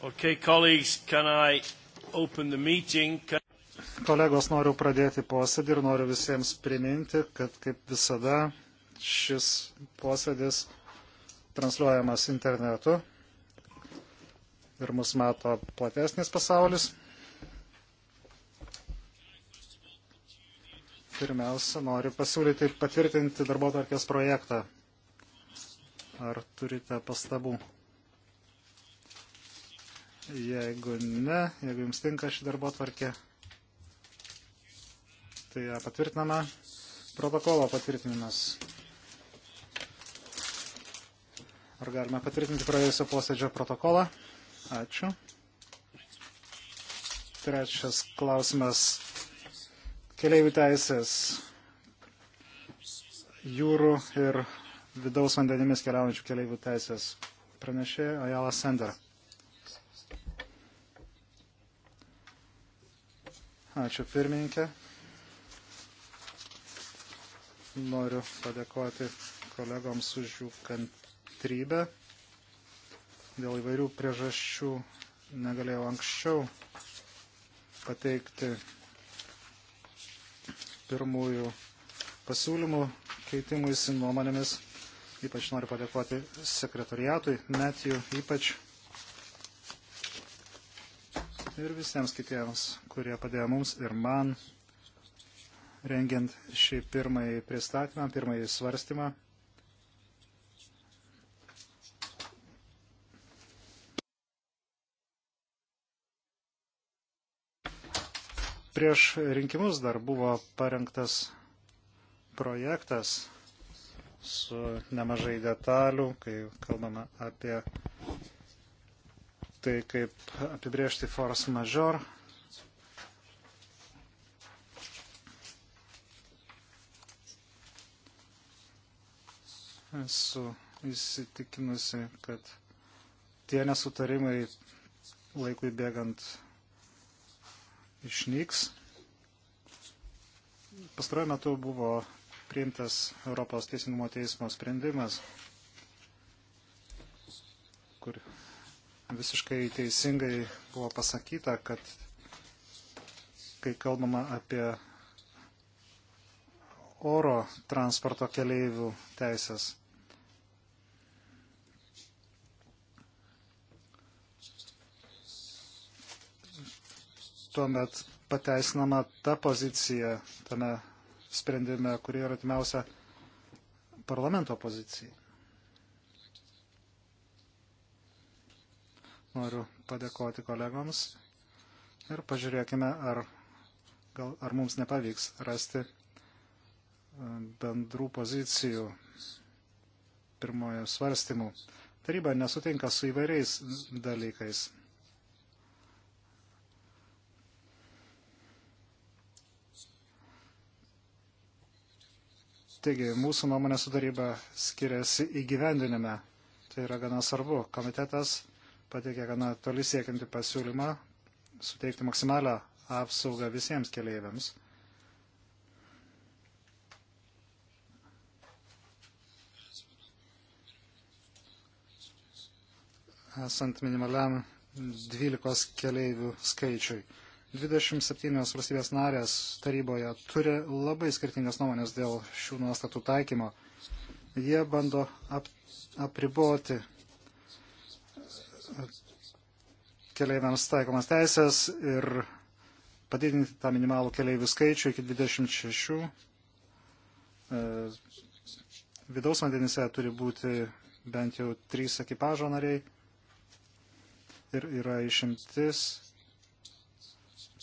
Okay, colleagues, can I open the meeting? Can... Kolegos, noriu pradėti posėdį ir noriu visiems priminti, kad kaip visada šis posėdis transliuojamas internetu ir mus mato platesnis pasaulis. Pirmiausia, noriu pasiūlyti patvirtinti darbo tarkės projektą. Ar turite pastabų? Jeigu ne, jeigu jums tinka ši darbo tvarkė, tai ją patvirtinama. Protokolo patvirtinimas. Ar galime patvirtinti praėjusio posėdžio protokolą? Ačiū. Trečias klausimas. Keleivių teisės jūrų ir vidaus vandenimis keliaujančių keleivių teisės pranešė Ajala Sender. Ačiū pirmininkė. Noriu padėkoti kolegoms už jų kantrybę. Dėl įvairių priežasčių negalėjau anksčiau pateikti pirmųjų pasiūlymų keitimų įsinuomonėmis. Ypač noriu padėkoti sekretoriatui, Metijų, ypač ir visiems kitiems, kurie padėjo mums ir man rengiant šį pirmąjį pristatymą, pirmąjį svarstymą. Prieš rinkimus dar buvo parengtas projektas su nemažai detalių, kai kalbama apie tai kaip apibriežti force major. Esu įsitikinusi, kad tie nesutarimai laikui bėgant išnyks. Pastaruoju metu buvo priimtas Europos teisingumo teismo sprendimas, kur visiškai teisingai buvo pasakyta, kad kai kalbama apie oro transporto keleivių teisės. Tuomet pateisinama ta pozicija tame sprendime, kuri yra atimiausia parlamento pozicija. Noriu padėkoti kolegoms ir pažiūrėkime, ar, gal, ar mums nepavyks rasti e, bendrų pozicijų pirmojo svarstymų. Taryba nesutinka su įvairiais dalykais. Taigi, mūsų nuomonė su taryba skiriasi įgyvendinime. Tai yra gana svarbu. Komitetas pateikė gana toli siekiantį pasiūlymą suteikti maksimalę apsaugą visiems keleiviams. Esant minimaliam 12 keleivių skaičiui. 27 valstybės narės taryboje turi labai skirtingas nuomonės dėl šių nuostatų taikymo. Jie bando ap, apriboti keleiviams taikomas teisės ir padidinti tą minimalų keleivių skaičių iki 26. E, vidaus vandenyse turi būti bent jau trys ekipažo nariai ir yra išimtis,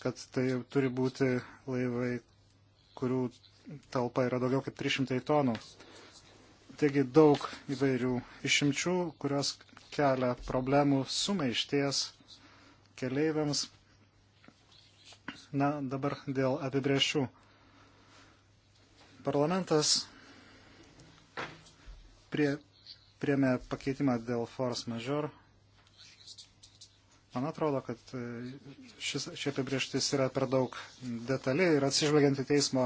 kad tai turi būti laivai, kurių talpa yra daugiau kaip 300 tonų. Taigi daug įvairių išimčių, kurios kelia problemų sumaišties keleiviams. Na, dabar dėl apibriešių. Parlamentas prie, priemė pakeitimą dėl force major. Man atrodo, kad e, šis, šie apibrieštis yra per daug detaliai ir atsižvelgiant į teismo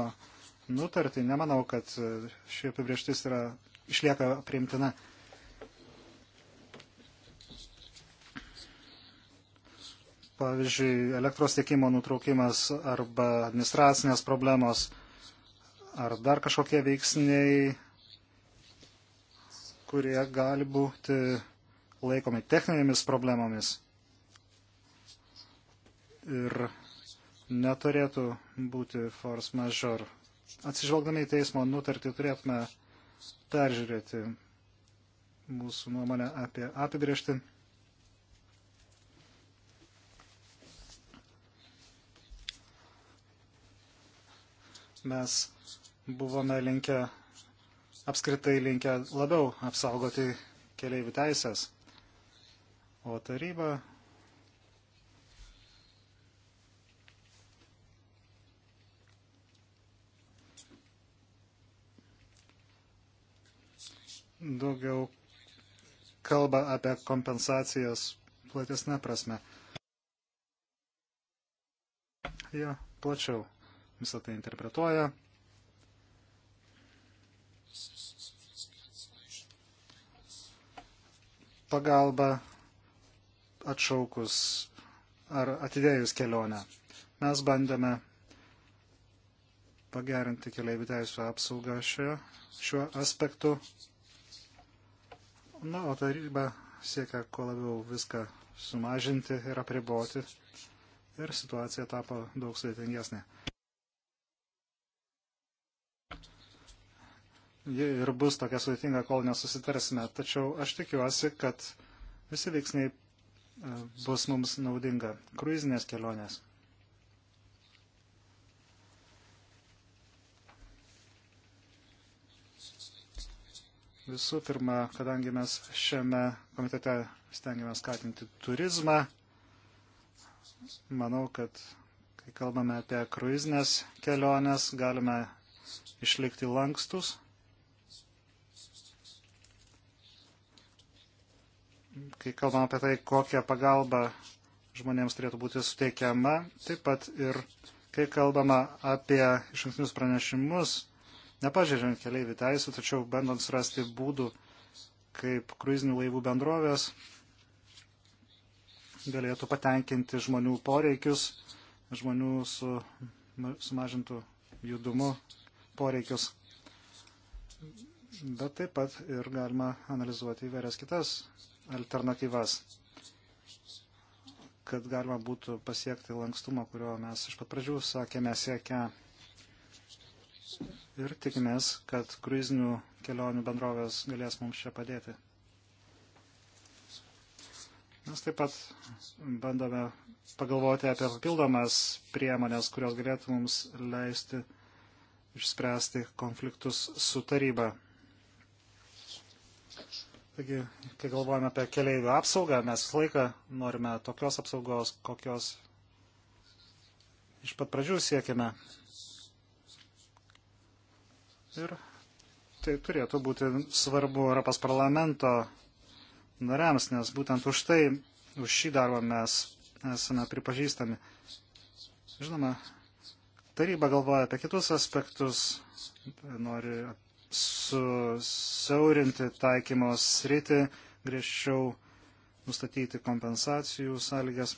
nutartį, nemanau, kad e, šie apibrieštis yra, išlieka priimtina. pavyzdžiui, elektros tiekimo nutraukimas arba administracinės problemos ar dar kažkokie veiksniai, kurie gali būti laikomi techninėmis problemomis ir neturėtų būti force majeure. Atsižvelgdami į teismo nutartį turėtume peržiūrėti mūsų nuomonę apie apibriešti. mes buvome linkę, apskritai linkę labiau apsaugoti keliaivių teisės. O taryba daugiau kalba apie kompensacijas platesnė prasme. Ja, plačiau visą tai interpretuoja. Pagalba atšaukus ar atidėjus kelionę. Mes bandėme pagerinti keliaivių teisų apsaugą šio, šiuo aspektu. Na, o taryba siekia kuo labiau viską sumažinti ir apriboti. Ir situacija tapo daug sudėtingesnė. ir bus tokia sudėtinga, kol nesusitarsime. Tačiau aš tikiuosi, kad visi veiksniai e, bus mums naudinga. Kruizinės kelionės. Visų pirma, kadangi mes šiame komitete stengiamės skatinti turizmą, manau, kad kai kalbame apie kruizinės keliones, galime išlikti lankstus kai kalbam apie tai, kokią pagalbą žmonėms turėtų būti suteikiama, taip pat ir kai kalbama apie išankstinius pranešimus, nepažiūrėjant keliaivių teisų, tačiau bandant surasti būdų, kaip kruizinių laivų bendrovės galėtų patenkinti žmonių poreikius, žmonių su sumažintų judumu poreikius. Bet taip pat ir galima analizuoti įvairias kitas alternatyvas, kad galima būtų pasiekti lankstumą, kurio mes iš pat pradžių sakėme siekia. Ir tikimės, kad kruizinių kelionių bendrovės galės mums čia padėti. Mes taip pat bandome pagalvoti apie papildomas priemonės, kurios galėtų mums leisti išspręsti konfliktus su taryba. Taigi, kai galvojame apie keleivių apsaugą, mes visą laiką norime tokios apsaugos, kokios iš pat pradžių siekime. Ir tai turėtų būti svarbu Europos parlamento nariams, nes būtent už tai, už šį darbą mes esame pripažįstami. Žinoma, taryba galvoja apie kitus aspektus, nori susiaurinti taikymos sritį, griežčiau nustatyti kompensacijų sąlygas.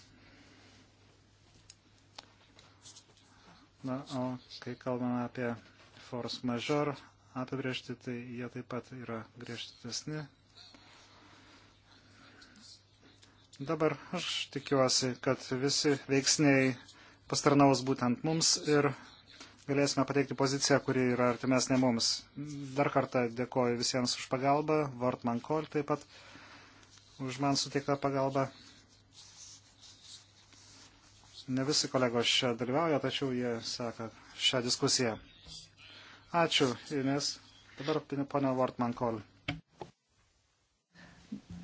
Na, o kai kalbame apie force major apibriežti, tai jie taip pat yra griežtesni. Dabar aš tikiuosi, kad visi veiksniai pastarnaus būtent mums ir galėsime pateikti poziciją, kuri yra artimesnė mums. Dar kartą dėkoju visiems už pagalbą, Vortman Kol taip pat už man suteiktą pagalbą. Ne visi kolegos čia dalyvauja, tačiau jie seka šią diskusiją. Ačiū, Ines. Dabar ponia Vortman Kol.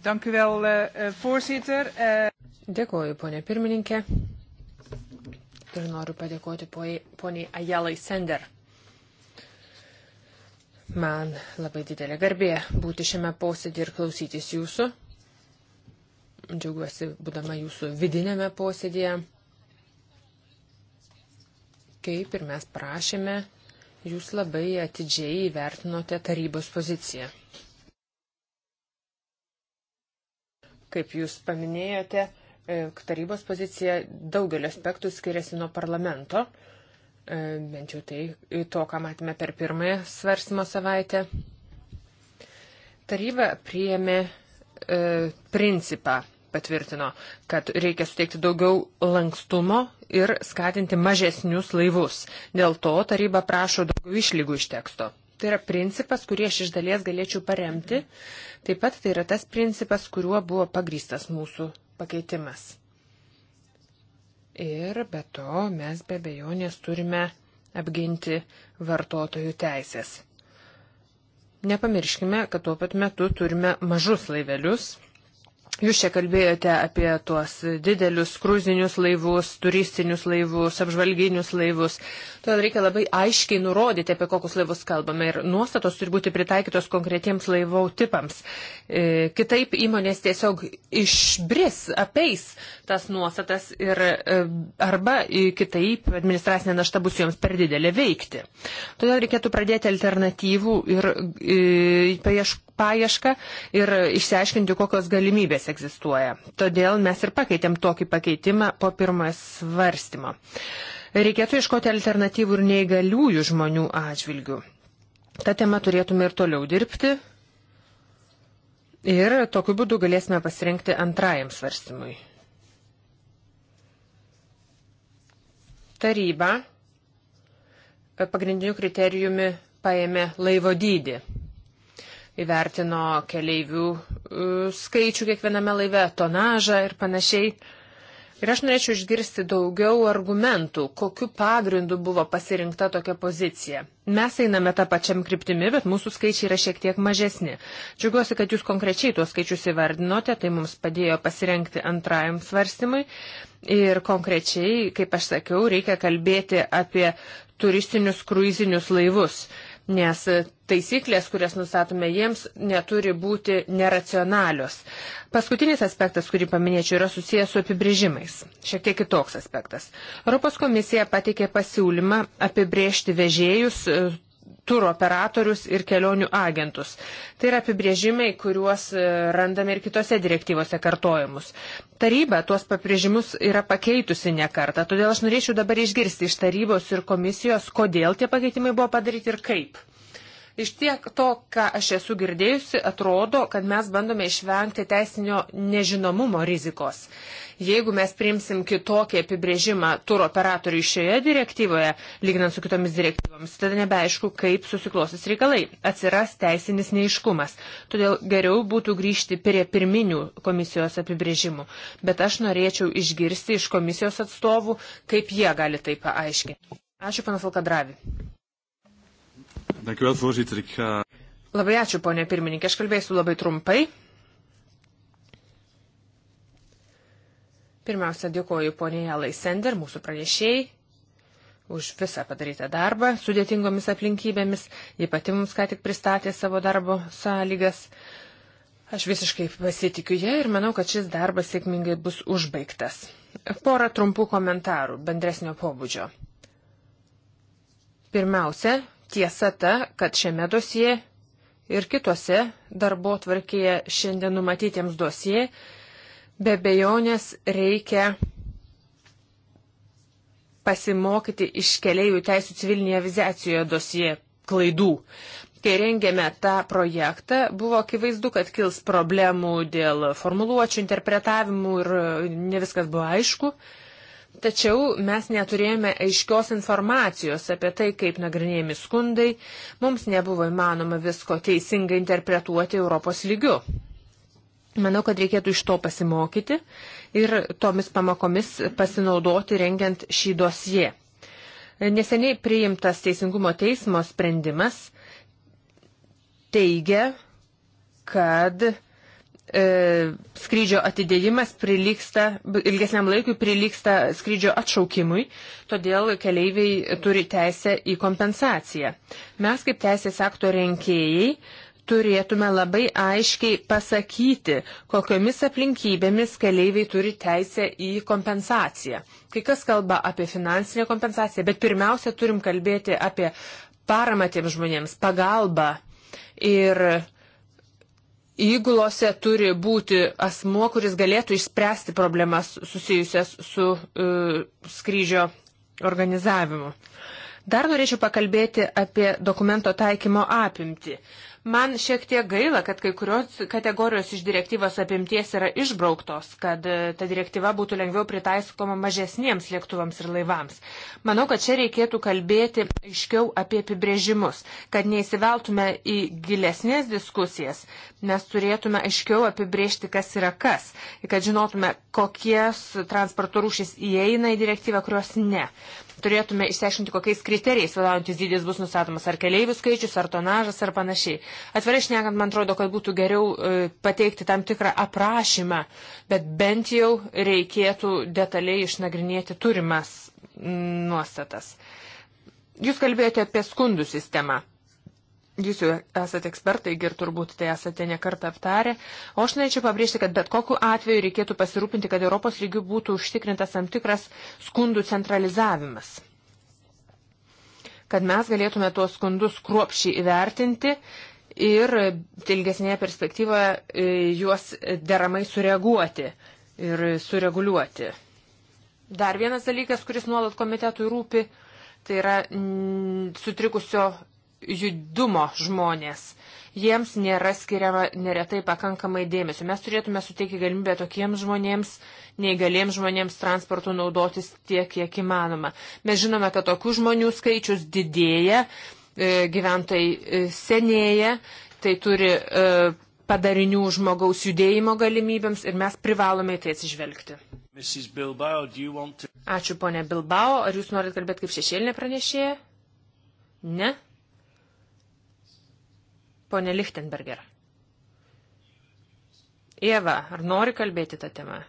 Dank u wel, eh, eh, voorzitter. Eh, dėkoju, ponia pirmininkė ir noriu padėkoti poniai Ajalai Sender. Man labai didelė garbė būti šiame posėdį ir klausytis jūsų. Džiaugiuosi, būdama jūsų vidinėme posėdėje. Kaip ir mes prašėme, jūs labai atidžiai įvertinote tarybos poziciją. Kaip jūs paminėjote, E, tarybos pozicija daugelio aspektų skiriasi nuo parlamento, e, bent jau tai e, to, ką matėme per pirmąją svarstymo savaitę. Taryba priėmė principą patvirtino, kad reikia suteikti daugiau lankstumo ir skatinti mažesnius laivus. Dėl to taryba prašo daugiau išlygų iš teksto. Tai yra principas, kurį aš iš dalies galėčiau paremti. Taip pat tai yra tas principas, kuriuo buvo pagrystas mūsų pakeitimas. Ir be to mes be bejonės turime apginti vartotojų teisės. Nepamirškime, kad tuo pat metu turime mažus laivelius, Jūs čia kalbėjote apie tuos didelius kruzinius laivus, turistinius laivus, apžvalginius laivus. Todėl reikia labai aiškiai nurodyti, apie kokius laivus kalbame. Ir nuostatos turi būti pritaikytos konkretiems laivų tipams. E, kitaip įmonės tiesiog išbris, apeis tas nuostatas ir e, arba kitaip administracinė našta bus joms per didelė veikti. Todėl reikėtų pradėti alternatyvų ir e, paieškoti paiešką ir išsiaiškinti, kokios galimybės egzistuoja. Todėl mes ir pakeitėm tokį pakeitimą po pirmojo svarstymo. Reikėtų iškoti alternatyvų ir neįgaliųjų žmonių atžvilgių. Ta tema turėtume ir toliau dirbti. Ir tokiu būdu galėsime pasirinkti antrajam svarstymui. Taryba pagrindiniu kriterijumi paėmė laivo dydį įvertino keleivių e, skaičių kiekviename laive, tonažą ir panašiai. Ir aš norėčiau išgirsti daugiau argumentų, kokiu pagrindu buvo pasirinkta tokia pozicija. Mes einame tą pačiam kryptimi, bet mūsų skaičiai yra šiek tiek mažesni. Džiugiuosi, kad jūs konkrečiai tuos skaičius įvardinote, tai mums padėjo pasirenkti antrajam svarstymui. Ir konkrečiai, kaip aš sakiau, reikia kalbėti apie turistinius kruizinius laivus nes taisyklės, kurias nustatome jiems, neturi būti neracionalios. Paskutinis aspektas, kurį paminėčiau, yra susijęs su apibrėžimais. Šiek tiek kitoks aspektas. Europos komisija pateikė pasiūlymą apibrėžti vežėjus tur operatorius ir kelionių agentus. Tai yra apibrėžimai, kuriuos e, randame ir kitose direktyvose kartojimus. Taryba tuos apibrėžimus yra pakeitusi ne kartą, todėl aš norėčiau dabar išgirsti iš tarybos ir komisijos, kodėl tie pakeitimai buvo padaryti ir kaip. Iš tiek to, ką aš esu girdėjusi, atrodo, kad mes bandome išvengti teisinio nežinomumo rizikos. Jeigu mes priimsim kitokį apibrėžimą turo operatoriui šioje direktyvoje, lyginant su kitomis direktyvomis, tada nebeaišku, kaip susiklosis reikalai. Atsiras teisinis neiškumas. Todėl geriau būtų grįžti prie pirminių komisijos apibrėžimų. Bet aš norėčiau išgirsti iš komisijos atstovų, kaip jie gali tai paaiškinti. Ačiū, panas Alkadravi. Dankjewel, voorzitter. Ik ga... Labai ačiū, ponė pirmininkė. Aš kalbėsiu labai trumpai. Pirmiausia, dėkoju ponė Jalai Sender, mūsų pranešėjai, už visą padarytą darbą sudėtingomis aplinkybėmis. Ji pati mums ką tik pristatė savo darbo sąlygas. Aš visiškai pasitikiu ją ir manau, kad šis darbas sėkmingai bus užbaigtas. Porą trumpų komentarų bendresnio pobūdžio. Pirmiausia, Tiesa ta, kad šiame dosie ir kitose darbo tvarkėje šiandien numatytiems dosie be bejonės reikia pasimokyti iš keliaivių teisų civilinėje avizacijoje dosie klaidų. Kai rengėme tą projektą, buvo akivaizdu, kad kils problemų dėl formuluočių, interpretavimų ir ne viskas buvo aišku. Tačiau mes neturėjome aiškios informacijos apie tai, kaip nagrinėjami skundai, mums nebuvo įmanoma visko teisingai interpretuoti Europos lygiu. Manau, kad reikėtų iš to pasimokyti ir tomis pamokomis pasinaudoti rengiant šį dosiją. Neseniai priimtas Teisingumo teismo sprendimas teigia, kad E, skrydžio atidėjimas prilyksta, ilgesniam laikui prilyksta skrydžio atšaukimui, todėl keleiviai turi teisę į kompensaciją. Mes kaip teisės akto renkėjai turėtume labai aiškiai pasakyti, kokiomis aplinkybėmis keleiviai turi teisę į kompensaciją. Kai kas kalba apie finansinę kompensaciją, bet pirmiausia turim kalbėti apie paramą tiems žmonėms, pagalbą ir uh, įgulose turi būti asmuo, kuris galėtų išspręsti problemas susijusias su uh, skrydžio organizavimu. Dar norėčiau pakalbėti apie dokumento taikymo apimtį. Uh, Man šiek tiek gaila, kad kai kurios kategorijos iš direktyvos apimties yra išbrauktos, kad e, ta direktyva būtų lengviau pritaikoma mažesniems lėktuvams ir laivams. Manau, kad čia reikėtų kalbėti aiškiau apie apibrėžimus, kad neįsiveltume į gilesnės diskusijas, nes turėtume aiškiau apibrėžti, kas yra kas, kad žinotume, kokies transporto rūšys įeina į direktyvą, kurios ne turėtume išsiaiškinti, kokiais kriterijais vadovaujantis dydis bus nustatomas, ar keleivių skaičius, ar tonažas, ar panašiai. Atvirai šnekant, man atrodo, kad būtų geriau e, pateikti tam tikrą aprašymą, bet bent jau reikėtų detaliai išnagrinėti turimas nuostatas. Jūs kalbėjote apie skundų sistemą. Jūs jau esate ekspertai ir turbūt tai esate nekartą aptarę. O aš norėčiau pabrėžti, kad bet kokiu atveju reikėtų pasirūpinti, kad Europos lygių būtų užtikrintas tam tikras skundų centralizavimas. Kad mes galėtume tuos skundus kruopšiai įvertinti ir ilgesnėje perspektyvoje e, juos deramai sureaguoti ir sureguliuoti. Dar vienas dalykas, kuris nuolat komitetui rūpi, tai yra sutrikusio judumo žmonės. Jiems nėra skiriama neretai pakankamai dėmesio. Mes turėtume suteikti galimybę tokiems žmonėms, neįgaliems žmonėms transportų naudotis tiek, kiek įmanoma. Mes žinome, kad tokių žmonių skaičius didėja, e, gyventojai e, senėja, tai turi e, padarinių žmogaus judėjimo galimybėms ir mes privalome į tai atsižvelgti. Bilbao, to... Ačiū ponė Bilbao, ar jūs norit kalbėti kaip šešėlinė pranešėja? Ne? Pone Lichtenberger. Ieva, ar nori kalbėti tą temą?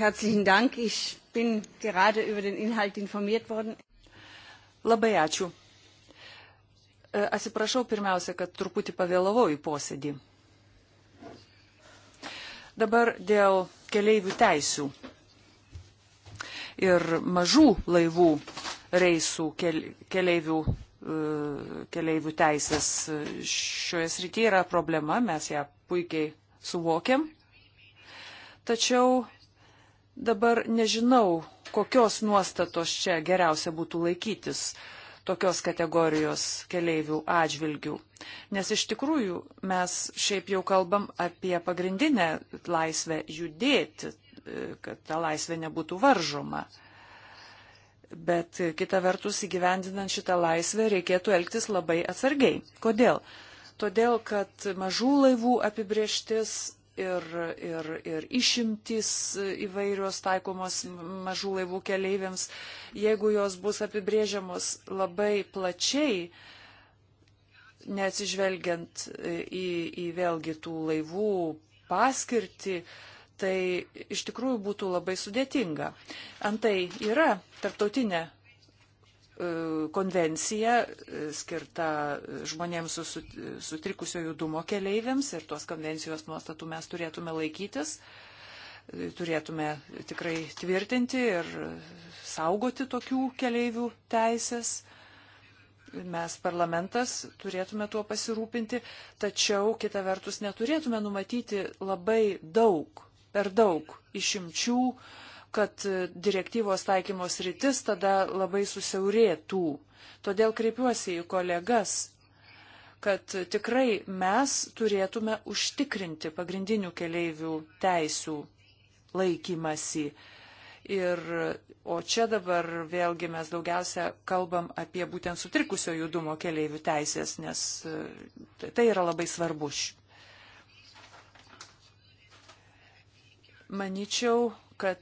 Herzlichen Dank. Ich bin gerade über den Inhalt informiert worden. Labai ačiū. E, atsiprašau pirmiausia, kad truputį pavėlavau į posėdį. Dabar dėl keleivių teisių ir mažų laivų reisų keleivių, e, keleivių teisės. Šioje srityje yra problema, mes ją puikiai suvokiam. Tačiau dabar nežinau, kokios nuostatos čia geriausia būtų laikytis tokios kategorijos keleivių atžvilgių. Nes iš tikrųjų mes šiaip jau kalbam apie pagrindinę laisvę judėti, e, kad ta laisvė nebūtų varžoma. Bet kita vertus, įgyvendinant šitą laisvę, reikėtų elgtis labai atsargiai. Kodėl? Todėl, kad mažų laivų apibrieštis ir, ir, ir išimtis įvairios taikomos mažų laivų keleiviams, jeigu jos bus apibrėžiamos labai plačiai, neatsižvelgiant į, į vėlgi tų laivų paskirtį, uh, tai iš tikrųjų būtų labai sudėtinga. Antai yra tarptautinė e, konvencija e, skirta e, žmonėms su sutrikusio judumo keleiviams ir tos konvencijos nuostatų mes turėtume laikytis, turėtume tikrai tvirtinti ir saugoti tokių keleivių teisės mes parlamentas turėtume tuo pasirūpinti, tačiau kita vertus neturėtume numatyti labai daug per daug išimčių, kad direktyvos taikymos rytis tada labai susiaurėtų. Todėl kreipiuosi į kolegas, kad tikrai mes turėtume užtikrinti pagrindinių keleivių teisių laikymasi. Ir, o čia dabar vėlgi mes daugiausia kalbam apie būtent sutrikusio judumo keleivių teisės, nes e, tai yra labai svarbus Maničiau, kad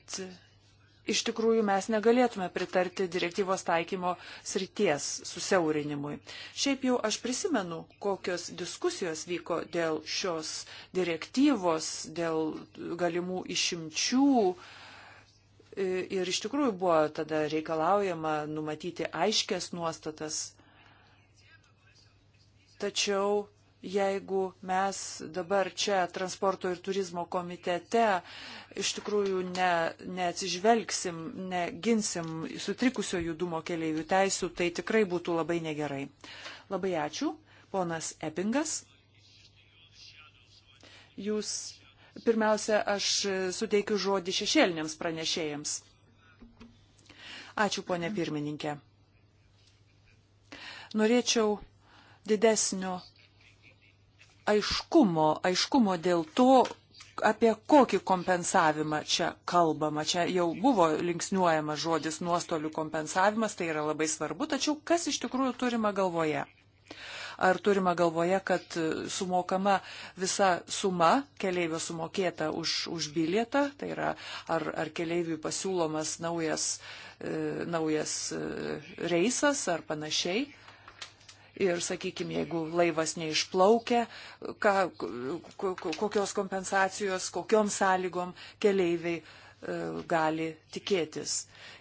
iš tikrųjų mes negalėtume pritarti direktyvos taikymo srities susiaurinimui. Šiaip jau aš prisimenu, kokios diskusijos vyko dėl šios direktyvos, dėl galimų išimčių. E, ir iš tikrųjų buvo tada reikalaujama numatyti aiškės nuostatas. Tačiau jeigu mes dabar čia transporto ir turizmo komitete iš tikrųjų ne, neatsižvelgsim, neginsim sutrikusio judumo keliaivių teisų, tai tikrai būtų labai negerai. Labai ačiū. Ponas Eppingas. Jūs pirmiausia, aš suteikiu žodį šešėliniams pranešėjams. Ačiū, ponė pirmininkė. Norėčiau didesnio aiškumo, aiškumo dėl to, apie kokį kompensavimą čia kalbama. Čia jau buvo linksniuojamas žodis nuostolių kompensavimas, tai yra labai svarbu, tačiau kas iš tikrųjų turima galvoje? Ar turima galvoje, kad sumokama visa suma, keleivio sumokėta už, už bilietą, tai yra ar, ar keleiviui pasiūlomas naujas, e, naujas e, reisas ar panašiai? Ir, sakykime, jeigu laivas neišplaukia, ką, kokios kompensacijos, kokiom sąlygom keleiviai e, gali tikėtis.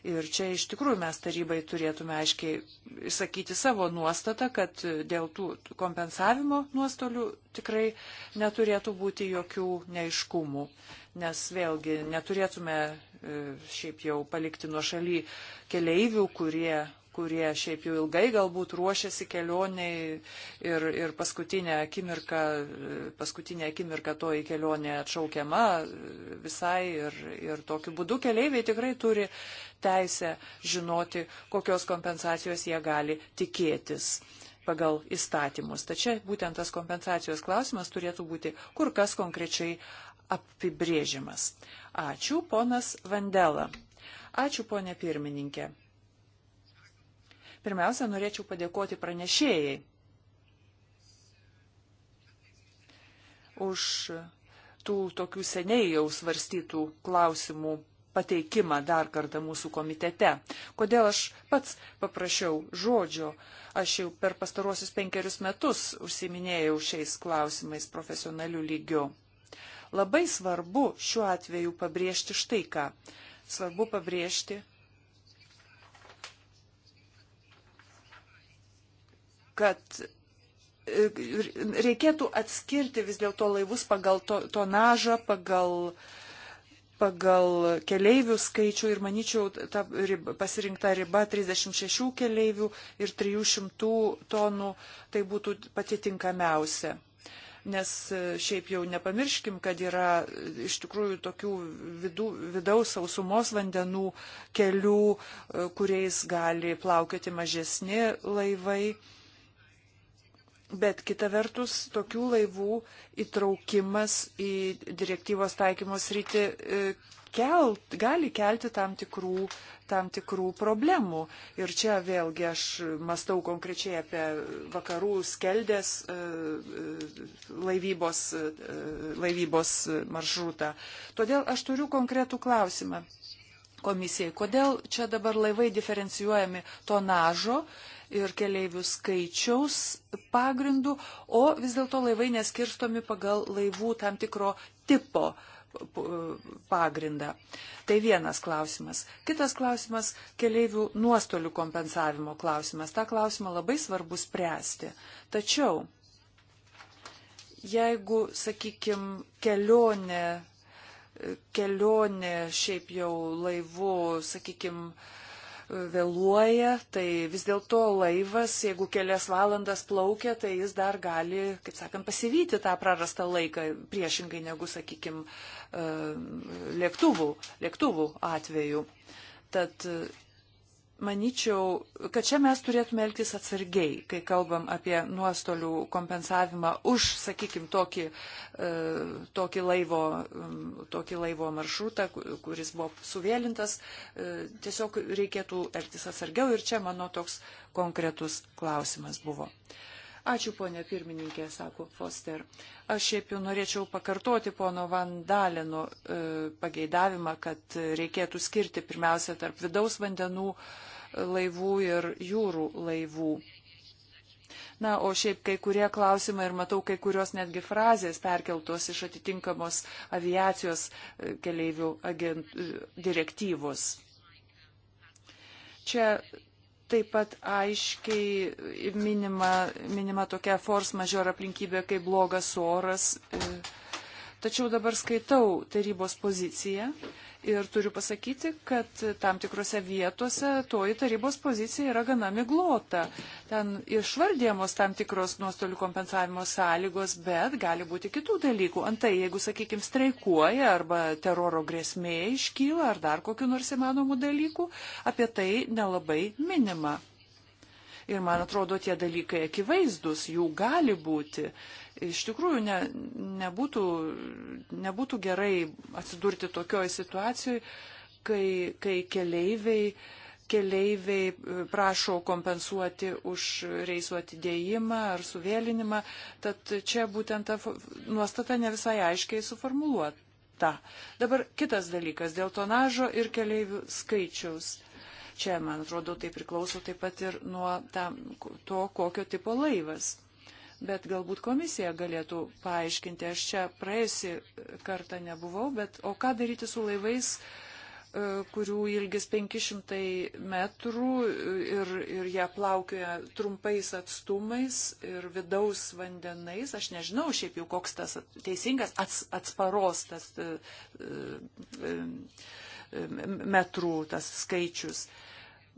Ir čia iš tikrųjų mes tarybai turėtume aiškiai išsakyti savo nuostatą, kad dėl tų kompensavimo nuostolių tikrai neturėtų būti jokių neiškumų. Nes vėlgi neturėtume e, šiaip jau palikti nuo šaly keleivių, kurie kurie šiaip jau ilgai galbūt ruošiasi kelioniai ir, ir paskutinę akimirką, paskutinę akimirką toji kelionė atšaukiama visai ir, ir tokiu būdu keleiviai tikrai turi teisę žinoti, kokios kompensacijos jie gali tikėtis pagal įstatymus. Tačiau būtent tas kompensacijos klausimas turėtų būti kur kas konkrečiai apibrėžimas. Ačiū, ponas Vandela. Ačiū, ponė pirmininkė. Pirmiausia, norėčiau padėkoti pranešėjai už tų tokių seniai jau svarstytų klausimų pateikimą dar kartą mūsų komitete. Kodėl aš pats paprašiau žodžio, aš jau per pastaruosius penkerius metus užsiminėjau šiais klausimais profesionalių lygių. Labai svarbu šiuo atveju pabrėžti štai ką. Svarbu pabrėžti, kad e, reikėtų atskirti vis dėlto laivus pagal to, tonažą, pagal, pagal keleivių skaičių ir manyčiau, ta riba, pasirinkta riba 36 keleivių ir 300 tonų tai būtų pati tinkamiausia. Nes e, šiaip jau nepamirškim, kad yra e, iš tikrųjų tokių vidu, vidaus sausumos vandenų kelių, kuriais gali plaukėti mažesni laivai Bet kita vertus, tokių laivų įtraukimas į direktyvos taikymos rytį e, kelt, gali kelti tam tikrų, tam tikrų problemų. Ir čia vėlgi aš mastau konkrečiai apie vakarų skeldės e, e, laivybos, laivybos maršrutą. Todėl aš turiu konkretų klausimą komisijai. Kodėl čia dabar laivai diferencijuojami tonažo ir keleivių skaičiaus pagrindų, o vis dėlto laivai neskirstomi pagal laivų tam tikro tipo pagrindą. Tai vienas klausimas. Kitas klausimas - keleivių nuostolių kompensavimo klausimas. Ta klausimą labai svarbu spręsti. Tačiau, jeigu, sakykime, kelionė, kelionė šiaip jau laivu, sakykime, vėluoja, tai vis dėlto laivas, jeigu kelias valandas plaukia, tai jis dar gali, kaip sakant, pasivyti tą prarastą laiką priešingai negu, sakykime, lėktuvų, lėktuvų atveju. Tad manyčiau, kad čia mes turėtume elgtis atsargiai, kai kalbam apie nuostolių kompensavimą už, sakykime, tokį, e, tokį, laivo, tokį laivo maršrutą, kuris buvo suvėlintas. E, tiesiog reikėtų elgtis atsargiau ir čia mano toks konkretus klausimas buvo. Ačiū, ponė pirmininkė, sako Foster. Aš šiaip jau norėčiau pakartoti pono Vandalino e, pageidavimą, kad reikėtų skirti pirmiausia tarp vidaus vandenų e, laivų ir jūrų laivų. Na, o šiaip kai kurie klausimai ir matau kai kurios netgi frazės perkeltos iš atitinkamos aviacijos e, keleivių agent, e, direktyvos. Čia taip pat aiškiai minima, minima tokia force majeure aplinkybė, kaip blogas oras. E, tačiau dabar skaitau tarybos poziciją Ir turiu pasakyti, kad tam tikrose vietose toji tarybos pozicija yra gana miglota. Ten išvardėmos tam tikros nuostolių kompensavimo sąlygos, bet gali būti kitų dalykų. Antai, jeigu, sakykime, streikuoja arba teroro grėsmė iškyla ar dar kokiu nors įmanomų dalykų, apie tai nelabai minima. Ir man atrodo, tie dalykai akivaizdus, jų gali būti. Uh, iš tikrųjų ne, nebūtų, nebūtų gerai atsidurti tokioje situacijoje, kai, kai keleiviai, keleiviai e, prašo kompensuoti už reisų atidėjimą ar suvėlinimą. Tad čia būtent ta nuostata ne visai aiškiai suformuluota. Dabar kitas dalykas dėl tonažo ir keleivių skaičiaus čia, man atrodo, tai priklauso taip pat ir nuo tam, to, kokio tipo laivas bet galbūt komisija galėtų paaiškinti. Aš čia praėjusi kartą nebuvau, bet o ką daryti su laivais, e, kurių ilgis 500 metrų e, ir, ir jie plaukioja trumpais atstumais ir vidaus vandenais. Aš nežinau šiaip jau, koks tas teisingas ats, atsparos tas e, metrų tas skaičius.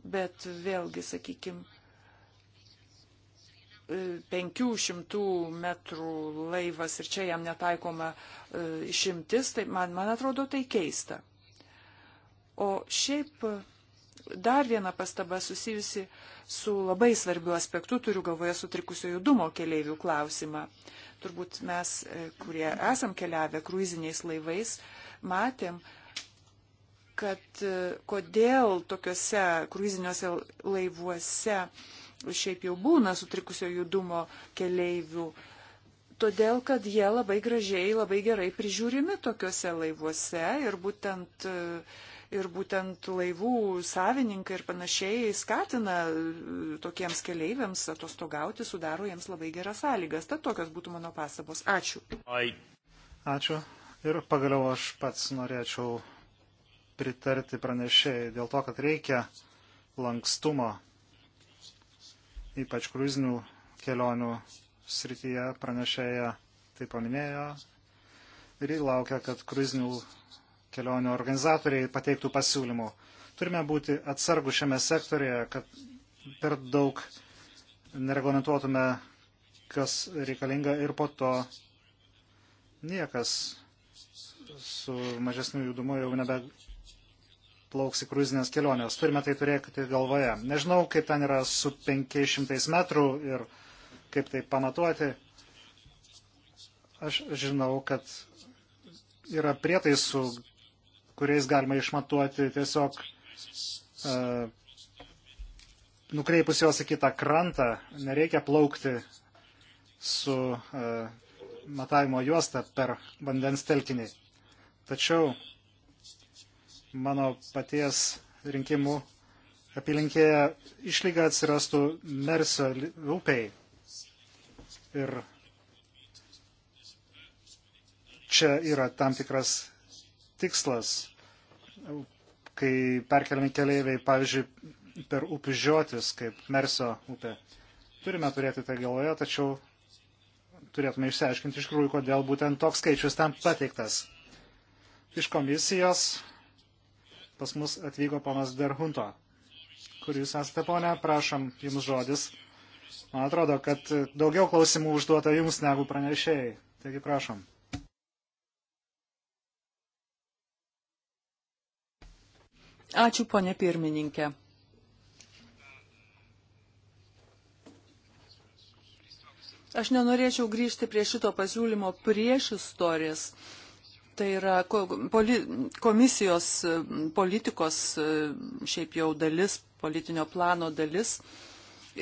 Bet vėlgi, sakykime, 500 metrų laivas ir čia jam netaikoma e, išimtis, tai man, man atrodo tai keista. O šiaip e, dar viena pastaba susijusi su labai svarbiu aspektu, turiu galvoje sutrikusio judumo keleivių klausimą. Turbūt mes, e, kurie esam keliavę kruiziniais laivais, matėm, kad kodėl tokiuose kruiziniuose laivuose uh, šiaip jau būna sutrikusio judumo keleivių. Todėl, kad jie labai gražiai, labai gerai prižiūrimi tokiuose laivuose ir būtent, ir būtent laivų savininkai ir panašiai skatina e, tokiems keleiviams atostogauti, sudaro jiems labai geras sąlygas. Tad tokios būtų mano pasabos. Ačiū. Ai. Ačiū. Ir pagaliau aš pats norėčiau pritarti pranešėjai dėl to, kad reikia lankstumo ypač kruizinių kelionių srityje pranešėja tai paminėjo ir jį laukia, kad kruizinių kelionių organizatoriai pateiktų pasiūlymų. Turime būti atsargų šiame sektorėje, kad per daug nereglamentuotume, kas reikalinga ir po to niekas su mažesniu judumu jau nebe plauks į kruizinės kelionės. Turime tai turėti galvoje. Nežinau, kaip ten yra su 500 metrų ir kaip tai pamatuoti. Aš žinau, kad yra prietaisų, kuriais galima išmatuoti tiesiog uh, nukreipus juos į kitą krantą. Nereikia plaukti su uh, matavimo juosta per vandens telkinį. Tačiau mano paties rinkimų apylinkėje išlyga atsirastų Mersio upei. Ir čia yra tam tikras tikslas, kai perkeliami keleiviai, pavyzdžiui, per upių žiotis, kaip Mersio upė. Turime turėti tai galvoje, tačiau turėtume išsiaiškinti iš tikrųjų, kodėl būtent toks skaičius tam pateiktas. Iš komisijos Pas mus atvyko ponas Derhunto. Kur jūs esate, ponė? Prašom, jums žodis. Man atrodo, kad daugiau klausimų užduota jums negu pranešėjai. Taigi prašom. Ačiū, ponė pirmininkė. Aš nenorėčiau grįžti prie šito pasiūlymo prieš istorijas. Tai yra poli, komisijos e, politikos e, šiaip jau dalis, politinio plano dalis.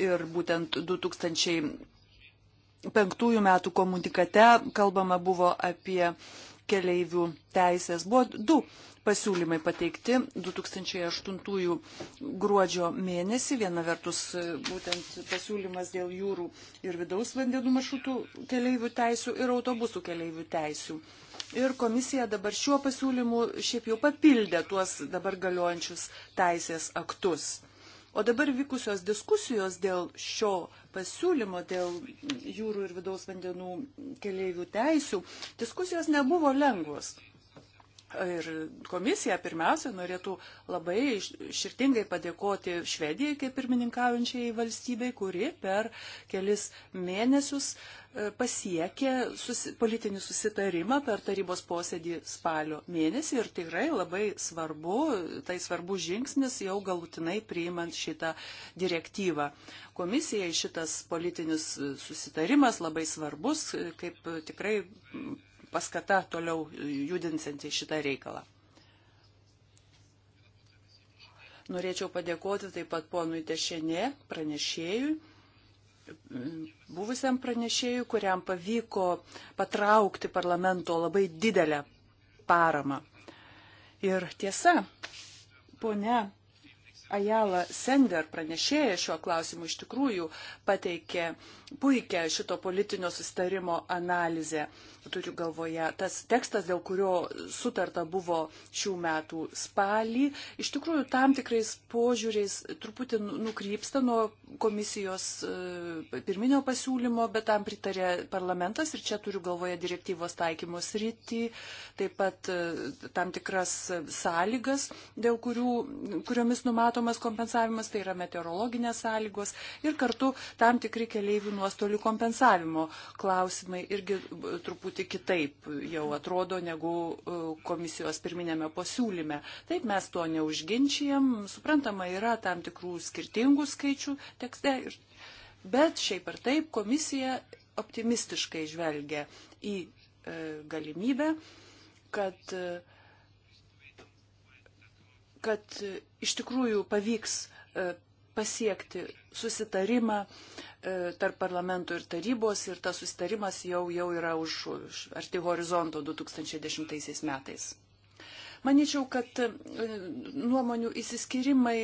Ir būtent 2005 metų komunikate kalbama buvo apie keleivių teisės. Buvo du pasiūlymai pateikti 2008 gruodžio mėnesį. Viena vertus e, būtent pasiūlymas dėl jūrų ir vidaus vandenų maršrutų keleivių teisių ir autobusų keleivių teisių ir komisija dabar šiuo pasiūlymu šiaip jau papildė tuos dabar galiojančius teisės aktus. O dabar vykusios diskusijos dėl šio pasiūlymo, dėl jūrų ir vidaus vandenų keleivių teisių, diskusijos nebuvo lengvos. Ir komisija pirmiausia norėtų labai širtingai padėkoti Švedijai kaip pirmininkaujančiai valstybei, kuri per kelis mėnesius e, pasiekė susi, politinį susitarimą per tarybos posėdį spalio mėnesį ir tikrai labai svarbu, tai svarbu žingsnis jau galutinai priimant šitą direktyvą. Komisijai šitas politinis susitarimas labai svarbus, kaip tikrai paskata toliau judinsinti šitą reikalą. Norėčiau padėkoti taip pat ponui Dešinė, pranešėjui, buvusiam pranešėjui, kuriam pavyko patraukti parlamento labai didelę paramą. Ir tiesa, ponia Ajala Sender pranešėja šiuo klausimu iš tikrųjų pateikė puikią šito politinio sustarimo analizę turiu galvoje, tas tekstas, dėl kurio sutarta buvo šių metų spalį, iš tikrųjų tam tikrais požiūriais truputį nu, nukrypsta nuo komisijos e, pirminio pasiūlymo, bet tam pritarė parlamentas ir čia turiu galvoje direktyvos taikymos rytį, taip pat e, tam tikras sąlygas, dėl kurių, kuriomis numatomas kompensavimas, tai yra meteorologinės sąlygos ir kartu tam tikri keliaivių nuostolių kompensavimo klausimai irgi e, truputį truputį kitaip jau atrodo negu e, komisijos pirminėme pasiūlyme. Taip mes to neužginčijam, suprantama, yra tam tikrų skirtingų skaičių tekste, bet šiaip ar taip komisija optimistiškai žvelgia į e, galimybę, kad, e, kad iš tikrųjų pavyks pasiekti susitarimą uh, E, tarp parlamento ir tarybos ir tas susitarimas jau, jau yra už, už arti horizonto 2010 metais. Maničiau, kad e, nuomonių įsiskirimai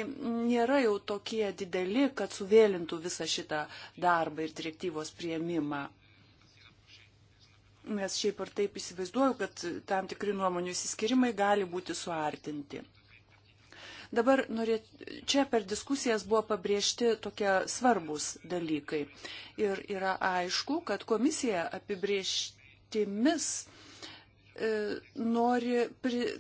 nėra jau tokie dideli, kad suvėlintų visą šitą darbą ir direktyvos prieimimą. Nes šiaip ar taip įsivaizduoju, kad tam tikri nuomonių įsiskirimai gali būti suartinti. Dabar norėt, čia per diskusijas buvo pabrėžti tokie svarbus dalykai. Ir yra aišku, kad komisija apibrėžtimis e, nori,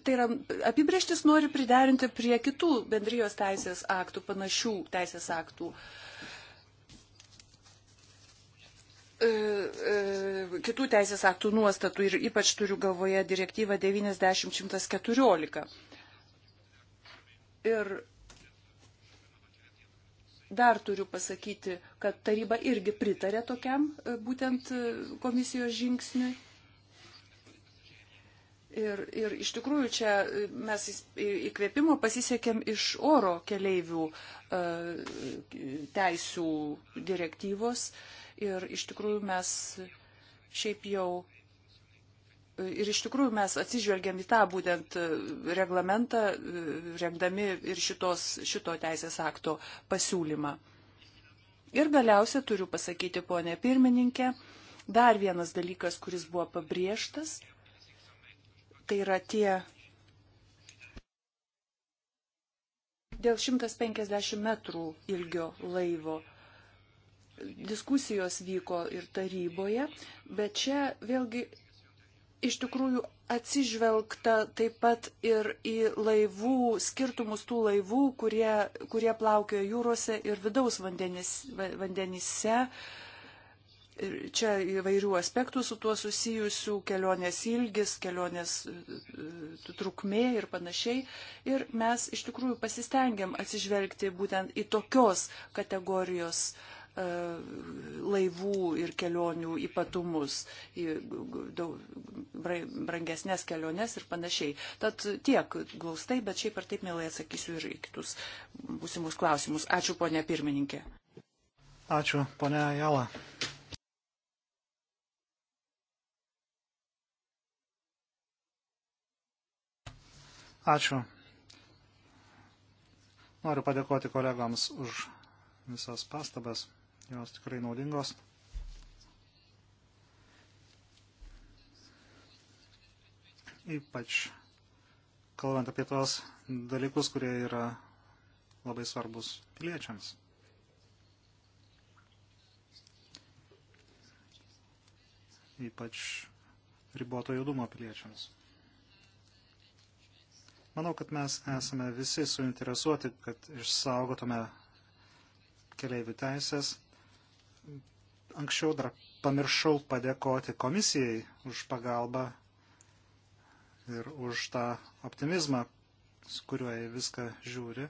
tai yra, apibrieštis nori priderinti prie kitų bendrijos teisės aktų, panašių teisės aktų. E, e, kitų teisės aktų nuostatų ir ypač turiu galvoje direktyvą 9014. Ir dar turiu pasakyti, kad taryba irgi pritarė tokiam e, būtent e, komisijos žingsniui. Ir, ir iš tikrųjų čia e, mes įkvėpimo pasisekėm iš oro keleivių teisų direktyvos ir iš tikrųjų mes šiaip jau Ir iš tikrųjų mes atsižvelgiam į tą būtent e, reglamentą, e, rengdami ir šitos, šito teisės akto pasiūlymą. Ir galiausia turiu pasakyti, ponė pirmininkė, dar vienas dalykas, kuris buvo pabrėžtas, tai yra tie dėl 150 metrų ilgio laivo diskusijos vyko ir taryboje, bet čia vėlgi iš tikrųjų atsižvelgta taip pat ir į laivų, skirtumus tų laivų, kurie, kurie plaukioja jūrose ir vidaus vandenis, vandenyse. Čia įvairių aspektų su tuo susijusių - kelionės ilgis, kelionės e, e, trukmė ir panašiai. Ir mes iš tikrųjų pasistengiam atsižvelgti būtent į tokios kategorijos uh, E, laivų ir kelionių ypatumus, brangesnės keliones ir panašiai. Tad tiek glaustai, bet šiaip ar taip mielai atsakysiu ir į kitus būsimus klausimus. Ačiū, ponė pirmininkė. Ačiū, ponė Jala. Ačiū. Noriu padėkoti kolegoms už visas pastabas jos tikrai naudingos. Ypač kalbant apie tuos dalykus, kurie yra labai svarbus piliečiams. Ypač riboto judumo piliečiams. Manau, kad mes esame visi suinteresuoti, kad išsaugotume keliaivių teisės anksčiau dar pamiršau padėkoti komisijai už pagalbą ir už tą optimizmą, su kuriuo jie viską žiūri.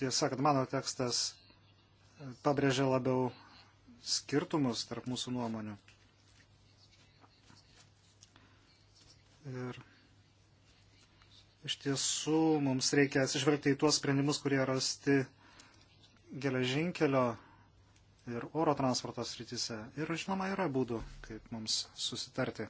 Tiesa, kad mano tekstas e, pabrėžia labiau skirtumus tarp mūsų nuomonių. Ir iš tiesų mums reikia atsižvelgti į tuos sprendimus, kurie rasti geležinkelio ir oro transporto srityse. Ir žinoma, yra būdų, kaip mums susitarti.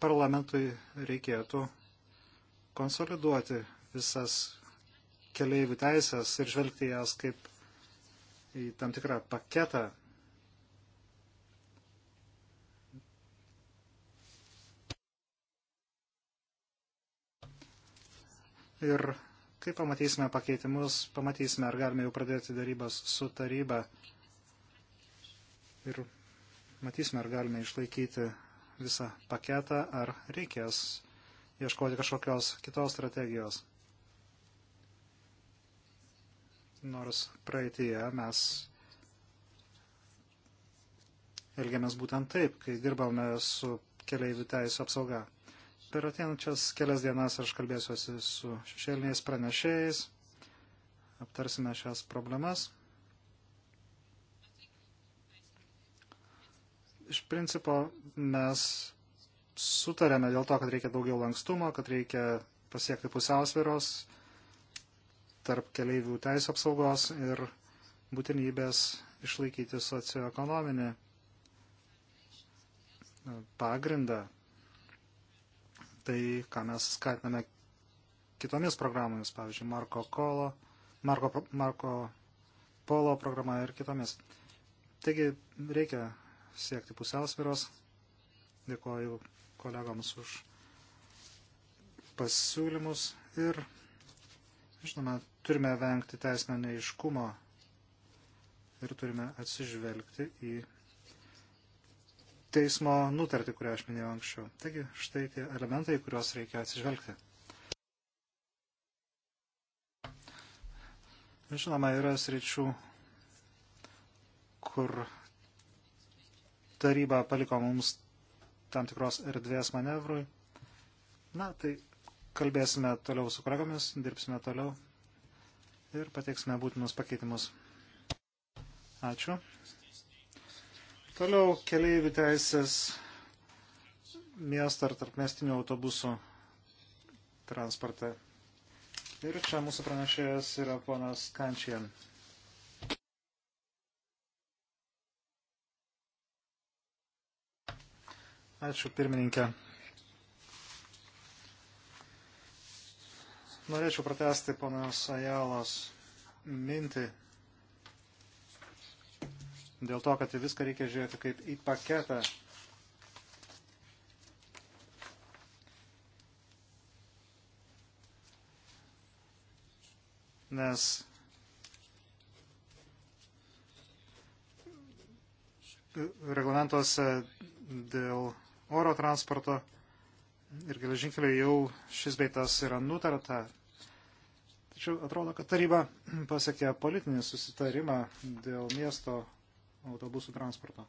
Parlamentui reikėtų konsoliduoti visas keleivių teisės ir žvelgti jas kaip į tam tikrą paketą Ir kai pamatysime pakeitimus, pamatysime, ar galime jau pradėti darybas su taryba. Ir matysime, ar galime išlaikyti visą paketą, ar reikės ieškoti kažkokios kitos strategijos. Nors praeitie mes elgiamės būtent taip, kai dirbame su keliaivių teisų apsauga. Per ateinančias kelias dienas aš kalbėsiuosi su šešėliniais pranešėjais, aptarsime šias problemas. Iš principo mes sutarėme dėl to, kad reikia daugiau lankstumo, kad reikia pasiekti pusiausviros tarp keleivių teisų apsaugos ir būtinybės išlaikyti socioekonominį pagrindą tai, ką mes skatiname kitomis programomis, pavyzdžiui, Marko, Kolo, Marko, Marko Polo programa ir kitomis. Taigi reikia siekti pusiausviros. Dėkoju kolegoms už pasiūlymus ir, žinoma, turime vengti teisinio neiškumo ir turime atsižvelgti į teismo nutartį, kurią aš minėjau anksčiau. Taigi, štai tie elementai, kuriuos reikia atsižvelgti. Žinoma, yra sričių, kur taryba paliko mums tam tikros erdvės manevrui. Na, tai kalbėsime toliau su kolegomis, dirbsime toliau ir pateiksime būtinus pakeitimus. Ačiū. Toliau keleivių teisės miesto ar tarpmestinių autobusų transporte. Ir čia mūsų pranešėjas yra ponas Kančian. Ačiū pirmininkė. Norėčiau pratesti ponas Ajalos mintį dėl to, kad viską reikia žiūrėti kaip į paketą. Nes reglamentuose dėl oro transporto ir geležinkeliai jau šis beitas yra nutarta. Tačiau atrodo, kad taryba pasiekė politinį susitarimą dėl miesto autobusų transporto.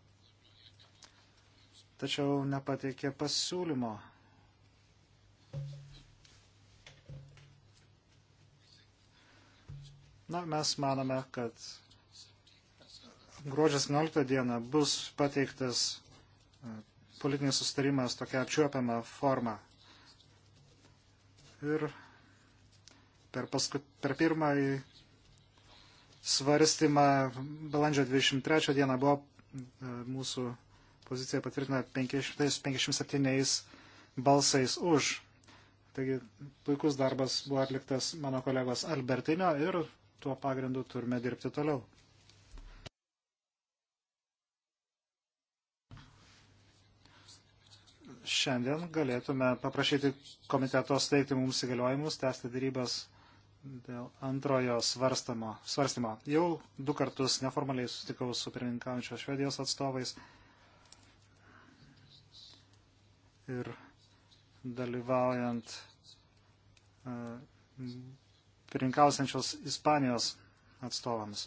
Tačiau nepateikė pasiūlymo. Na, mes manome, kad gruodžio 17 dieną bus pateiktas e, politinis sustarimas tokia apčiuopiama forma. Ir per, pasku, per pirmąjį svarstymą balandžio 23 dieną buvo e, mūsų pozicija patvirtina 557 balsais už. Taigi puikus darbas buvo atliktas mano kolegos Albertinio ir tuo pagrindu turime dirbti toliau. Šiandien galėtume paprašyti komiteto steigti mums įgaliojimus, tęsti darybas dėl antrojo svarstamo, svarstymo. Jau du kartus neformaliai susitikau su pirmininkaujančios Švedijos atstovais ir dalyvaujant uh, e, pirmininkausiančios Ispanijos atstovams.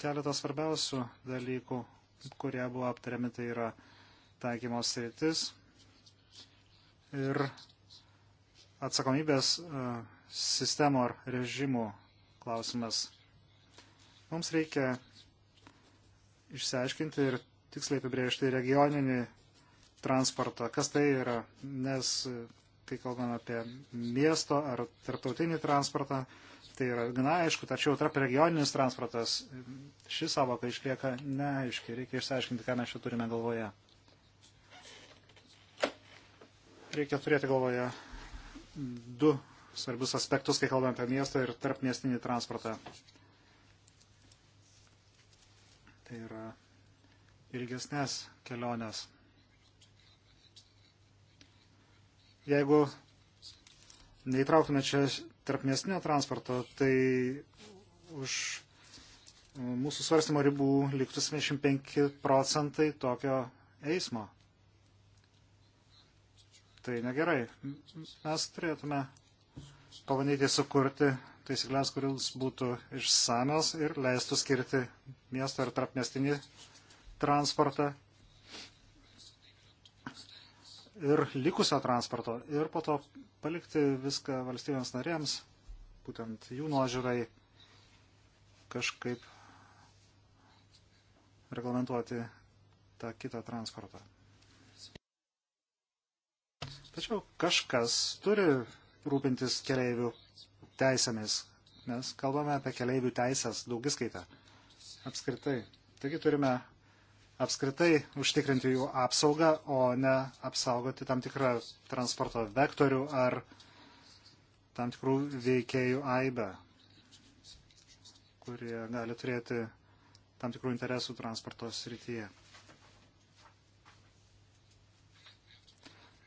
Keletas svarbiausių dalykų, kurie buvo aptariami, tai yra taikymos sritis ir atsakomybės e, sistemų ar režimų klausimas. Mums reikia išsiaiškinti ir tiksliai apibriežti regioninį transportą, kas tai yra, nes e, kai kalbame apie miesto ar tarptautinį transportą, tai yra gana aišku, tačiau tarp regioninis transportas e, ši savoka išlieka neaiški, reikia išsiaiškinti, ką mes čia turime galvoje. Reikia turėti galvoje du svarbius aspektus, kai kalbame apie miestą ir tarpmiestinį transportą. Tai yra ilgesnės kelionės. Jeigu neįtrauktume čia tarpmiestinio transporto, tai už mūsų svarstymo ribų liktų 75 procentai tokio eismo tai negerai. Mes turėtume pabandyti sukurti taisyklės, kuris būtų išsamios ir leistų skirti miesto ir tarpmestinį transportą ir likusio transporto ir po to palikti viską valstybėms narėms, būtent jų nuožiūrai kažkaip reglamentuoti tą kitą transportą. Tačiau kažkas turi rūpintis keleivių teisėmis. Mes kalbame apie keleivių teisės daugiskaitą. Apskritai. Taigi turime apskritai užtikrinti jų apsaugą, o ne apsaugoti tam tikrą transporto vektorių ar tam tikrų veikėjų aibę, kurie gali turėti tam tikrų interesų transporto srityje.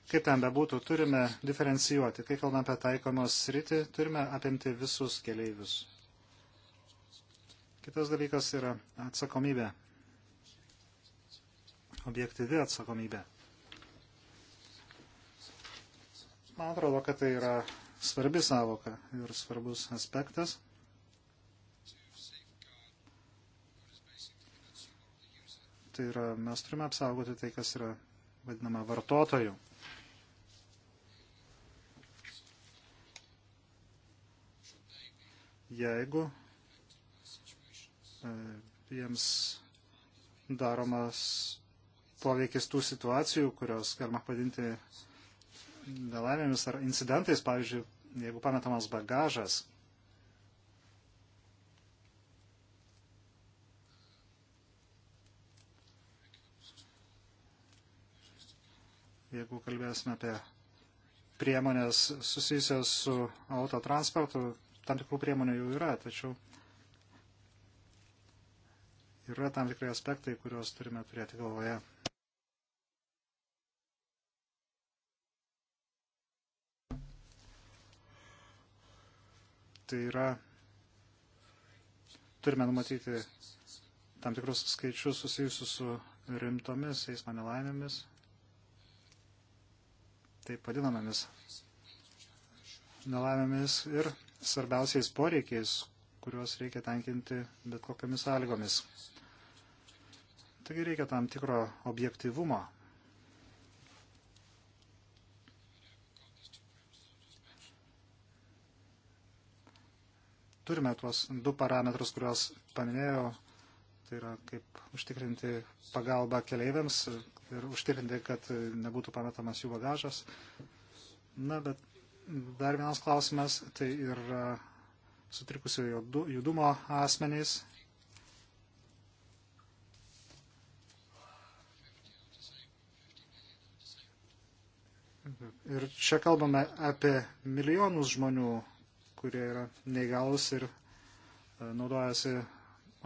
Kaip ten bebūtų, turime diferencijuoti. Kai kalbame apie taikomos sritį, turime apimti visus keleivius. Kitas dalykas yra atsakomybė. Objektyvi atsakomybė. Man atrodo, kad tai yra svarbi savoka ir svarbus aspektas. Tai yra, mes turime apsaugoti tai, kas yra vadinama vartotojų. jeigu e, jiems daromas poveikis tų situacijų, kurios galima padinti nelaimėmis ar incidentais, pavyzdžiui, jeigu pametamas bagažas. Jeigu kalbėsime apie priemonės susijusios su autotransportu, tam tikrų priemonių jau yra, tačiau yra tam tikrai aspektai, kuriuos turime turėti galvoje. Tai yra, turime numatyti tam tikrus skaičius susijusius su rimtomis eismo nelaimėmis, taip vadinamomis nelaimėmis ir svarbiausiais poreikiais, kuriuos reikia tenkinti bet kokiamis sąlygomis. Taigi reikia tam tikro objektivumo. Turime tuos du parametrus, kuriuos paminėjau. Tai yra kaip užtikrinti pagalbą keleiviams ir užtikrinti, kad nebūtų pametamas jų bagažas. Na, bet Dar vienas klausimas, tai yra e, sutrikusio judumo asmenys. Mhm. Ir čia kalbame apie milijonus žmonių, kurie yra neįgalus ir e, naudojasi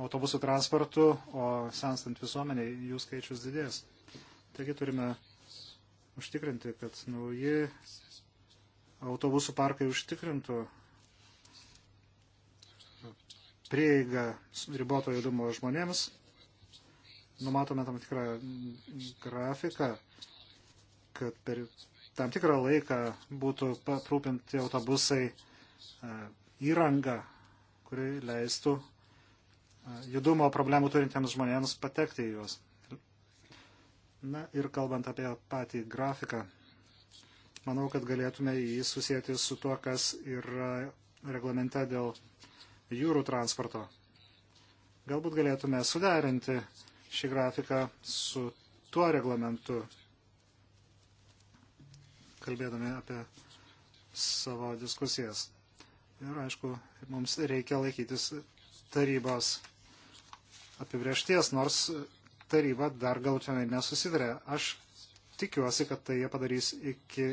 autobusų transportu, o senstant visuomeniai jų skaičius didės. Taigi turime užtikrinti, kad nauji autobusų parkai užtikrintų prieigą riboto judumo žmonėms. Numatome tam tikrą grafiką, kad per tam tikrą laiką būtų patrūpinti autobusai e, įrangą, kuri leistų e, judumo problemų turintiems žmonėms patekti į juos. Na ir kalbant apie patį grafiką. Manau, kad galėtume jį susijęti su tuo, kas yra reglamente dėl jūrų transporto. Galbūt galėtume suderinti šį grafiką su tuo reglamentu, kalbėdami apie savo diskusijas. Ir aišku, mums reikia laikytis tarybos apibriešties, nors taryba dar galutinai nesusidarė. Aš tikiuosi, kad tai jie padarys iki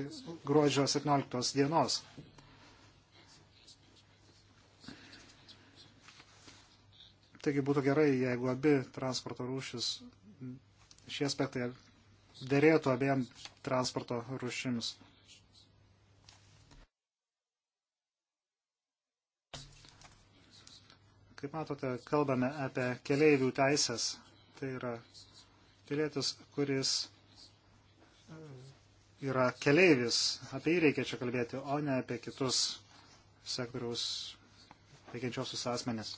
gruodžio 17 dienos. Taigi būtų gerai, jeigu abi transporto rūšis, šie aspektai dėrėtų abiem transporto rūšims. Kaip matote, kalbame apie keleivių teisės. Tai yra pilietis, kuris yra keleivis. Apie jį reikia čia kalbėti, o ne apie kitus sektoriaus veikiančiosius asmenis.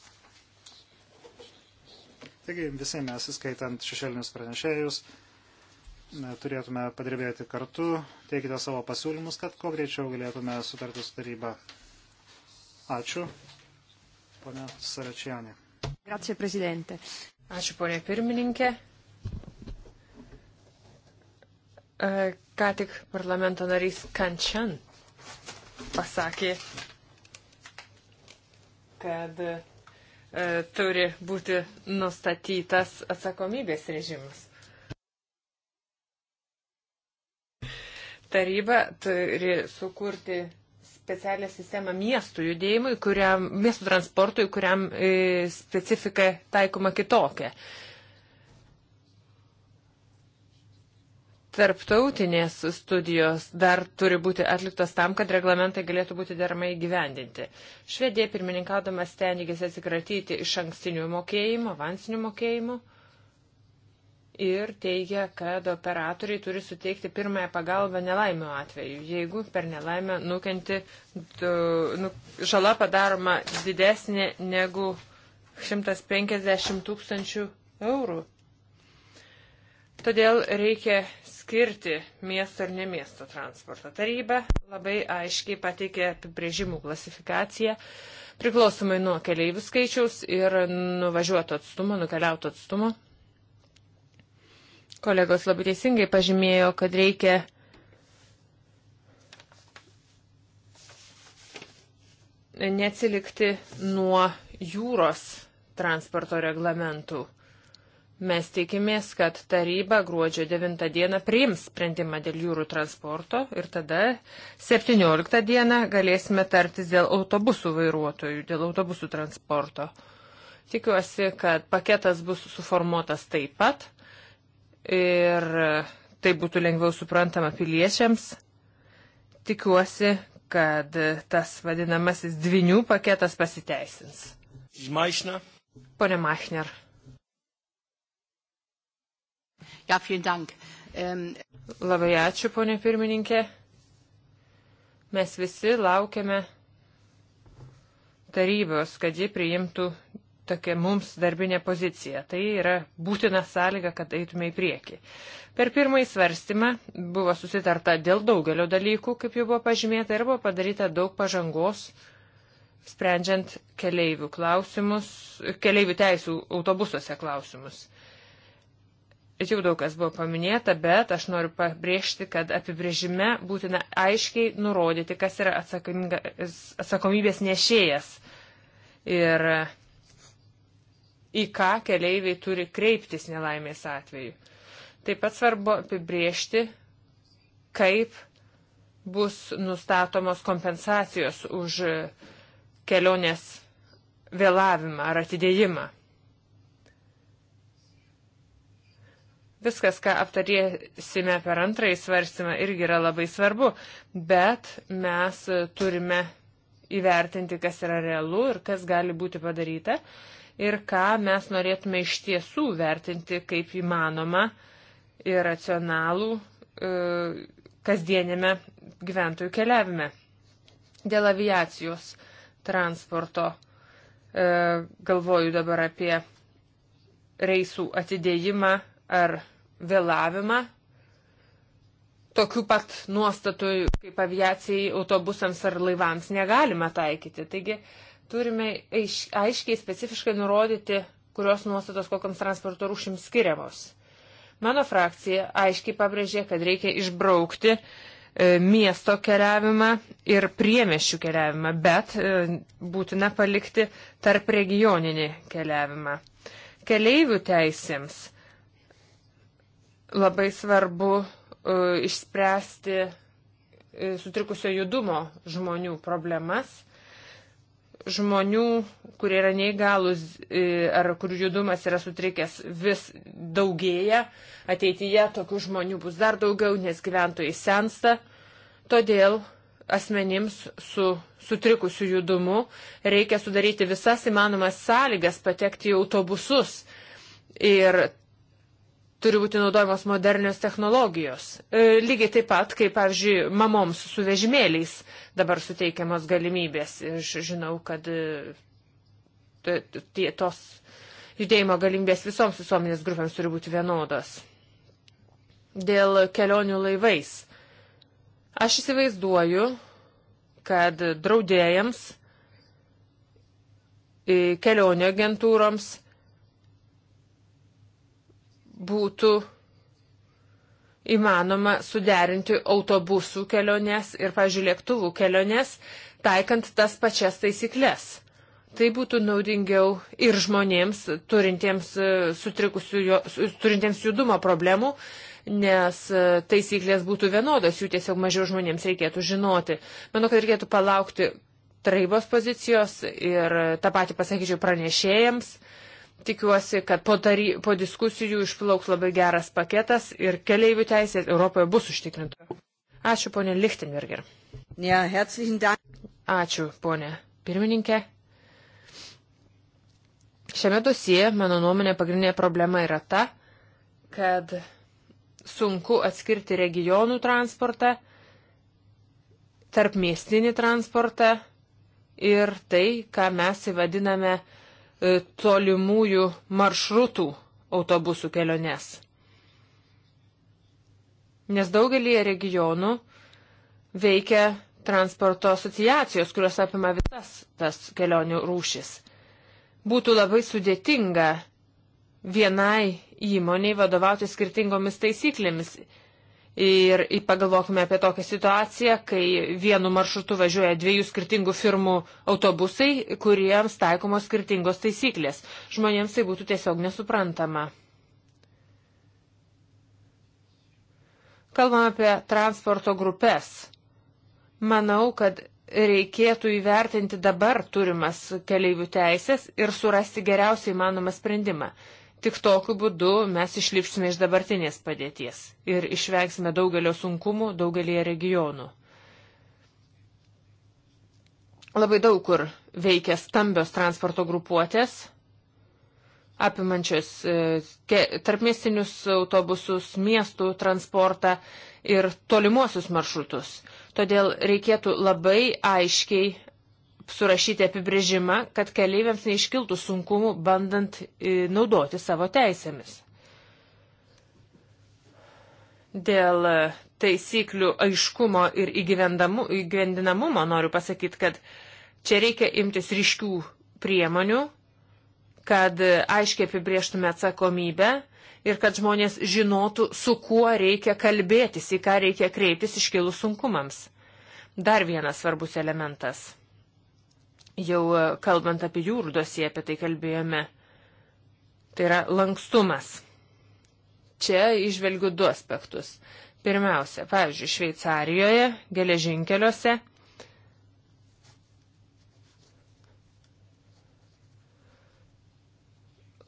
Taigi visi mes, įskaitant šešėlinius pranešėjus, turėtume padirbėti kartu, teikite savo pasiūlymus, kad kuo greičiau galėtume sutarti su taryba. Ačiū, ponia Saračianė. Grazie, prezidente. Ačiū, ponia pirmininkė. E, ką tik parlamento narys Kančian pasakė, kad e, turi būti nustatytas atsakomybės režimas. Taryba turi sukurti specialią sistemą miestų judėjimui, kuriam, miestų transportui, kuriam e, specifika taikoma kitokia. E, tarptautinės studijos dar turi būti atliktos tam, kad reglamentai galėtų būti deramai gyvendinti. Švedija pirmininkaudamas tenigės atsikratyti iš ankstinių mokėjimų, avansinių mokėjimų ir teigia, kad operatoriai turi suteikti pirmąją pagalbą nelaimio atveju, jeigu per nelaimę nukenti nu, žala padaroma didesnė negu 150 tūkstančių eurų. Todėl reikia skirti miesto ir ne miesto transportą. Taryba labai aiškiai pateikė apibrėžimų klasifikaciją priklausomai nuo keleivių skaičiaus ir nuvažiuoto atstumo, nukeliauto atstumo. Kolegos labai teisingai pažymėjo, kad reikia neatsilikti nuo jūros transporto reglamentų. Mes tikimės, kad taryba gruodžio 9 dieną priims sprendimą dėl jūrų transporto ir tada 17 dieną galėsime tartis dėl autobusų vairuotojų, dėl autobusų transporto. Tikiuosi, kad paketas bus suformuotas taip pat ir tai būtų lengviau suprantama piliečiams. Tikiuosi, kad tas vadinamasis dvinių paketas pasiteisins. Mašner. Pone Machner. Ja, vielen Dank. Um... Labai ačiū, ponė pirmininkė. Mes visi laukiame tarybos, kad ji priimtų tokia mums darbinė pozicija. Tai yra būtina sąlyga, kad eitume į priekį. Per pirmąjį svarstymą buvo susitarta dėl daugelio dalykų, kaip jau buvo pažymėta, ir buvo padaryta daug pažangos, sprendžiant keleivių klausimus, keleivių teisų autobusuose klausimus. Jau daug kas buvo paminėta, bet aš noriu pabrėžti, kad apibrėžime būtina aiškiai nurodyti, kas yra atsakomybės nešėjas ir į ką keleiviai turi kreiptis nelaimės atveju. Taip pat svarbu apibrėžti, kaip bus nustatomos kompensacijos už kelionės vėlavimą ar atidėjimą. Viskas, ką aptarėsime per antrąjį svarstymą, irgi yra labai svarbu, bet mes turime įvertinti, kas yra realu ir kas gali būti padaryta ir ką mes norėtume iš tiesų vertinti kaip įmanoma ir racionalų e, kasdienėme gyventojų keliavime. Dėl aviacijos transporto e, galvoju dabar apie reisų atidėjimą ar vėlavimą tokių pat nuostatų kaip aviacijai, autobusams ar laivams negalima taikyti. Taigi turime aiš, aiškiai, specifiškai nurodyti, kurios nuostatos kokiams transporto rūšims skiriamos. Mano frakcija aiškiai pabrėžė, kad reikia išbraukti e, miesto keliavimą ir priemešių keliavimą, bet e, būtina palikti tarp regioninį keliavimą. Keleivių teisėms Labai svarbu e, išspręsti e, sutrikusio judumo žmonių problemas. Žmonių, kurie yra neįgalus e, ar kurių judumas yra sutrikęs, vis daugėja. Ateityje tokių žmonių bus dar daugiau, nes gyventojai sensta. Todėl asmenims su sutrikusiu judumu reikia sudaryti visas įmanomas sąlygas patekti į autobusus. Ir turi būti naudojamos modernios technologijos. E, lygiai taip pat, kaip, pavyzdžiui, mamoms su vežimėliais dabar suteikiamos galimybės. Aš žinau, kad e, tie, tos judėjimo galimybės visoms visuomenės grupėms turi būti vienodos. Dėl kelionių laivais. Aš įsivaizduoju, kad draudėjams, e, kelionių agentūroms, būtų įmanoma suderinti autobusų keliones ir, pažiūrėjau, lėktuvų keliones, taikant tas pačias taisyklės. Tai būtų naudingiau ir žmonėms turintiems, e, jo, turintiems judumo problemų, nes e, taisyklės būtų vienodos, jų tiesiog mažiau žmonėms reikėtų žinoti. Manau, kad reikėtų palaukti tarybos pozicijos ir e, tą patį pasakyčiau pranešėjams. Uh, Tikiuosi, kad po, tary, po diskusijų išplauks labai geras paketas ir keliaivių teisės Europoje bus užtikrinta. Ačiū, ponė Lichtenberger. Ja, Ačiū, ponė pirmininkė. Šiame dosie, mano nuomonė, pagrindinė problema yra ta, kad sunku atskirti regionų transportą, tarp miestinį transportą ir tai, ką mes įvadiname uh, E, tolimųjų maršrutų autobusų keliones. Nes daugelį regionų veikia transporto asociacijos, kurios apima visas tas kelionių rūšis. Būtų labai sudėtinga vienai įmoniai vadovauti skirtingomis taisyklėmis Ir pagalvokime apie tokią situaciją, kai vienu maršrutu važiuoja dviejų skirtingų firmų autobusai, kuriems taikomos skirtingos taisyklės. Žmonėms tai būtų tiesiog nesuprantama. Kalbam apie transporto grupės. Manau, kad reikėtų įvertinti dabar turimas keleivių teisės ir surasti geriausiai manomą sprendimą. Tik tokiu būdu mes išlipsime iš dabartinės padėties ir išvengsime daugelio sunkumų daugelie regionų. Labai daug kur veikia stambios transporto grupuotės, apimančios e, tarpmestinius autobusus, miestų transportą ir tolimuosius maršrutus. Todėl reikėtų labai aiškiai surašyti apibrėžimą, kad keleiviams neiškiltų sunkumų bandant e, naudoti savo teisėmis. Dėl e, taisyklių aiškumo ir įgyvendinamumo noriu pasakyti, kad čia reikia imtis ryškių priemonių, kad e, aiškiai apibrieštume atsakomybę ir kad žmonės žinotų, su kuo reikia kalbėtis, į ką reikia kreiptis iškilus sunkumams. Dar vienas svarbus elementas Jau e, kalbant apie jūrų dosiją, apie tai kalbėjome. Tai yra lankstumas. Čia išvelgiu du aspektus. Pirmiausia, pavyzdžiui, Šveicarijoje, geležinkeliuose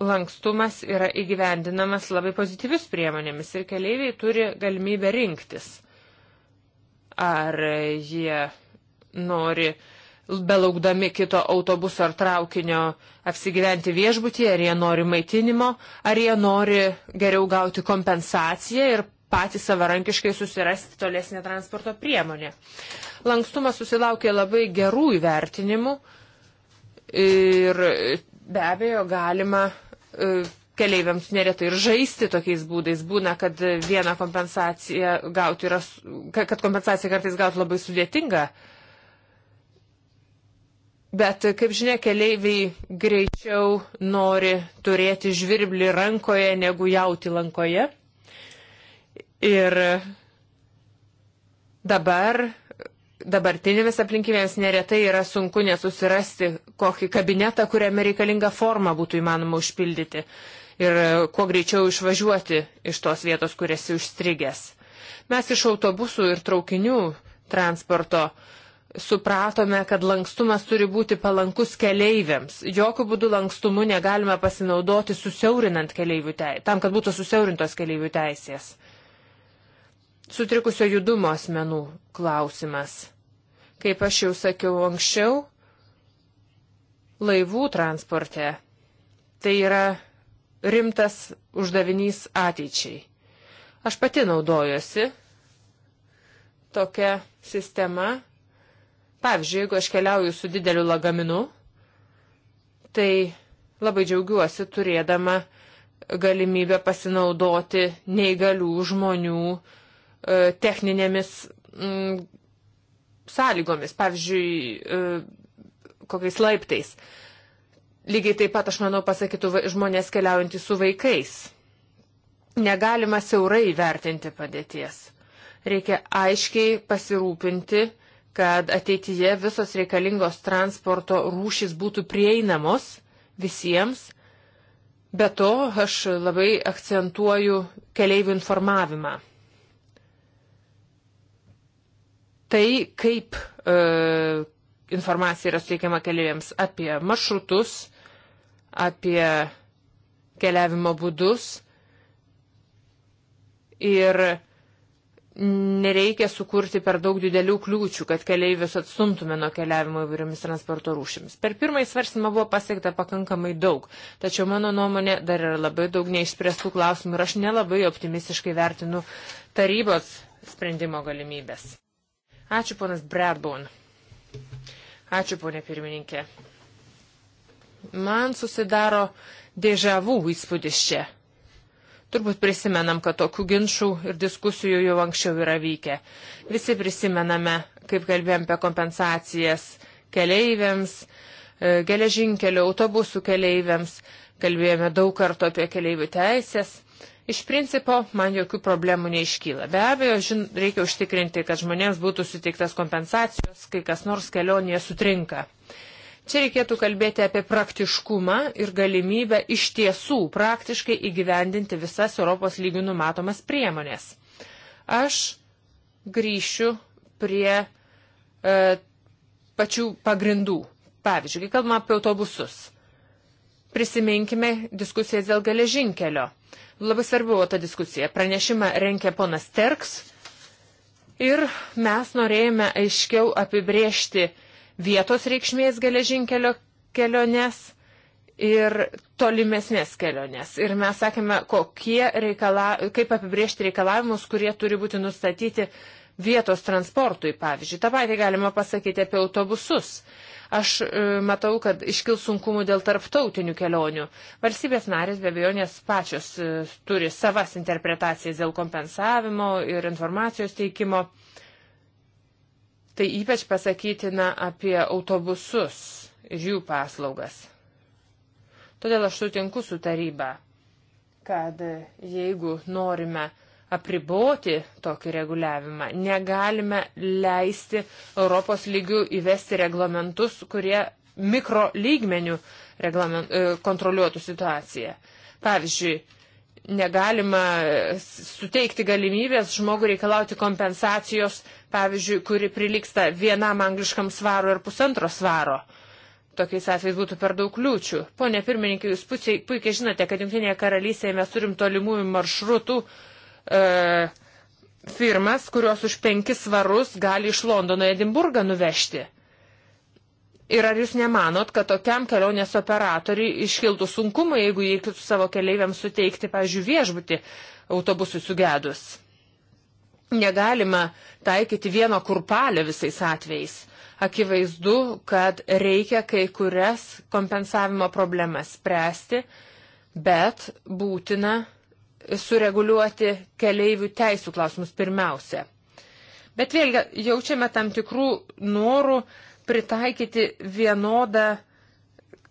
lankstumas yra įgyvendinamas labai pozityvius priemonėmis ir keleiviai turi galimybę rinktis. Ar jie nori uh, belaukdami kito autobuso ar traukinio apsigyventi viešbutyje, ar jie nori maitinimo, ar jie nori geriau gauti kompensaciją ir patys savarankiškai susirasti tolesnę transporto priemonę. Lankstumas susilaukė labai gerų įvertinimų ir be abejo galima e, keleiviams neretai ir žaisti tokiais būdais. Būna, kad vieną kompensaciją gauti yra, kad kompensaciją kartais gauti labai sudėtinga. Uh, Bet, kaip žinia, keleiviai greičiau nori turėti žvirblį rankoje negu jauti lankoje. Ir dabar, dabartinėmis aplinkybėmis neretai yra sunku nesusirasti kokį kabinetą, kuriame reikalinga forma būtų įmanoma užpildyti ir kuo greičiau išvažiuoti iš tos vietos, kur esi užstrigęs. Mes iš autobusų ir traukinių transporto uh, supratome, kad lankstumas turi būti palankus keleiviams. Jokių būdų lankstumu negalime pasinaudoti susiaurinant keleivių teisės, tam, kad būtų susiaurintos keleivių teisės. Sutrikusio judumo asmenų klausimas. Kaip aš jau sakiau anksčiau, laivų transporte tai yra rimtas uždavinys ateičiai. Aš pati naudojosi tokia sistema, Pavyzdžiui, jeigu aš keliauju su dideliu lagaminu, tai labai džiaugiuosi turėdama galimybę pasinaudoti neįgalių žmonių e, techninėmis mm, sąlygomis, pavyzdžiui, e, kokiais laiptais. Lygiai taip pat, aš manau, pasakytų žmonės keliaujantys su vaikais. Negalima siaurai vertinti padėties. Reikia aiškiai pasirūpinti, kad ateityje visos reikalingos transporto rūšys būtų prieinamos visiems. Be to, aš labai akcentuoju keleivių informavimą. Tai kaip e, informacija yra suteikiama keleiviams apie maršrutus, apie keliavimo būdus ir nereikia sukurti per daug didelių kliūčių, kad keleivius atstumtume nuo keliavimo įvairiomis transporto rūšimis. Per pirmąjį svarstymą buvo pasiekta pakankamai daug, tačiau mano nuomonė dar yra labai daug neišspręstų klausimų ir aš nelabai optimistiškai vertinu tarybos sprendimo galimybės. Ačiū ponas Bradbone. Ačiū ponė pirmininkė. Man susidaro dėžavų įspūdis čia. Turbūt prisimenam, kad tokių ginčių ir diskusijų jau anksčiau yra vykę. Visi prisimename, kaip kalbėjom apie kompensacijas keleiviams, e, geležinkelio autobusų keleiviams, kalbėjome daug kartų apie keleivių teisės. Iš principo, man jokių problemų neiškyla. Be abejo, žin, reikia užtikrinti, kad žmonėms būtų suteiktas kompensacijos, kai kas nors kelionėje sutrinka. Čia reikėtų kalbėti apie praktiškumą ir galimybę iš tiesų praktiškai įgyvendinti visas Europos lygių numatomas priemonės. Aš grįšiu prie e, pačių pagrindų. Pavyzdžiui, kai kalbame apie autobusus, prisiminkime diskusijas dėl geležinkelio. Labai svarbi buvo ta diskusija. Pranešimą renkė ponas Terks ir mes norėjome aiškiau apibriežti vietos reikšmės geležinkelio keliones ir tolimesnės keliones. Ir mes sakėme, reikala, kaip apibriežti reikalavimus, kurie turi būti nustatyti vietos transportui. Pavyzdžiui, tą patį galima pasakyti apie autobusus. Aš e, matau, kad iškils sunkumų dėl tarptautinių kelionių. Valstybės narės be abejonės pačios e, turi savas interpretacijas dėl kompensavimo ir informacijos teikimo. E, Tai ypač pasakytina apie autobusus ir jų paslaugas. Todėl aš sutinku su taryba, kad jeigu norime apriboti tokį reguliavimą, negalime leisti Europos lygių įvesti reglamentus, kurie mikro lygmenių reglament, e, kontroliuotų situaciją. Pavyzdžiui, negalima suteikti galimybės žmogui reikalauti kompensacijos, pavyzdžiui, kuri priliksta vienam angliškam svaro ir pusantro svaro. Tokiais atvejais būtų per daug kliūčių. Pone pirmininkai, jūs puikiai, puikiai žinote, kad Junktinėje karalystėje mes turim tolimųjų maršrutų e, firmas, kurios už penkis svarus gali iš Londono į Edimburgą nuvežti. Ir ar jūs nemanot, kad tokiam kelionės operatoriui iškiltų sunkumai, jeigu jie reikėtų savo keleiviams suteikti, pavyzdžiui, viešbutį autobusui sugedus? Negalima taikyti vieno kurpalio visais atvejais. Akivaizdu, kad reikia kai kurias kompensavimo problemas spręsti, bet būtina sureguliuoti keleivių teisų klausimus pirmiausia. Bet vėlgi jaučiame tam tikrų norų pritaikyti vienodą,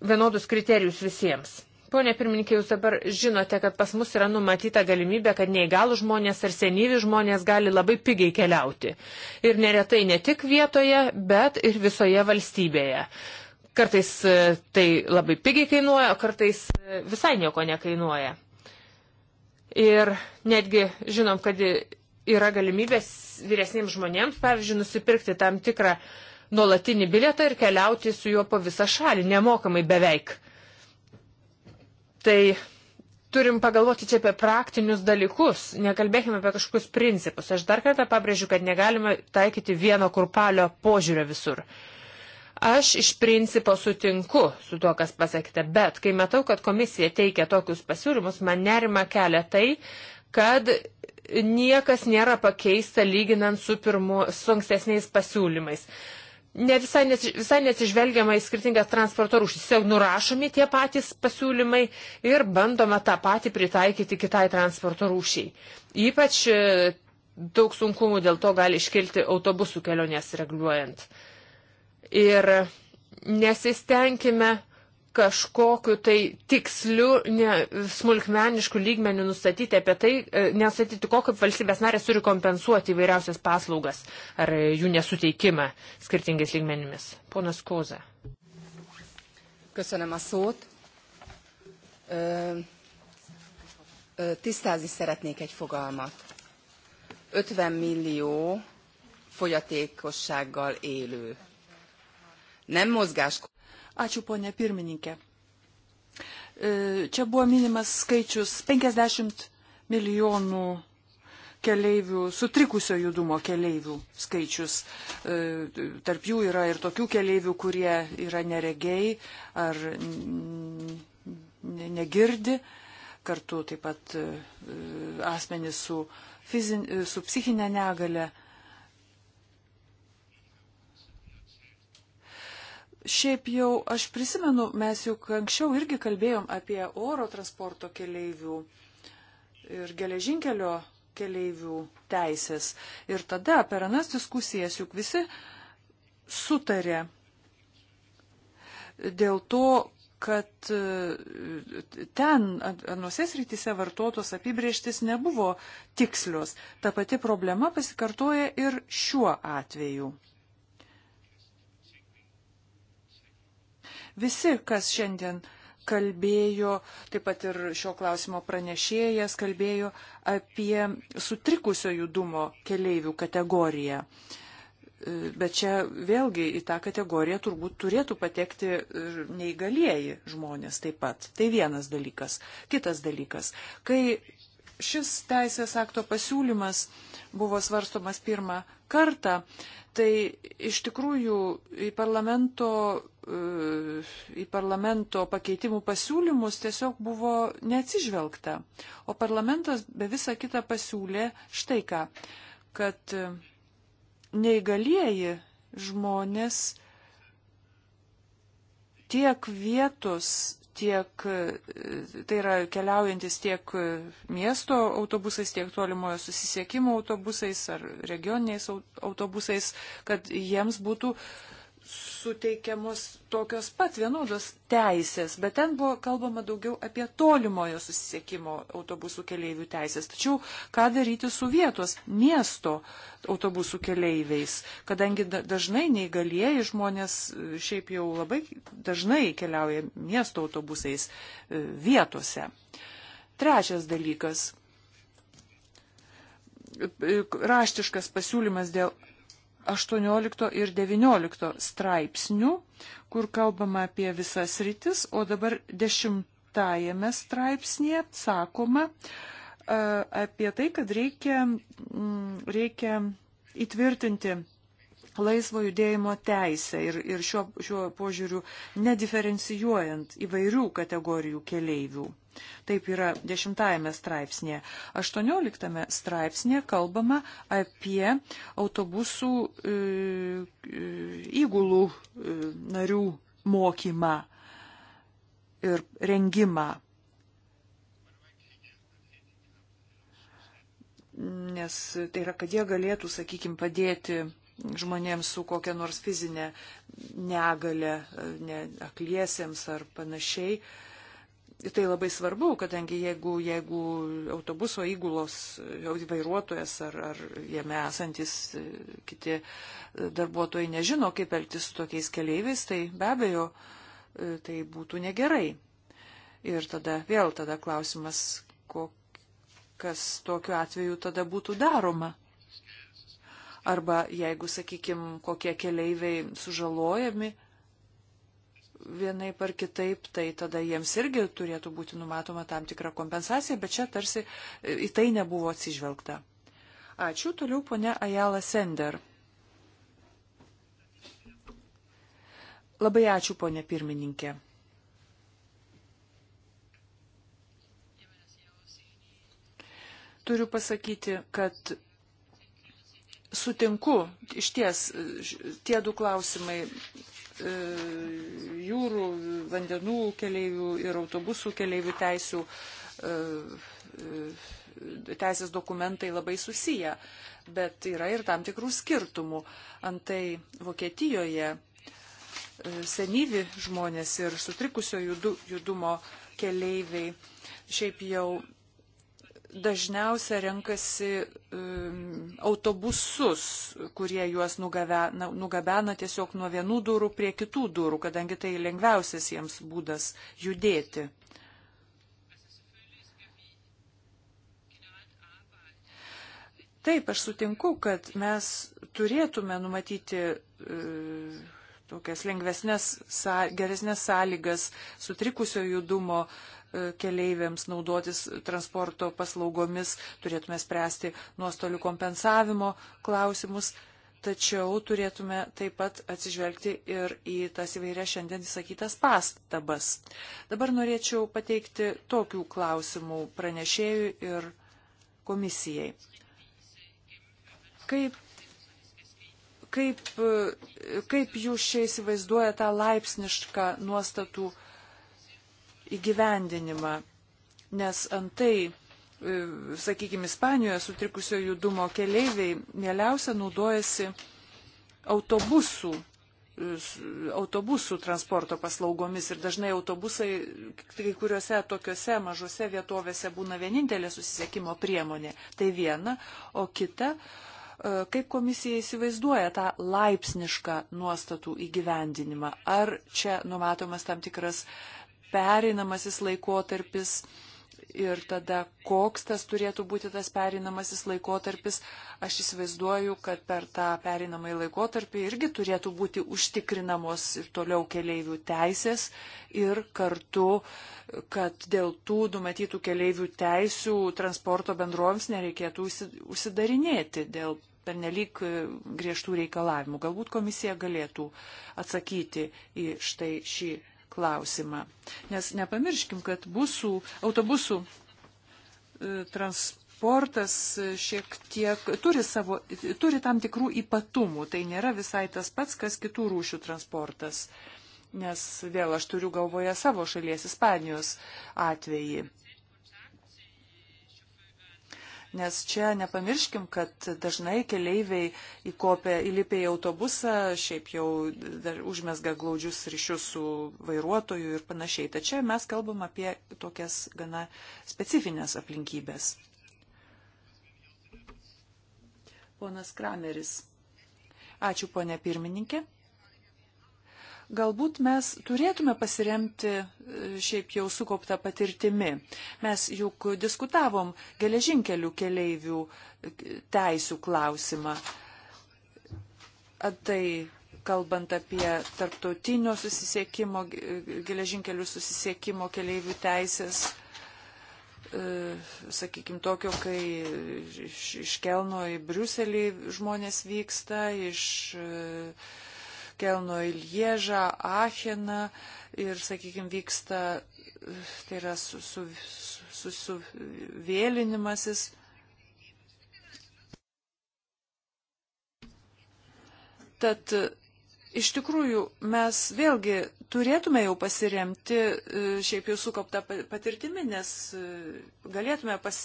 vienodus kriterijus visiems. Pone pirmininkė, jūs dabar žinote, kad pas mus yra numatyta galimybė, kad neįgalų žmonės ar senyvi žmonės gali labai pigiai keliauti. Ir neretai ne tik vietoje, bet ir visoje valstybėje. Kartais e, tai labai pigiai kainuoja, kartais e, visai nieko nekainuoja. Ir netgi žinom, kad yra galimybės vyresniems žmonėms, pavyzdžiui, nusipirkti tam tikrą uh, nuolatinį bilietą ir keliauti su juo po visą šalį, nemokamai beveik. Tai turim pagalvoti čia apie praktinius dalykus, nekalbėkime apie kažkokius principus. Aš dar kartą pabrėžiu, kad negalime taikyti vieno kurpalio požiūrio visur. Aš iš principo sutinku su tuo, kas pasakyta, bet kai matau, kad komisija teikia tokius pasiūlymus, man nerima kelia tai, kad niekas nėra pakeista lyginant su, pirmu, su ankstesniais pasiūlymais ne visai, nes, visai nesižvelgiama į skirtingas transporto rūšis. Jau nurašomi tie patys pasiūlymai ir bandoma tą patį pritaikyti kitai transporto rūšiai. Ypač e, daug sunkumų dėl to gali iškilti autobusų kelionės reguliuojant. Ir nesistengime uh, kažkokiu tai tiksliu, ne, smulkmenišku lygmeniu nustatyti apie tai, e, nesatyti, kokiu valstybės narės turi kompensuoti įvairiausias paslaugas ar jų nesuteikimą skirtingais lygmenimis. Ponas Koza. Köszönöm a szót. Ö, ö, tisztázni szeretnék egy fogalmat. 50 millió fogyatékossággal élő. Nem mozgás Ačiū, ponė pirmininkė. E, čia buvo minimas skaičius 50 milijonų keleivių, sutrikusio judumo keleivių skaičius. E, tarp jų yra ir tokių keleivių, kurie yra neregiai ar negirdi. Kartu taip pat e, asmenys su, fizin, su psichinė negale. Šiaip jau aš prisimenu, mes juk anksčiau irgi kalbėjom apie oro transporto keleivių ir geležinkelio keleivių teisės. Ir tada per anas diskusijas juk visi sutarė dėl to, kad e, ten, anuose srityse vartotos apibrieštis nebuvo tikslios. Ta pati problema pasikartoja ir šiuo atveju. Visi, kas šiandien kalbėjo, taip pat ir šio klausimo pranešėjas kalbėjo apie sutrikusio judumo keleivių kategoriją. Bet čia vėlgi į tą kategoriją turbūt turėtų patekti neįgalieji žmonės taip pat. Tai vienas dalykas. Kitas dalykas, kai šis teisės akto pasiūlymas buvo svarstomas pirmą kartą, tai iš tikrųjų į parlamento, e, į parlamento pakeitimų pasiūlymus tiesiog buvo neatsižvelgta. O parlamentas be visą kitą pasiūlė štai ką, kad e, neįgalieji žmonės tiek vietos tiek, tai yra keliaujantis tiek miesto autobusais, tiek tolimojo susisiekimo autobusais ar regioniniais autobusais, kad jiems būtų uh, suteikiamos tokios pat vienodos teisės, bet ten buvo kalbama daugiau apie tolimojo susisiekimo autobusų keleivių teisės. Tačiau ką daryti su vietos miesto autobusų keleiviais, kadangi dažnai neįgalieji žmonės e, šiaip jau labai dažnai keliauja miesto autobusais e, vietose. Trečias dalykas e, raštiškas pasiūlymas dėl 18 ir 19 straipsnių, kur kalbama apie visas rytis, o dabar 10 straipsnėje sakoma e, apie tai, kad reikia, reikia įtvirtinti laisvo judėjimo teisę ir, ir šiuo, šiuo požiūriu nediferencijuojant įvairių kategorijų keleivių. Taip yra dešimtajame straipsnėje. Aštuonioliktame straipsnėje kalbama apie autobusų e, e, įgulų e, narių mokymą ir rengimą. Nes tai yra, kad jie galėtų, sakykime, padėti žmonėms su kokia nors fizinė negale, ne, akliesiems ar panašiai. E, tai labai svarbu, kadangi jeigu, jeigu autobuso įgulos vairuotojas ar, ar jame esantis e, kiti e, darbuotojai nežino, kaip elgtis su tokiais keleiviais, tai be abejo, e, tai būtų negerai. Ir tada vėl tada klausimas, ko, kas tokiu atveju tada būtų daroma. Arba jeigu, sakykime, kokie keleiviai sužalojami, vienai par kitaip, tai tada jiems irgi turėtų būti numatoma tam tikra kompensacija, bet čia tarsi į tai nebuvo atsižvelgta. Ačiū, toliau ponia Ajala Sender. Labai ačiū, ponia pirmininkė. Turiu pasakyti, kad sutinku, iš ties tie du klausimai E, jūrų, vandenų keleivių ir autobusų keleivių teisų e, e, teisės dokumentai labai susiję, bet yra ir tam tikrų skirtumų. Antai Vokietijoje senyvi žmonės ir sutrikusio judu, judumo keleiviai šiaip jau dažniausia renkasi um, autobusus, kurie juos nugabena, nugabena tiesiog nuo vienų durų prie kitų durų, kadangi tai lengviausias jiems būdas judėti. Taip, aš sutinku, kad mes turėtume numatyti e, tokias lengvesnės, sa, geresnės sąlygas sutrikusio judumo e, keleiviams naudotis transporto paslaugomis, turėtume spręsti nuostolių kompensavimo klausimus, tačiau turėtume taip pat atsižvelgti ir į tas įvairias šiandien įsakytas pastabas. Dabar norėčiau pateikti tokių klausimų pranešėjui ir komisijai. Kaip kaip, kaip jūs čia įsivaizduoja tą laipsnišką nuostatų įgyvendinimą, nes antai, e, sakykime, Ispanijoje sutrikusio judumo keleiviai mieliausia naudojasi autobusų e, autobusų transporto paslaugomis ir dažnai autobusai kai kuriuose tokiuose mažose vietovėse būna vienintelė susisiekimo priemonė. Tai viena, o kita, e, kaip komisija įsivaizduoja tą laipsnišką nuostatų įgyvendinimą. Ar čia numatomas tam tikras pereinamasis laikotarpis ir tada koks tas turėtų būti tas pereinamasis laikotarpis. Aš įsivaizduoju, kad per tą pereinamąjį laikotarpį irgi turėtų būti užtikrinamos ir toliau keleivių teisės ir kartu, kad dėl tų numatytų keleivių teisių transporto bendrovėms nereikėtų užsidarinėti dėl pernelyg e, griežtų reikalavimų. Galbūt komisija galėtų atsakyti į štai šį klausimą. Nes nepamirškim, kad busų, autobusų e, transportas e, šiek tiek turi, savo, turi tam tikrų ypatumų. Tai nėra visai tas pats, kas kitų rūšių transportas. Nes vėl aš turiu galvoje savo šalies Ispanijos atvejį. Nes čia nepamirškim, kad dažnai keleiviai įkopia, įlipia į autobusą, šiaip jau dar užmesga glaudžius ryšius su vairuotoju ir panašiai. Tačiau mes kalbam apie tokias gana specifines aplinkybės. Ponas Krameris. Ačiū, ponė pirmininkė. Galbūt mes turėtume pasiremti e, šiaip jau sukauptą patirtimi. Mes juk diskutavom geležinkelių keleivių e, teisų klausimą. Tai kalbant apie tarptautinio susisiekimo, e, geležinkelių susisiekimo keleivių teisės, sakykime, tokio, kai iš, iš Kelno į Briuselį žmonės vyksta, iš Kelno į Liežą, Acheną ir, sakykime, vyksta, tai yra susuvėlinimasis. Su, su, su, su Tad iš tikrųjų mes vėlgi turėtume jau pasiremti e, šiaip jau sukauptą patirtimį, nes e, galėtume pas,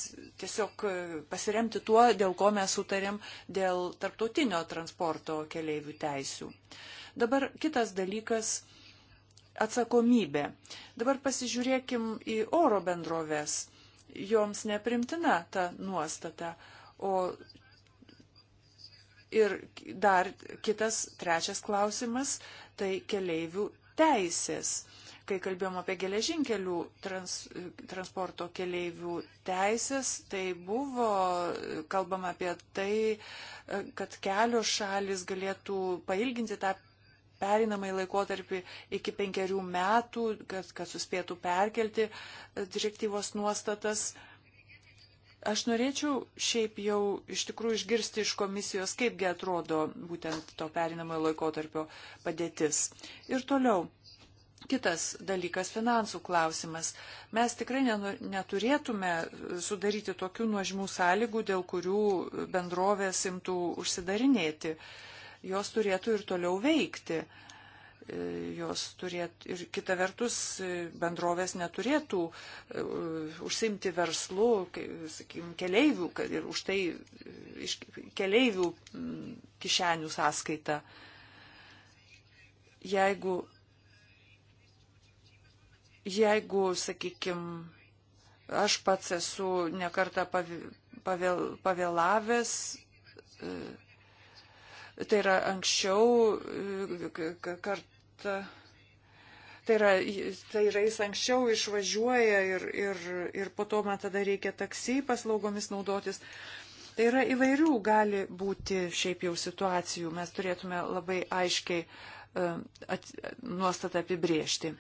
tiesiog e, pasiremti tuo, dėl ko mes sutarėm dėl tarptautinio transporto keleivių teisių. Uh, Dabar kitas dalykas - atsakomybė. Dabar pasižiūrėkim į oro bendrovės. Joms neprimtina ta nuostata. O ir dar kitas, trečias klausimas - tai keleivių teisės kai kalbėjom apie geležinkelių trans, transporto keleivių teisės, tai buvo kalbama apie tai, kad kelios šalis galėtų pailginti tą perinamai laikotarpį iki penkerių metų, kad, kad suspėtų perkelti e, direktyvos nuostatas. Aš norėčiau šiaip jau iš tikrųjų išgirsti iš komisijos, kaipgi atrodo būtent to perinamojo laikotarpio padėtis. Ir toliau. Kitas dalykas - finansų klausimas. Mes tikrai neturėtume sudaryti tokių nuožmių sąlygų, dėl kurių bendrovės imtų užsidarinėti. Uh, jos turėtų ir toliau veikti. E, jos turėtų ir kita vertus e, bendrovės neturėtų e, užsimti verslu, sakykime, keleivių ir už tai iš keleivių mm, kišenių sąskaita. Jeigu, jeigu sakykime, aš pats esu nekarta pavėl, pavėlavęs, Tai yra anksčiau kartą. Tai yra, tai yra jis anksčiau išvažiuoja ir, ir, ir po to man tada reikia taksi paslaugomis naudotis. Tai yra įvairių gali būti šiaip jau situacijų. Mes turėtume labai aiškiai e, at, nuostatą apibriežti.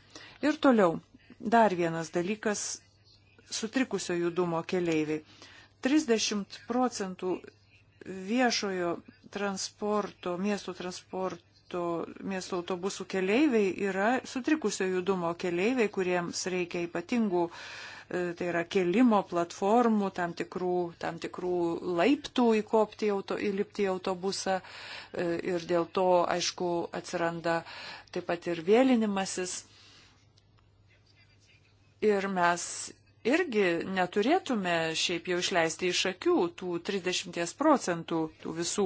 Ir toliau. Dar vienas dalykas - sutrikusio judumo keleiviai. 30 procentų viešojo transporto, miesto transporto, miesto autobusų keleiviai yra sutrikusio judumo keleiviai, kuriems reikia ypatingų, e, tai yra kelimo platformų, tam tikrų, tam tikrų laiptų įkopti, auto, įlipti į autobusą e, ir dėl to, aišku, atsiranda taip pat ir vėlinimasis. Ir mes irgi neturėtume šiaip jau išleisti iš akių tų 30 procentų tų visų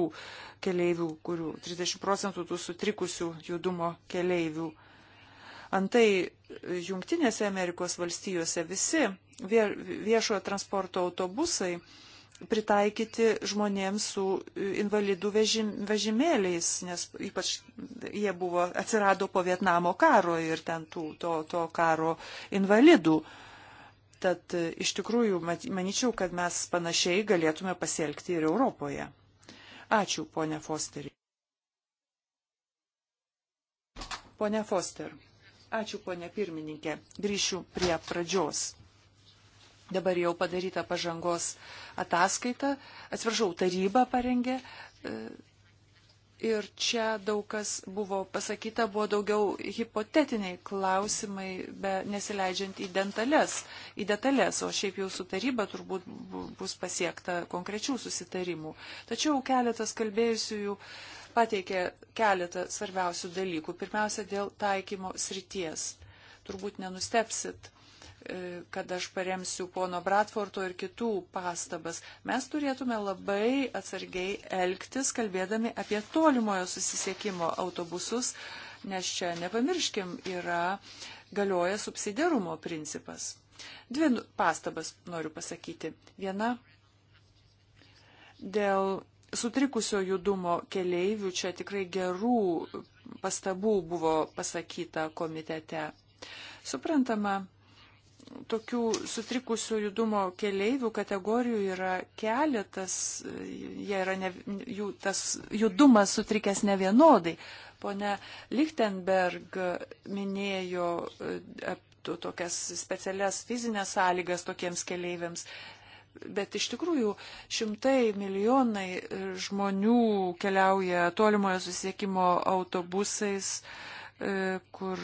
keleivių, kurių 30 procentų tų sutrikusių judumo keleivių. Antai Junktinėse Amerikos valstijose visi viešojo transporto autobusai pritaikyti žmonėms su invalidų vežim, vežimėliais, nes ypač jie buvo, atsirado po Vietnamo karo ir ten tų, to, to karo invalidų. Uh, Tad e, iš tikrųjų, manyčiau, kad mes panašiai galėtume pasielgti ir Europoje. Ačiū, ponė Fosterį. Pone Foster. Ačiū, ponė pirmininkė. Grįšiu prie pradžios. Dabar jau padaryta pažangos ataskaita. Atsiprašau, taryba parengė e, Ir čia daug kas buvo pasakyta, buvo daugiau hipotetiniai klausimai, be, nesileidžiant į, dentalės, į detalės, o šiaip jau su taryba turbūt bus pasiekta konkrečių susitarimų. Tačiau keletas kalbėjusiųjų pateikė keletą svarbiausių dalykų. Pirmiausia, dėl taikymo srities. Turbūt nenustepsit, E, kad aš paremsiu pono Bratforto ir kitų pastabas. Mes turėtume labai atsargiai elgtis, kalbėdami apie tolimojo susisiekimo autobusus, nes čia, nepamirškim, yra galioja subsidiarumo principas. Dvi nu, pastabas noriu pasakyti. Viena dėl sutrikusio judumo keleivių, čia tikrai gerų pastabų buvo pasakyta komitete. Suprantama, tokių sutrikusių judumo keleivių kategorijų yra keletas, jie yra ne, jų tas judumas sutrikęs ne vienodai. Pone Lichtenberg minėjo e, to, tokias specialias fizinės sąlygas tokiems keleiviams. Bet iš tikrųjų šimtai milijonai žmonių keliauja tolimojo susiekimo autobusais, uh, E, kur,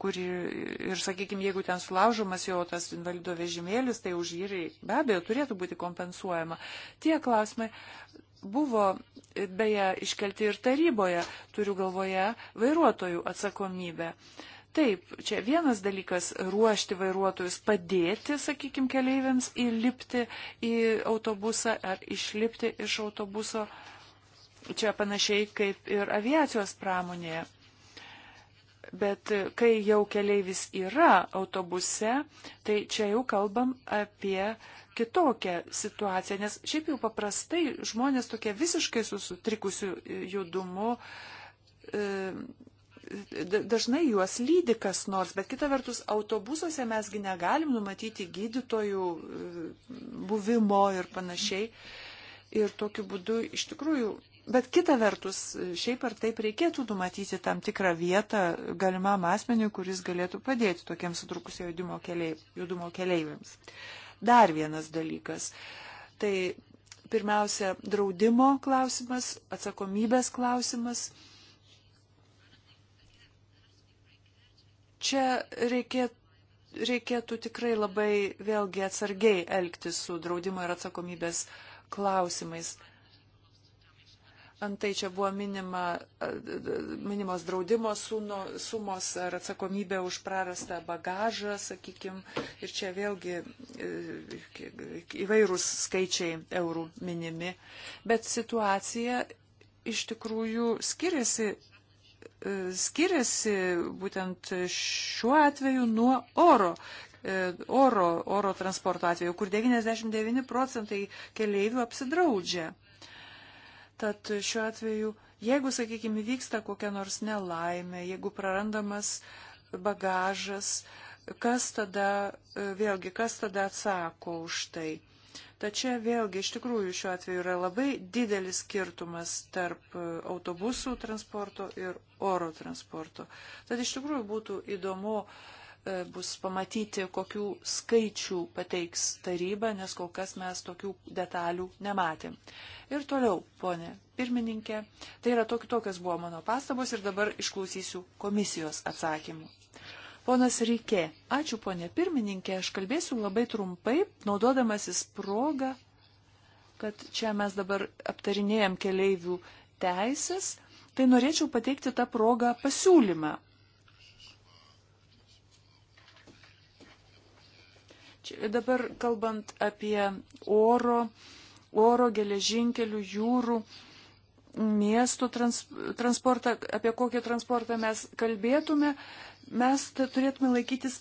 kur ir, sakykime, jeigu ten sulaužomas jau tas invalido vežimėlis, tai už jį be abejo turėtų būti kompensuojama. Tie klausimai buvo, e, beje, iškelti ir taryboje, turiu galvoje, vairuotojų atsakomybę. Taip, čia vienas dalykas - ruošti vairuotojus, padėti, sakykime, keleiviams įlipti į autobusą ar išlipti iš autobuso. Čia panašiai kaip ir aviacijos pramonėje. Bet e, kai jau keleivis yra autobuse, tai čia jau kalbam apie kitokią situaciją, nes šiaip jau paprastai žmonės tokie visiškai sutrikusių e, judumu e, dažnai juos lydi kas nors, bet kita vertus, autobusuose mesgi negalim numatyti gydytojų buvimo ir panašiai. Ir tokiu būdu iš tikrųjų Bet kita vertus, šiaip ar taip reikėtų numatyti tam tikrą vietą galimam asmeniui, kuris galėtų padėti tokiems sutrūkusio judumo, keliai, judumo keleiviams. Dar vienas dalykas. Tai pirmiausia, draudimo klausimas, atsakomybės klausimas. Čia reikėtų reikėtų tikrai labai vėlgi atsargiai elgtis su draudimo ir atsakomybės klausimais. Antai čia buvo minima, minimos draudimo suno, sumos ar atsakomybė už prarastą bagažą, sakykime, ir čia vėlgi e, įvairūs skaičiai eurų minimi. Bet situacija iš tikrųjų skiriasi, e, skiriasi būtent šiuo atveju nuo oro e, oro, oro transporto atveju, kur 99 procentai keleivių apsidraudžia. Tad šiuo atveju, jeigu, sakykime, vyksta kokia nors nelaimė, jeigu prarandamas bagažas, kas tada, e, vėlgi, kas tada atsako už tai? Tačiau vėlgi iš tikrųjų šiuo atveju yra labai didelis skirtumas tarp e, autobusų transporto ir oro transporto. Tad iš tikrųjų būtų įdomu uh, E, bus pamatyti, kokių skaičių pateiks taryba, nes kol kas mes tokių detalių nematėm. Ir toliau, ponė pirmininkė, tai yra tok, tokios buvo mano pastabos ir dabar išklausysiu komisijos atsakymų. Ponas Rykė, ačiū ponė pirmininkė, aš kalbėsiu labai trumpai, naudodamasis progą, kad čia mes dabar aptarinėjom keleivių teisės, tai norėčiau pateikti tą progą pasiūlymą Čia dabar kalbant apie oro, oro geležinkelių, jūrų, miestų trans, transportą, apie kokį transportą mes kalbėtume, mes turėtume laikytis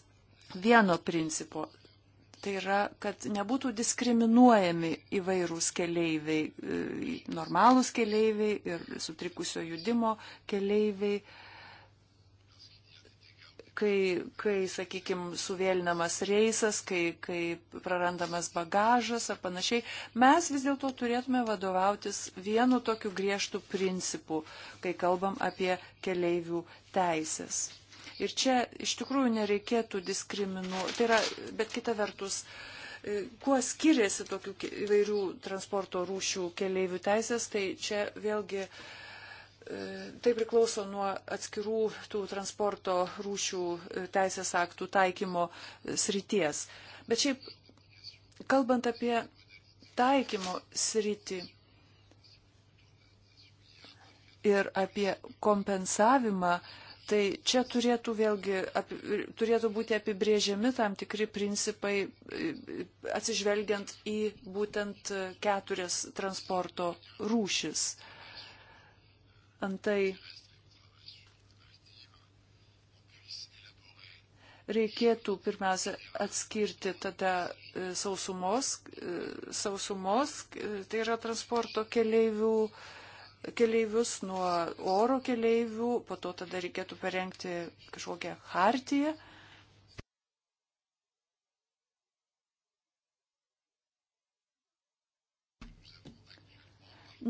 vieno principo. Tai yra, kad nebūtų diskriminuojami įvairūs keleiviai, e, normalūs keleiviai ir sutrikusio judimo keleiviai kai, kai sakykime, suvėlinamas reisas, kai, kai prarandamas bagažas ar panašiai, mes vis dėlto turėtume vadovautis vienu tokiu griežtu principu, kai kalbam apie keleivių teisės. Ir čia iš tikrųjų nereikėtų diskriminuoti. Tai yra, bet kita vertus, e, kuo skiriasi tokių įvairių transporto rūšių keleivių teisės, tai čia vėlgi uh, tai priklauso nuo atskirų tų transporto rūšių e, teisės aktų taikymo e, srities. Bet šiaip, kalbant apie taikymo sritį ir apie kompensavimą, tai čia turėtų vėlgi, ap, turėtų būti apibrėžiami tam tikri principai, e, atsižvelgiant į būtent keturias transporto rūšis. Uh, Antai reikėtų pirmiausia atskirti tada e, sausumos, e, sausumos e, tai yra transporto keleivių, keleivius nuo oro keleivių, po to tada reikėtų parengti kažkokią hartiją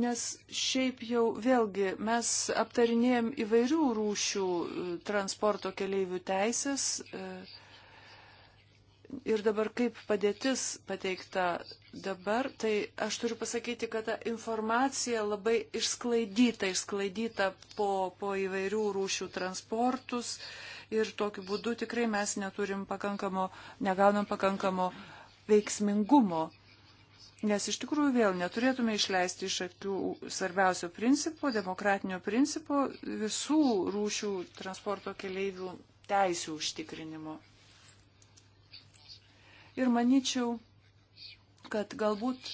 nes šiaip jau vėlgi mes aptarinėjom įvairių rūšių e, transporto keleivių teisės e, ir dabar kaip padėtis pateikta dabar, tai aš turiu pasakyti, kad ta informacija labai išsklaidyta, išsklaidyta po, po įvairių rūšių transportus ir tokiu būdu tikrai mes neturim pakankamo, negaunam pakankamo veiksmingumo Nes iš tikrųjų vėl neturėtume išleisti iš akių svarbiausio principo, demokratinio principo visų rūšių transporto keleivių teisų užtikrinimo. Ir manyčiau, kad galbūt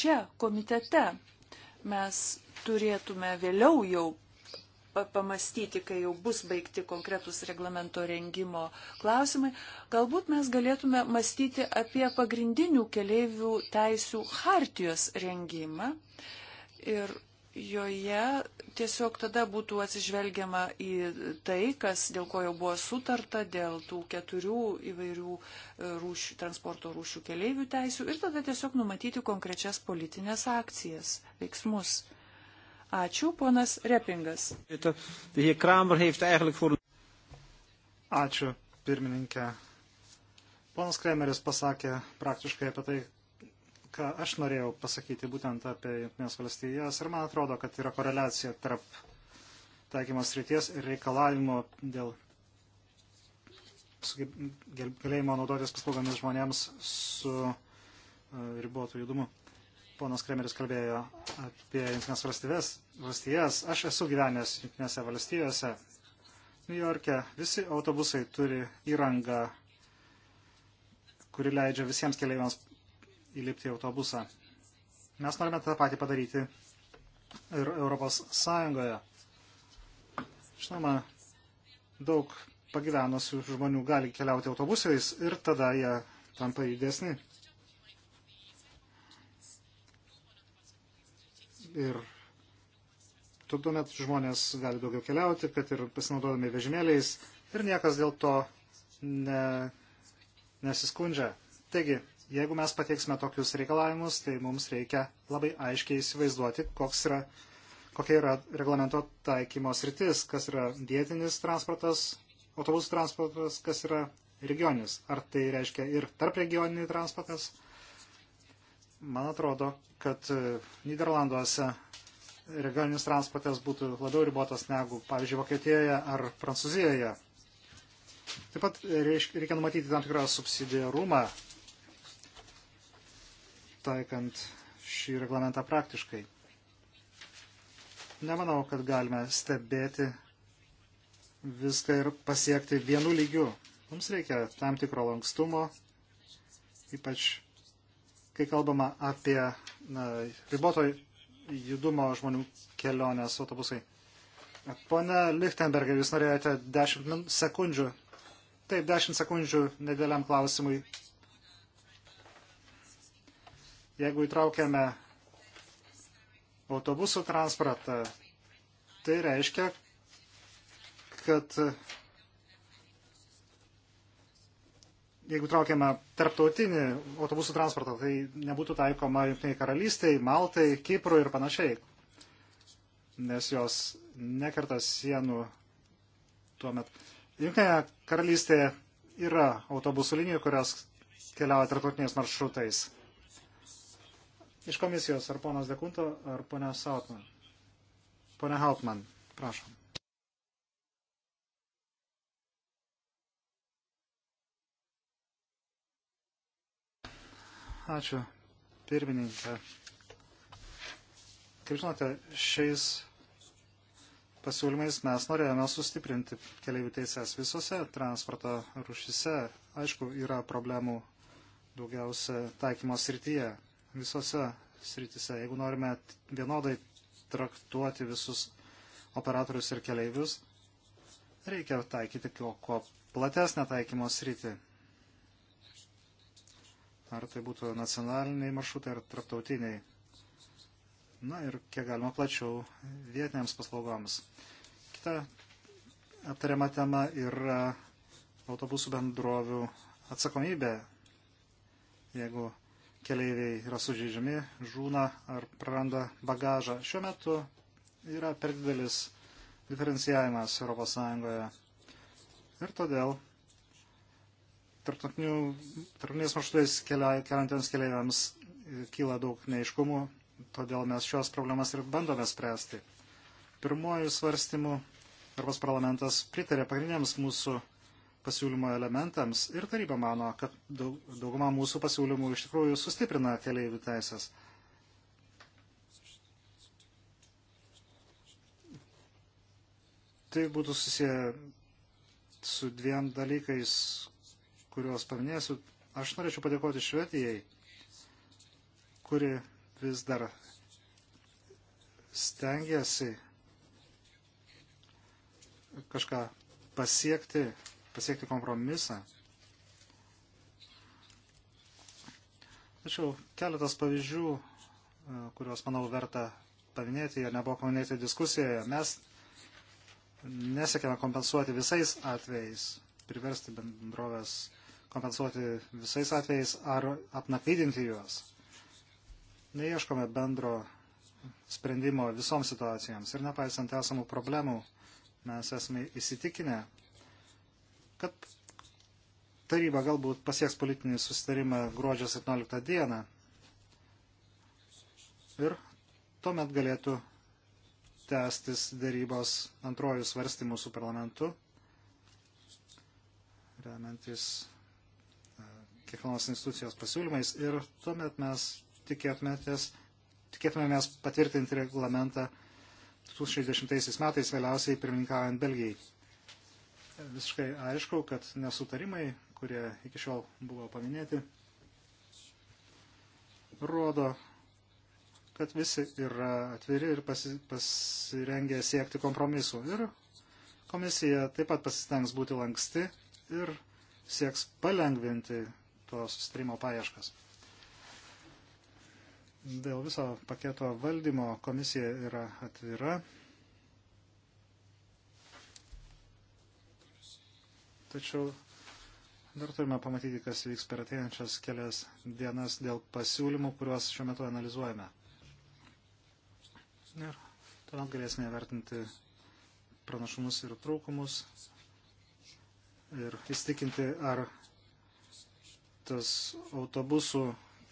čia komitete mes turėtume vėliau jau pamastyti, kai jau bus baigti konkretus reglamento rengimo klausimai, galbūt mes galėtume mąstyti apie pagrindinių keleivių teisių hartijos rengimą. Ir joje tiesiog tada būtų atsižvelgiama į tai, kas, dėl ko jau buvo sutarta, dėl tų keturių įvairių e, rūšių, transporto rūšių keleivių teisių ir tada tiesiog numatyti konkrečias politinės akcijas, veiksmus. Ačiū, ponas Repingas. Ačiū, pirmininkė. Ponas Kremeris pasakė praktiškai apie tai, ką aš norėjau pasakyti būtent apie Junktinės valstijas ir man atrodo, kad yra koreliacija tarp taikymos ryties ir reikalavimo dėl galėjimo naudotis paslaugomis žmonėms su e, ribotų judumu ponas Kremeris kalbėjo apie Junktinės valstybės, valstijas. Aš esu gyvenęs Junktinėse valstijose. New York'e visi autobusai turi įrangą, kuri leidžia visiems keleiviams įlipti į autobusą. Mes norime tą patį padaryti ir Europos Sąjungoje. Žinoma, daug pagyvenusių žmonių gali keliauti autobusais ir tada jie tampa didesni. ir tuomet žmonės gali daugiau keliauti, kad ir pasinaudodami vežimėliais ir niekas dėl to ne, nesiskundžia. Taigi, jeigu mes pateiksime tokius reikalavimus, tai mums reikia labai aiškiai įsivaizduoti, koks yra, kokia yra reglamento taikymo sritis, kas yra vietinis transportas, autobusų transportas, kas yra regioninis. Ar tai reiškia ir tarp regioninį transportas, man atrodo, kad e, Niderlanduose regioninis transportas būtų labiau ribotas negu, pavyzdžiui, Vokietijoje ar Prancūzijoje. Taip pat reikia numatyti tam tikrą subsidiarumą, taikant šį reglamentą praktiškai. Nemanau, kad galime stebėti viską ir pasiekti vienu lygiu. Mums reikia tam tikro lankstumo, ypač kai kalbama apie na, riboto judumo žmonių kelionės autobusai. Pone Lichtenbergai, jūs norėjote 10 sekundžių. Taip, 10 sekundžių nedėliam klausimui. Jeigu įtraukiame autobusų transportą, tai reiškia, kad jeigu traukiame tarptautinį autobusų transportą, tai nebūtų taikoma Junktiniai karalystiai, Maltai, Kiprui ir panašiai, nes jos nekerta sienų tuomet. Junktinėje karalystėje yra autobusų linijų, kurios keliauja tarptautiniais maršrutais. Iš komisijos ar ponas Dekunto, ar ponia Sautman. Pone Hautman, prašom. Ačiū, pirmininkė. Kaip žinote, šiais pasiūlymais mes norėjome sustiprinti keliaivių teises visose transporto rušise. Aišku, yra problemų daugiausia taikymo srityje, visose srityse. Jeigu norime vienodai traktuoti visus operatorius ir keleivius, reikia taikyti kuo platesnę taikymo sritį ar tai būtų nacionaliniai maršrutai ar traptautiniai. Na ir kiek galima plačiau vietiniams paslaugoms. Kita aptariama tema yra autobusų bendrovių atsakomybė. Jeigu keleiviai yra sužeidžiami, žūna ar praranda bagažą. Šiuo metu yra per didelis diferencijavimas ES. Ir todėl tarptautiniais maršrutais keliantiems keliaiviams e, kyla daug neiškumų, todėl mes šios problemas ir bandome spręsti. Pirmuoju svarstymu Europos parlamentas pritarė pagrindiniams mūsų pasiūlymo elementams ir taryba mano, kad dauguma mūsų pasiūlymų iš tikrųjų sustiprina keliaivių teisės. Tai būtų susiję su dviem dalykais, kuriuos paminėsiu, aš norėčiau padėkoti Švedijai, kuri vis dar stengiasi kažką pasiekti, pasiekti kompromisą. Tačiau keletas pavyzdžių, e, kuriuos, manau, verta paminėti, jie nebuvo paminėti diskusijoje. Mes nesiekėme kompensuoti visais atvejais, priversti bendrovės kompensuoti visais atvejais ar apnakvydinti juos. Neieškome bendro sprendimo visoms situacijoms ir nepaisant esamų problemų, mes esame įsitikinę, kad taryba galbūt pasieks politinį susitarimą gruodžio 17 dieną ir tuomet galėtų tęstis dėrybos antrojų svarstymų su parlamentu, remiantis kiekvienos institucijos pasiūlymais ir tuomet mes tikėtumėmės patvirtinti reglamentą 2010 metais vėliausiai pirmininkaujant Belgijai. Visiškai aišku, kad nesutarimai, kurie iki šiol buvo paminėti, rodo, kad visi yra atviri ir pasi, pasirengę siekti kompromisų. Ir komisija taip pat pasistengs būti lanksti ir sieks palengvinti to sustarimo paieškas. Dėl viso paketo valdymo komisija yra atvira. Tačiau dar turime pamatyti, kas vyks per ateinančias kelias dienas dėl pasiūlymų, kuriuos šiuo metu analizuojame. Ir tuomet galėsime vertinti pranašumus ir trūkumus ir įstikinti, ar tas autobusų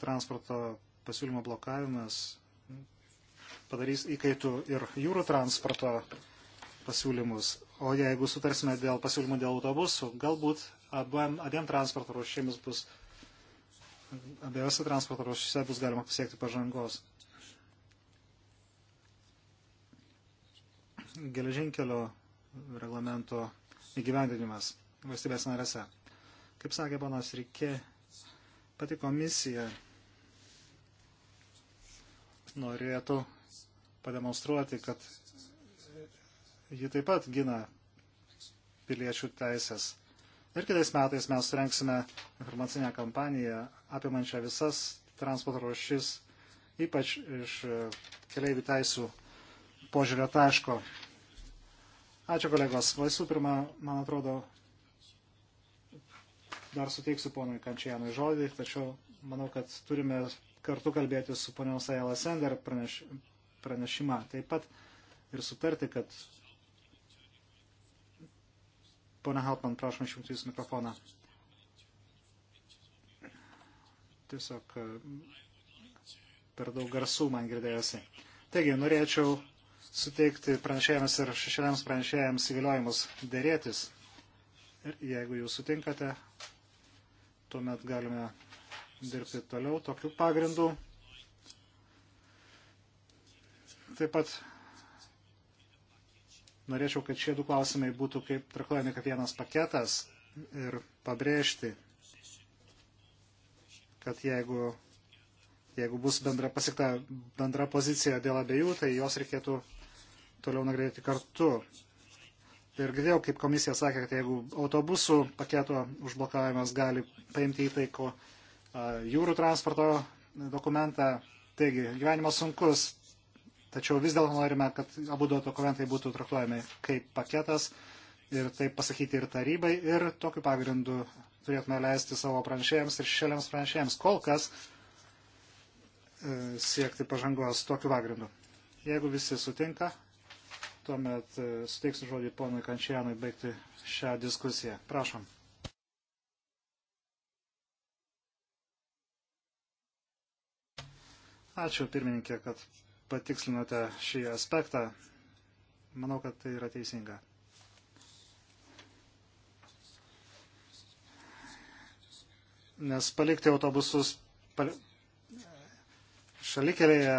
transporto pasiūlymo blokavimas padarys įkaitų ir jūrų transporto pasiūlymus. O jeigu sutarsime dėl pasiūlymų dėl autobusų, galbūt abiem, abiem transporto ruošėmis bus, abiejose transporto ruošėse bus galima pasiekti pažangos. Geležinkelio reglamento įgyvendinimas valstybės narėse. Kaip sakė panas Rikė, Pati komisija norėtų pademonstruoti, kad ji taip pat gina piliečių teisės. Ir kitais metais mes surenksime informacinę kampaniją apimančią visas transporto rušis, ypač iš e, keliaivių teisų požiūrio taško. Ačiū kolegos. Visų pirma, man atrodo, dar suteiksiu ponui Kančianui žodį, tačiau manau, kad turime kartu kalbėti su ponios Ajala Sender praneš, pranešimą taip pat ir sutarti, kad Pone Haltman, prašom išjungti jūsų mikrofoną. Tiesiog e, per daug garsų man girdėjosi. Taigi, norėčiau suteikti pranešėjams ir šešėliams pranešėjams įgaliojimus dėrėtis. Ir jeigu jūs sutinkate, tuomet galime dirbti toliau tokiu pagrindu. Taip pat norėčiau, kad šie du klausimai būtų kaip traktuojami kaip vienas paketas ir pabrėžti, kad jeigu, jeigu bus bendra pasiekta bendra pozicija dėl abiejų, tai jos reikėtų toliau nagrėti kartu. Ir girdėjau, kaip komisija sakė, kad jeigu autobusų paketo užblokavimas gali paimti įtaiko jūrų transporto dokumentą, taigi gyvenimas sunkus, tačiau vis dėlto norime, kad abu dokumentai būtų traktuojami kaip paketas ir tai pasakyti ir tarybai ir tokiu pagrindu turėtume leisti savo pranešėjams ir šešėliams pranešėjams kol kas e, siekti pažangos tokiu pagrindu. Jeigu visi sutinka, tuomet e, suteiksiu žodį ponui Kančianui baigti šią diskusiją. Prašom. Ačiū pirmininkė, kad patikslinote šį aspektą. Manau, kad tai yra teisinga. Nes palikti autobusus pal... šalikelėje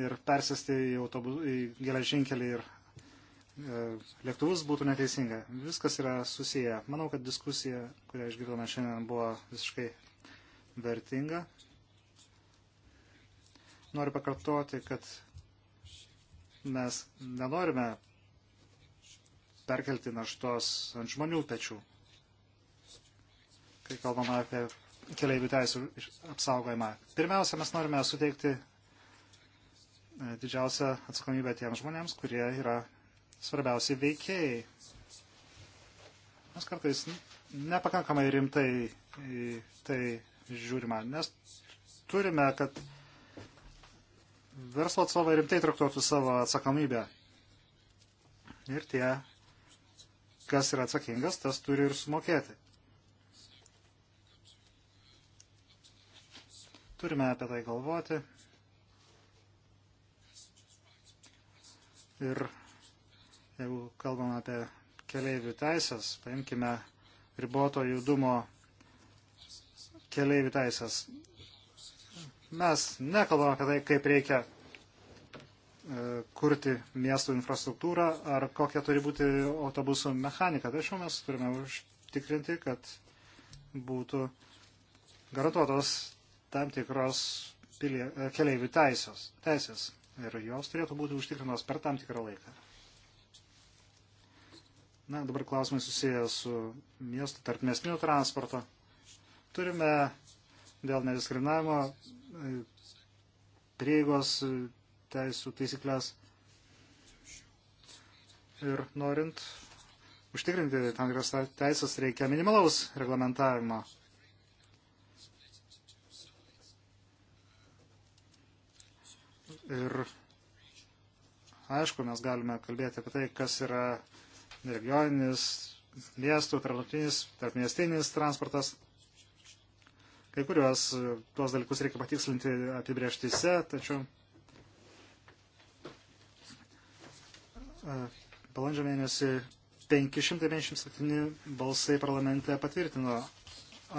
ir persėsti į, autobus, į geležinkelį ir e, lėktuvus būtų neteisinga. Viskas yra susiję. Manau, kad diskusija, kurią išgirdome šiandien, buvo visiškai vertinga. Noriu pakartoti, kad mes nenorime perkelti naštos ant žmonių pečių. Kai kalbama apie keliaivių teisų apsaugojimą. Pirmiausia, mes norime suteikti E, didžiausia atsakomybė tiems žmonėms, kurie yra svarbiausiai veikėjai. Mes kartais nepakankamai rimtai tai žiūrima, nes turime, kad verslo atstovai rimtai traktuotų savo atsakomybę. Ir tie, kas yra atsakingas, tas turi ir sumokėti. Turime apie tai galvoti. Ir jeigu kalbam apie keleivių teisės, paimkime riboto judumo keleivių teisės. Mes nekalbame apie tai, kaip reikia e, kurti miestų infrastruktūrą ar kokia turi būti autobusų mechanika. Tačiau mes turime užtikrinti, kad būtų garantuotos tam tikros pilie, keleivių teisės. teisės ir jos turėtų būti užtikrinos per tam tikrą laiką. Na, dabar klausimai susiję su miestų tarpmesnių transporto. Turime dėl nediskriminavimo e, prieigos e, teisų taisyklės ir norint užtikrinti tam tikras teisės reikia minimalaus reglamentavimo. Ir aišku, mes galime kalbėti apie tai, kas yra regioninis, miestų, tarptautinis, tarpmiestinis transportas. Kai kuriuos tuos dalykus reikia patikslinti apibrieštise, tačiau e, balandžio mėnesį 557 balsai parlamente patvirtino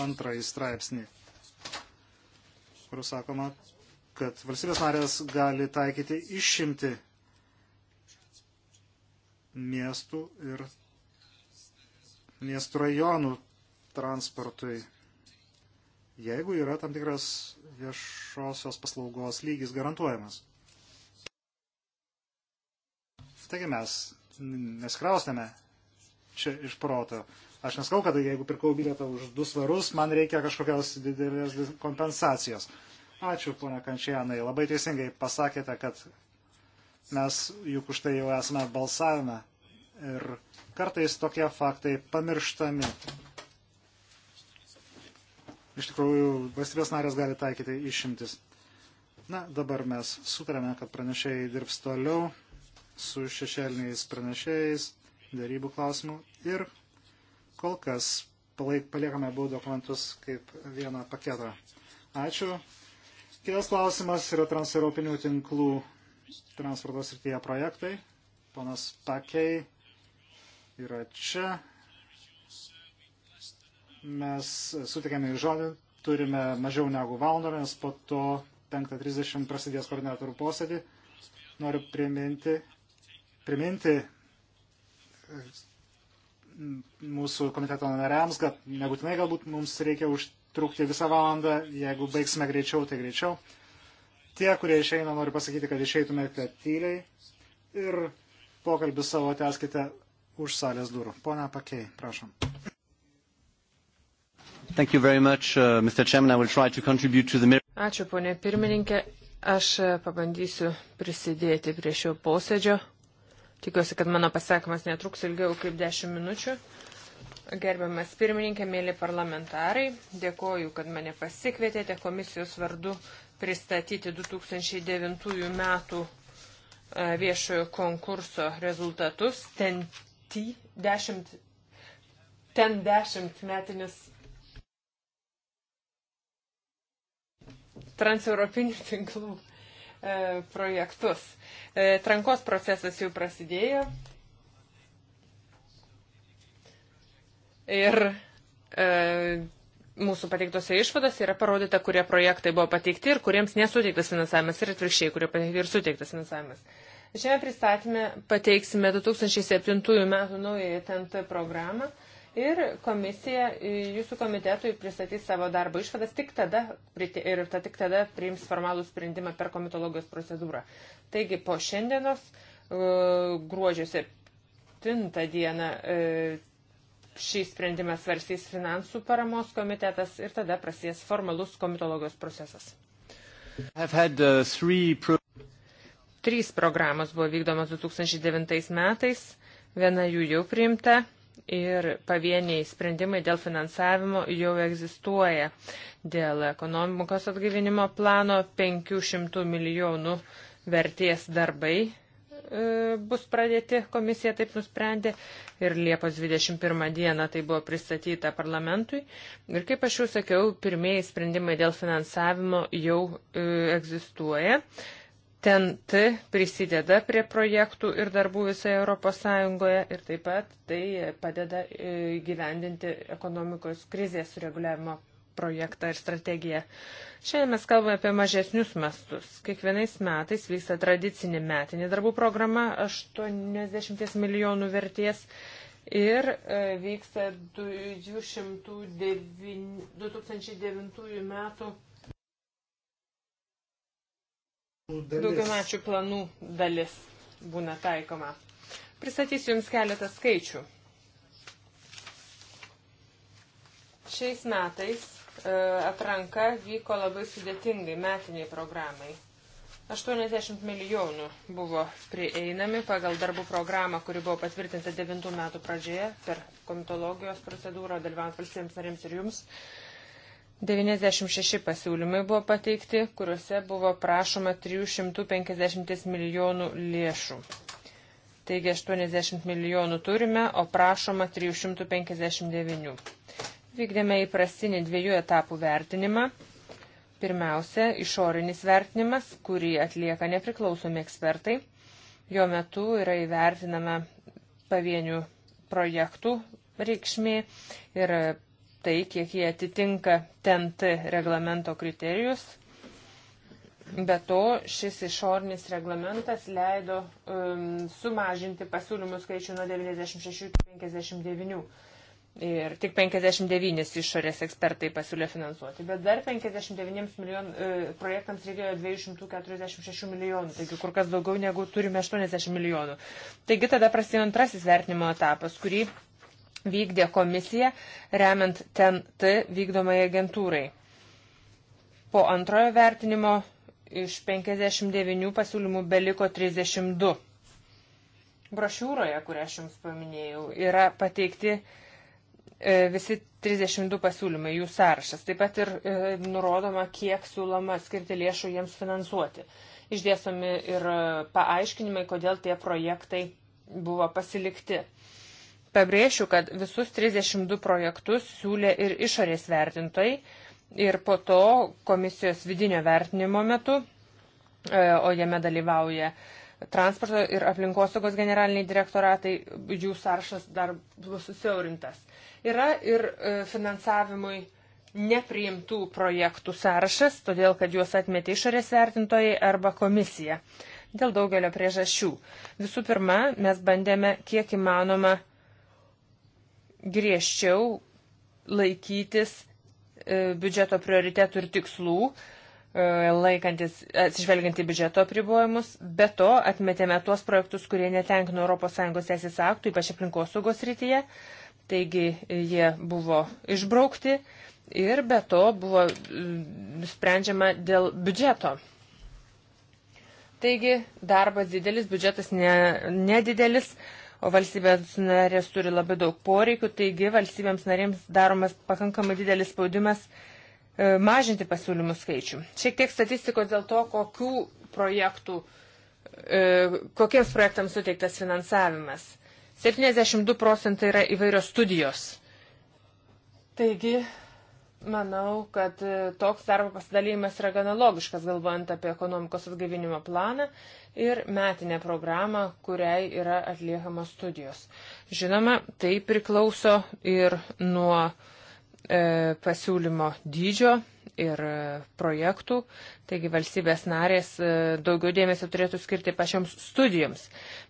antrąjį straipsnį, kur sakoma, kad valstybės narės gali taikyti išimti miestų ir miestų rajonų transportui, jeigu yra tam tikras viešosios paslaugos lygis garantuojamas. Taigi mes nesikraustėme čia iš proto. Aš neskau, kad jeigu pirkau bilietą už du svarus, man reikia kažkokios didelės kompensacijos. Ačiū, ponia Kančianai. Labai teisingai pasakėte, kad mes juk už tai jau esame balsavime. Ir kartais tokie faktai pamirštami. Iš tikrųjų, valstybės narės gali taikyti išimtis. Na, dabar mes sutarėme, kad pranešėjai dirbs toliau su šešėliniais pranešėjais, darybų klausimų ir kol kas paliekame abu dokumentus kaip vieną paketą. Ačiū. Kitas klausimas yra transeuropinių tinklų transporto srityje projektai. Ponas Pakei yra čia. Mes sutikėme į žodį, turime mažiau negu valandą, nes po to 5.30 prasidės koordinatorių posėdį. Noriu priminti, priminti e, mūsų komiteto nariams, kad nebūtinai galbūt mums reikia už trukti visą valandą, jeigu baigsime greičiau, tai greičiau. Tie, kurie išeina, noriu pasakyti, kad išeitumėte tyliai ir pokalbį savo teskite už salės durų. Pone Pakei, prašom. Thank you very much, uh, Mr. Chairman. I will try to contribute to the mirror. Ačiū, ponė pirmininkė. Aš uh, pabandysiu prisidėti prie šio posėdžio. Tikiuosi, kad mano pasakymas netruks ilgiau kaip 10 minučių. Uh, Gerbiamas pirmininkė, mėly parlamentarai, dėkoju, kad mane pasikvietėte komisijos vardu pristatyti 2009 metų e, viešojo konkurso rezultatus. Ten, ty, dešimt, ten dešimt metinis transeuropinių tinklų e, projektus. E, trankos procesas jau prasidėjo. Ir e, mūsų pateiktose išvadose yra parodyta, kurie projektai buvo pateikti ir kuriems nesuteiktas finansavimas ir atvirkščiai, kurie pateikti ir suteiktas finansavimas. Šiame pristatyme pateiksime 2007 metų naująją TNT programą ir komisija e, jūsų komitetui pristatys savo darbo išvadas tik tada ir ta tik tada priims formalų sprendimą per komitologijos procedūrą. Taigi po šiandienos e, gruodžio 7 dieną e, šį sprendimą svarstys finansų paramos komitetas ir tada prasidės formalus komitologijos procesas. Had, uh, three... Trys programos buvo vykdomas 2009 metais, viena jų jau priimta ir pavieniai sprendimai dėl finansavimo jau egzistuoja. Dėl ekonomikos atgyvinimo plano 500 milijonų vertės darbai E, bus pradėti, komisija taip nusprendė ir Liepos 21 dieną tai buvo pristatyta parlamentui. Ir kaip aš jau sakiau, pirmieji sprendimai dėl finansavimo jau e, egzistuoja. Ten T prisideda prie projektų ir darbų visoje Europos Sąjungoje ir taip pat tai padeda e, gyvendinti ekonomikos krizės reguliavimo projektą ir strategiją. Šiandien mes kalbame apie mažesnius mastus. Kiekvienais metais vyksta tradicinė metinė darbų programa 80 milijonų vertės ir e, vyksta 209, 2009 metų daugiamečių planų dalis būna taikoma. Pristatysiu Jums keletą skaičių. Šiais metais E, atranka vyko labai sudėtingai metiniai programai. 80 milijonų buvo prieinami pagal darbų programą, kuri buvo patvirtinta 9 metų pradžioje per komitologijos procedūrą, dalyvaujant valstybėms narėms ir jums. 96 pasiūlymai buvo pateikti, kuriuose buvo prašoma 350 milijonų lėšų. Taigi 80 milijonų turime, o prašoma 359. Vykdėme įprastinį dviejų etapų vertinimą. Pirmiausia, išorinis vertinimas, kurį atlieka nepriklausomi ekspertai. Jo metu yra įvertinama pavienių projektų reikšmė ir tai, kiek jie atitinka TNT reglamento kriterijus. Be to, šis išornis reglamentas leido um, sumažinti pasiūlymų skaičių nuo 96 iki 59 Ir tik 59 išorės ekspertai pasiūlė finansuoti, bet dar 59 milijon, e, projektams reikėjo 246 milijonų, taigi kur kas daugiau negu turime 80 milijonų. Taigi tada prasidėjo antrasis vertinimo etapas, kurį vykdė komisija, remiant TNT vykdomai agentūrai. Po antrojo vertinimo iš 59 pasiūlymų beliko 32. Brošiūroje, kurią aš jums paminėjau, yra pateikti E, visi 32 pasiūlymai, jų sąrašas. Taip pat ir e, nurodoma, kiek siūloma skirti lėšų jiems finansuoti. Išdėstomi ir e, paaiškinimai, kodėl tie projektai buvo pasilikti. Pabrėšiu, kad visus 32 projektus siūlė ir išorės vertintojai ir po to komisijos vidinio vertinimo metu, o jame dalyvauja uh, transporto ir aplinkosaugos generaliniai direktoratai, jų sąrašas dar bus susiaurintas. Yra ir e, finansavimui nepriimtų projektų sąrašas, todėl kad juos atmetė išorės vertintojai arba komisija. Dėl daugelio priežasčių. Visų pirma, mes bandėme kiek įmanoma griežčiau laikytis e, biudžeto prioritetų ir tikslų, E, laikantis, atsižvelgiant į biudžeto apribojimus. Be to, atmetėme tuos projektus, kurie netenkino ES teisės aktų, ypač aplinkosaugos rytyje. Taigi jie buvo išbraukti ir be to buvo e, sprendžiama dėl biudžeto. Taigi darbas didelis, biudžetas ne, nedidelis, o valstybės narės turi labai daug poreikių, taigi valstybėms narėms daromas pakankamai didelis spaudimas uh, E, mažinti pasiūlymų skaičių. Šiek tiek statistikos dėl to, kokių projektų, e, kokiems projektams suteiktas finansavimas. 72 procentai yra įvairios studijos. Taigi, manau, kad e, toks darbo pasidalymas yra gana logiškas, galvojant apie ekonomikos atgaivinimo planą ir metinę programą, kuriai yra atliekamos studijos. Žinoma, tai priklauso ir nuo uh, E, pasiūlymo dydžio ir e, projektų. Taigi valstybės narės e, daugiau dėmesio turėtų skirti pačioms studijoms.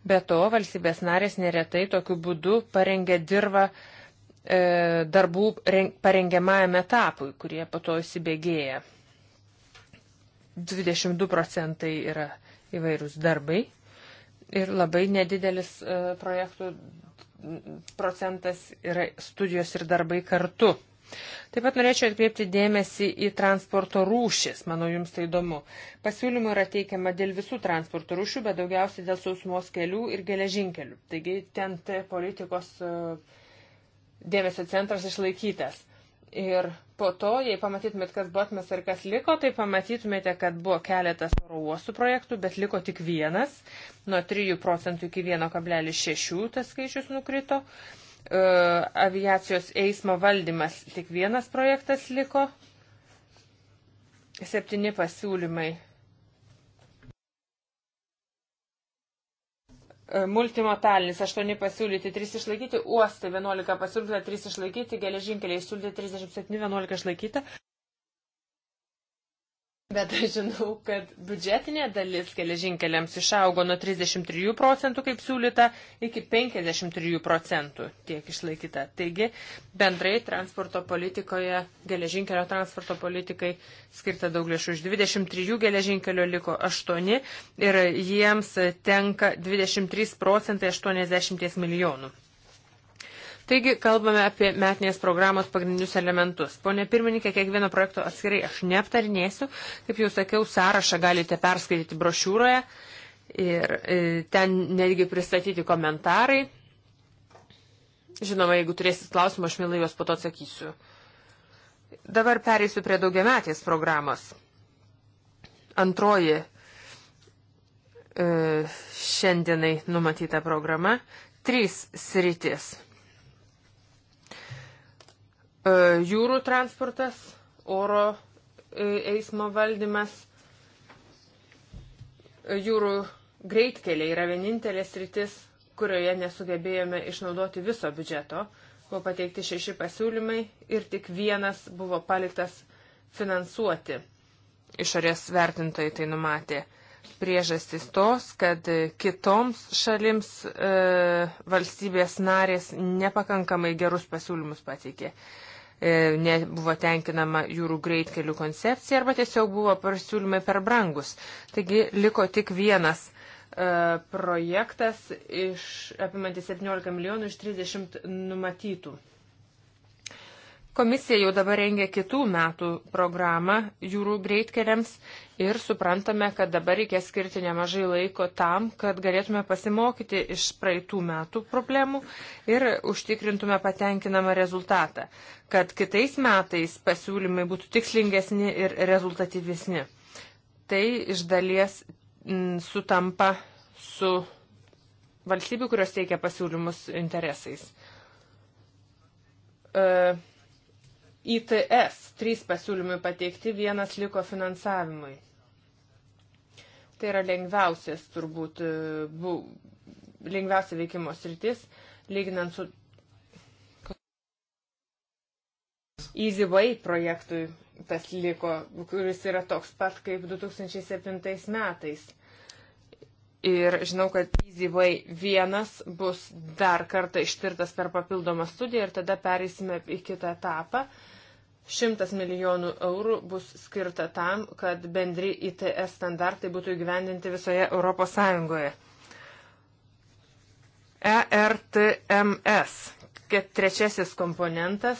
Be to, valstybės narės neretai tokiu būdu parengia dirbą darbų parengiamajam etapui, kurie po to įsibėgėja. 22 procentai yra įvairūs darbai ir labai nedidelis projektų procentas yra studijos ir darbai kartu. Taip pat norėčiau atkreipti dėmesį į transporto rūšis, manau jums tai įdomu. Pasiūlymų yra teikiama dėl visų transporto rūšių, bet daugiausiai dėl sausumos kelių ir geležinkelių. Taigi ten politikos e, dėmesio centras išlaikytas. Ir po to, jei pamatytumėt, kas buvo atmestas ir kas liko, tai pamatytumėte, kad buvo keletas oro uostų projektų, bet liko tik vienas. Nuo 3 procentų iki 1,6 tas skaičius nukrito. E, aviacijos eismo valdymas. Tik vienas projektas liko. Septyni pasiūlymai. E, multimotalinis 8 pasiūlyti, 3 išlaikyti, uostai 11 pasiūlyta, 3 išlaikyti, geležinkeliai siūlyti 37, 11 išlaikyti. Bet aš žinau, kad biudžetinė dalis geležinkeliams išaugo nuo 33 procentų, kaip siūlyta, iki 53 procentų tiek išlaikyta. Taigi bendrai transporto politikoje, geležinkelio transporto politikai skirta daug lėšų. Iš 23 geležinkelio liko 8 ir jiems tenka 23 procentai 80 milijonų. Taigi, kalbame apie metinės programos pagrindinius elementus. Pone pirmininkė, kiekvieno projekto atskirai aš neaptarinėsiu. Kaip jau sakiau, sąrašą galite perskaityti brošiūroje ir e, ten netgi pristatyti komentarai. Žinoma, jeigu turėsit klausimą, aš mielai juos po to atsakysiu. Dabar pereisiu prie daugiametės programos. Antroji e, šiandienai numatyta programa. Trys sritis E, jūrų transportas, oro e, eismo valdymas, e, jūrų greitkeliai yra vienintelės rytis, kurioje nesugebėjome išnaudoti viso biudžeto. Buvo pateikti šeši pasiūlymai ir tik vienas buvo paliktas finansuoti. Išorės vertintojai tai numatė. Priežastis tos, kad kitoms šalims e, valstybės narės nepakankamai gerus pasiūlymus pateikė. E, E, nebuvo tenkinama jūrų greitkelių koncepcija arba tiesiog buvo pasiūlymai per brangus. Taigi liko tik vienas e, projektas iš, apimantis 17 milijonų iš 30 numatytų. Komisija jau dabar rengia kitų metų programą jūrų greitkeliams ir suprantame, kad dabar reikės skirti nemažai laiko tam, kad galėtume pasimokyti iš praeitų metų problemų ir užtikrintume patenkinamą rezultatą, kad kitais metais pasiūlymai būtų tikslingesni ir rezultatyvesni. Tai iš dalies m, mm, sutampa su valstybių, kurios teikia pasiūlymus interesais. Uh, e ITS trys pasiūlymai pateikti, vienas liko finansavimui. Tai yra lengviausias turbūt, e, bu, lengviausia veikimo sritis, lyginant su EasyWay projektui, tas liko, kuris yra toks pat kaip 2007 metais. Ir žinau, kad EasyWay 1 bus dar kartą ištirtas per papildomą studiją ir tada pereisime į kitą etapą. 100 milijonų eurų bus skirta tam, kad bendri ITS standartai būtų įgyvendinti visoje Europos Sąjungoje. ERTMS, trečiasis komponentas,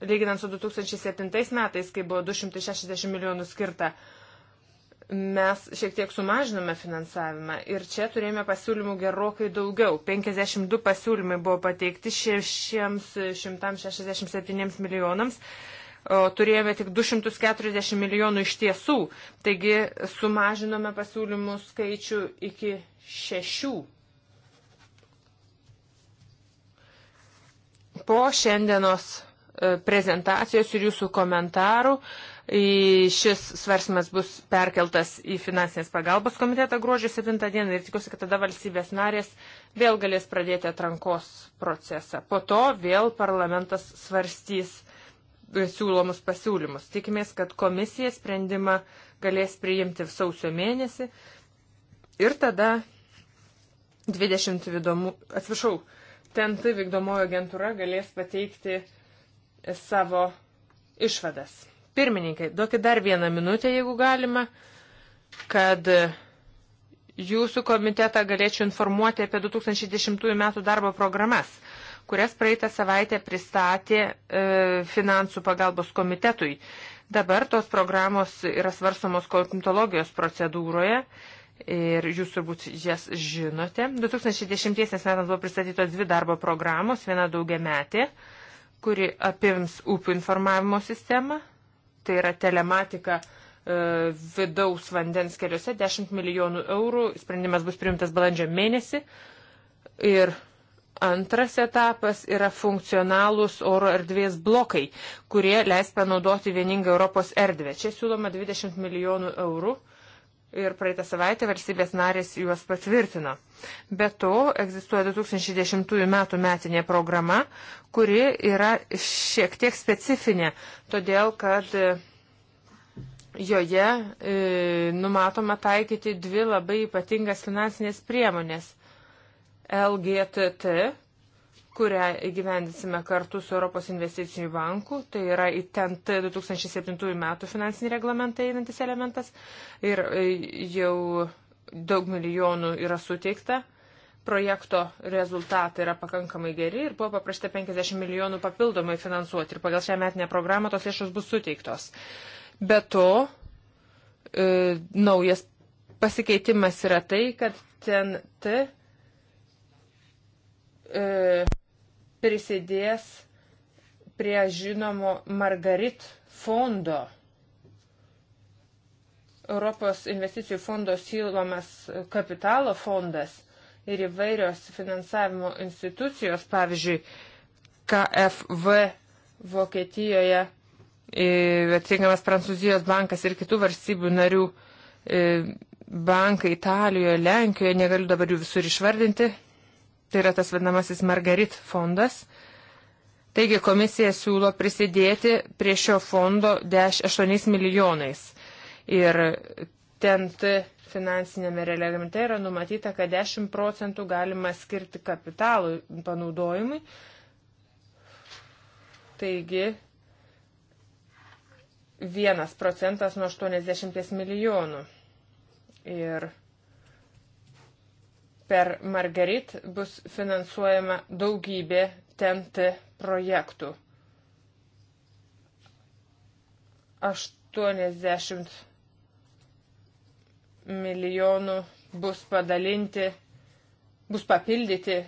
lyginant su 2007 metais, kai buvo 260 milijonų skirta mes šiek tiek sumažinome finansavimą ir čia turėjome pasiūlymų gerokai daugiau. 52 pasiūlymai buvo pateikti 667 milijonams, o turėjome tik 240 milijonų iš tiesų. Taigi sumažinome pasiūlymų skaičių iki šešių. Po šiandienos e, prezentacijos ir jūsų komentarų uh, Šis svarsimas bus perkeltas į finansinės pagalbos komitetą gruodžio 7 dieną ir tikiuosi, kad tada valstybės narės vėl galės pradėti atrankos procesą. Po to vėl parlamentas svarstys siūlomus pasiūlymus. Tikimės, kad komisija sprendimą galės priimti sausio mėnesį ir tada 20 vykdomų, atsiprašau, TNT tai vykdomojo agentūra galės pateikti savo išvadas. Pirmininkai, duokit dar vieną minutę, jeigu galima, kad jūsų komitetą galėčiau informuoti apie 2010 metų darbo programas, kurias praeitą savaitę pristatė e, finansų pagalbos komitetui. Dabar tos programos yra svarstomos komitologijos procedūroje. Ir jūs turbūt jas žinote. 2010 metams buvo pristatytos dvi darbo programos, viena daugia metė, kuri apims upių informavimo sistemą tai yra telematika e, vidaus vandens keliuose 10 milijonų eurų. Sprendimas bus priimtas balandžio mėnesį. Ir antras etapas yra funkcionalūs oro erdvės blokai, kurie leis panaudoti vieningą Europos erdvę. Čia siūloma 20 milijonų eurų ir praeitą savaitę valstybės narės juos patvirtino. Be to, egzistuoja 2010 metų metinė programa, kuri yra šiek tiek specifinė, todėl kad e, joje e, numatoma taikyti dvi labai ypatingas finansinės priemonės. LGTT kurią gyvendinsime kartu su Europos investicinių banku. Tai yra į TENT 2007 metų finansinį reglamentą einantis elementas. Ir e, jau daug milijonų yra suteikta. Projekto rezultatai yra pakankamai geri ir buvo paprašta 50 milijonų papildomai finansuoti. Ir pagal šią metinę programą tos lėšos bus suteiktos. Be to, e, naujas pasikeitimas yra tai, kad ten T. Te, e, prisidės prie žinomo Margarit fondo. Europos investicijų fondo siūlomas kapitalo fondas ir įvairios finansavimo institucijos, pavyzdžiui, KFV Vokietijoje, e, atsingamas Prancūzijos bankas ir kitų varsybių narių e, bankai Italijoje, Lenkijoje, negaliu dabar jų visur išvardinti, Tai yra tas vadinamasis Margarit fondas. Taigi komisija siūlo prisidėti prie šio fondo 8 milijonais. Ir ten finansinėme reglamente yra numatyta, kad 10 procentų galima skirti kapitalų panaudojimui. Taigi 1 procentas nuo 80 milijonų. Ir per Margarit bus finansuojama daugybė TNT projektų. 80 milijonų bus padalinti, bus papildyti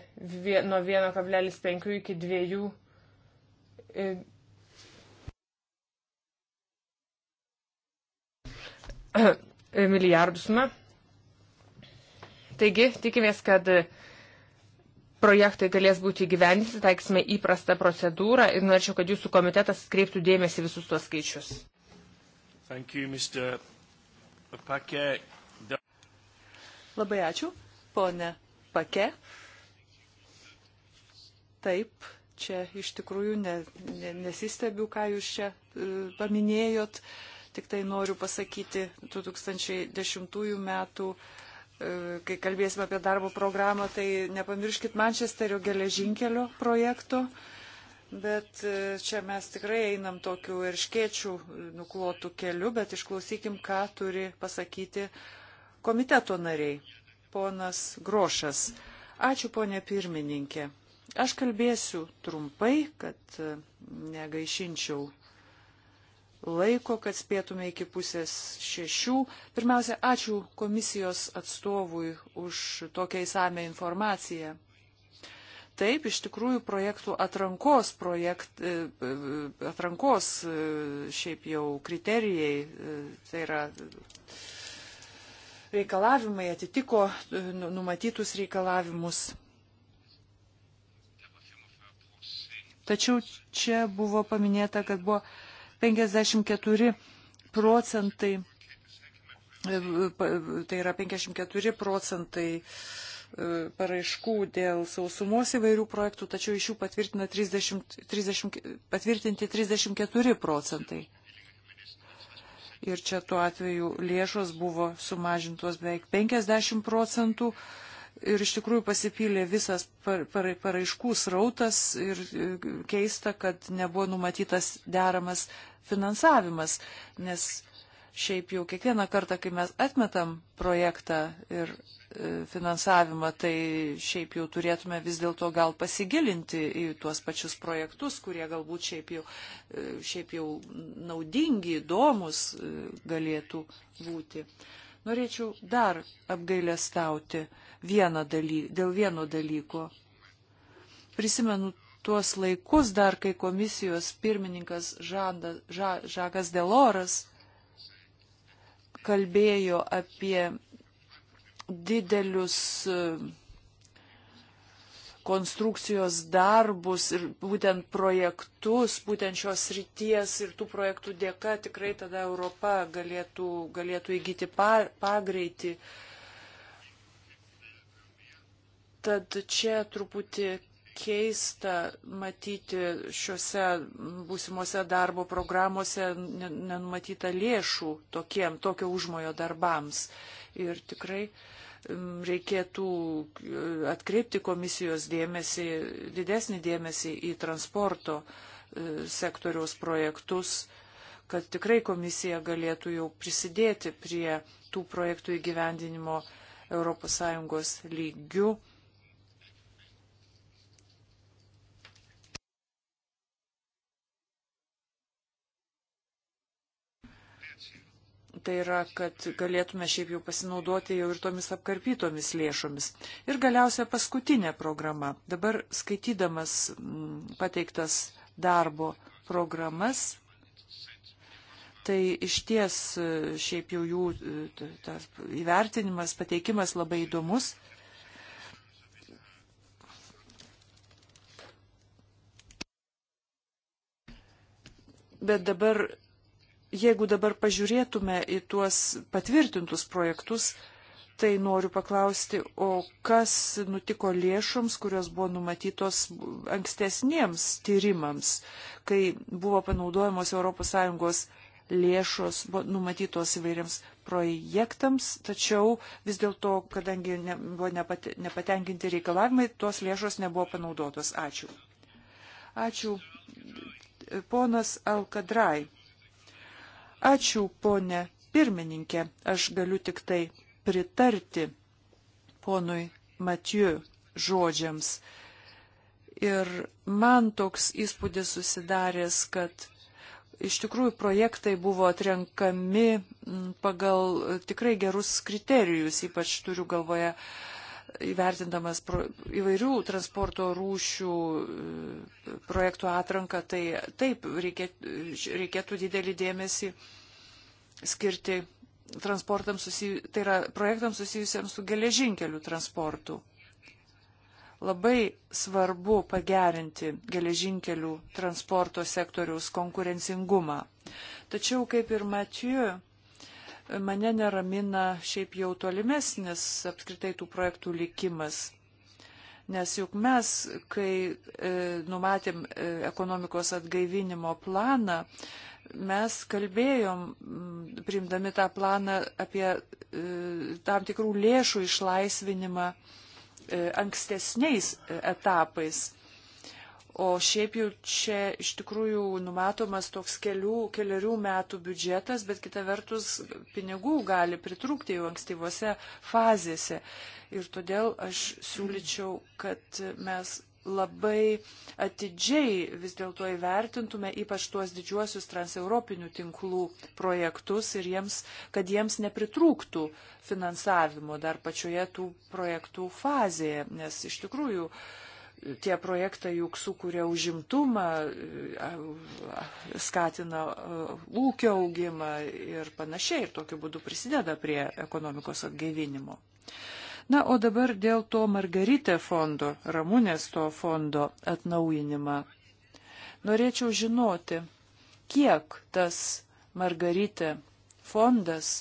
nuo 1,5 iki 2 e, milijardų sumą. Taigi, tikimės, kad projektai galės būti įgyvendinti, taiksime įprastą procedūrą ir norėčiau, kad jūsų komitetas kreiptų dėmesį visus tuos skaičius. You, Labai ačiū, ponė Pake. Taip, čia iš tikrųjų ne, ne, nesistebiu, ką jūs čia e, paminėjot. Tik tai noriu pasakyti 2010 metų. E, E, kai kalbėsime apie darbo programą, tai nepamirškit Mančesterio geležinkelio projekto. Bet e, čia mes tikrai einam tokiu erškėčių nuklotų keliu, bet išklausykim, ką turi pasakyti komiteto nariai. Ponas Grošas. Ačiū, ponė pirmininkė. Aš kalbėsiu trumpai, kad e, negaišinčiau laiko, kad spėtume iki pusės šešių. Pirmiausia, ačiū komisijos atstovui už tokią įsame informaciją. Taip, iš tikrųjų, projektų atrankos, projekt, e, e, atrankos e, šiaip jau kriterijai, tai yra reikalavimai atitiko nu, numatytus reikalavimus. Tačiau čia buvo paminėta, kad buvo 54 procentai, e, tai yra 54 procentai e, paraiškų dėl sausumos įvairių projektų, tačiau iš jų 30, 30, patvirtinti 34 procentai. Ir čia tuo atveju lėšos buvo sumažintos beveik 50 procentų, ir iš tikrųjų pasipylė visas par, par, paraiškų srautas ir e, keista, kad nebuvo numatytas deramas finansavimas, nes šiaip jau kiekvieną kartą, kai mes atmetam projektą ir e, finansavimą, tai šiaip jau turėtume vis dėlto gal pasigilinti į tuos pačius projektus, kurie galbūt šiaip jau, e, šiaip jau naudingi, įdomus galėtų būti. Norėčiau dar apgailę stauti, vieno daly, dėl vieno dalyko. Prisimenu tuos laikus dar, kai komisijos pirmininkas Žanda, Ža, Žakas Deloras kalbėjo apie didelius e, konstrukcijos darbus ir būtent projektus, būtent šios ryties ir tų projektų dėka tikrai tada Europa galėtų, galėtų įgyti pagreitį. Pa Tad čia truputį keista matyti šiuose būsimuose darbo programuose nenumatyta lėšų tokiem, tokio užmojo darbams. Ir tikrai mm, reikėtų e, atkreipti komisijos dėmesį, didesnį dėmesį į transporto e, sektoriaus projektus, kad tikrai komisija galėtų jau prisidėti prie tų projektų įgyvendinimo ES lygių tai yra, kad galėtume šiaip jau pasinaudoti jau ir tomis apkarpytomis lėšomis. Ir galiausia paskutinė programa. Dabar skaitydamas mm, pateiktas darbo programas, tai iš ties e, šiaip jau jų e, tas įvertinimas, pateikimas labai įdomus. Bet dabar jeigu dabar pažiūrėtume į tuos patvirtintus projektus, tai noriu paklausti, o kas nutiko lėšoms, kurios buvo numatytos ankstesniems tyrimams, kai buvo panaudojamos ES lėšos numatytos įvairiams projektams, tačiau vis dėlto, kadangi ne, buvo nepate, nepatenkinti reikalavimai, tos lėšos nebuvo panaudotos. Ačiū. Ačiū. Ponas Alkadrai. Ačiū, ponė pirmininkė. Aš galiu tik tai pritarti ponui Matiju žodžiams. Ir man toks įspūdis susidaręs, kad iš tikrųjų projektai buvo atrenkami mm, pagal e, tikrai gerus kriterijus, ypač turiu galvoje uh, įvertindamas pro, įvairių transporto rūšių e, projektų atranką, tai taip reikėtų, reikėtų didelį dėmesį skirti transportams, susij, tai yra projektams susijusiems su geležinkeliu transportu. Labai svarbu pagerinti geležinkelių transporto sektoriaus konkurencingumą. Tačiau, kaip ir Matiju, mane neramina šiaip jau tolimesnis apskritai tų projektų likimas. Nes juk mes, kai e, numatėm e, ekonomikos atgaivinimo planą, mes kalbėjom, priimdami tą planą, apie e, tam tikrų lėšų išlaisvinimą e, ankstesniais e, etapais. O šiaip jau čia iš tikrųjų numatomas toks kelių, keliarių metų biudžetas, bet kita vertus pinigų gali pritrūkti jau ankstyvose fazėse. Ir todėl aš siūlyčiau, kad mes labai atidžiai vis dėlto įvertintume ypač tuos didžiuosius transeuropinių tinklų projektus ir jiems, kad jiems nepritrūktų finansavimo dar pačioje tų projektų fazėje, nes iš tikrųjų uh, tie projektai juk sukuria užimtumą, e, skatina e, ūkio augimą ir panašiai, ir tokiu būdu prisideda prie ekonomikos atgaivinimo. Na, o dabar dėl to Margarite fondo, Ramūnės to fondo atnaujinimą. Norėčiau žinoti, kiek tas Margarite fondas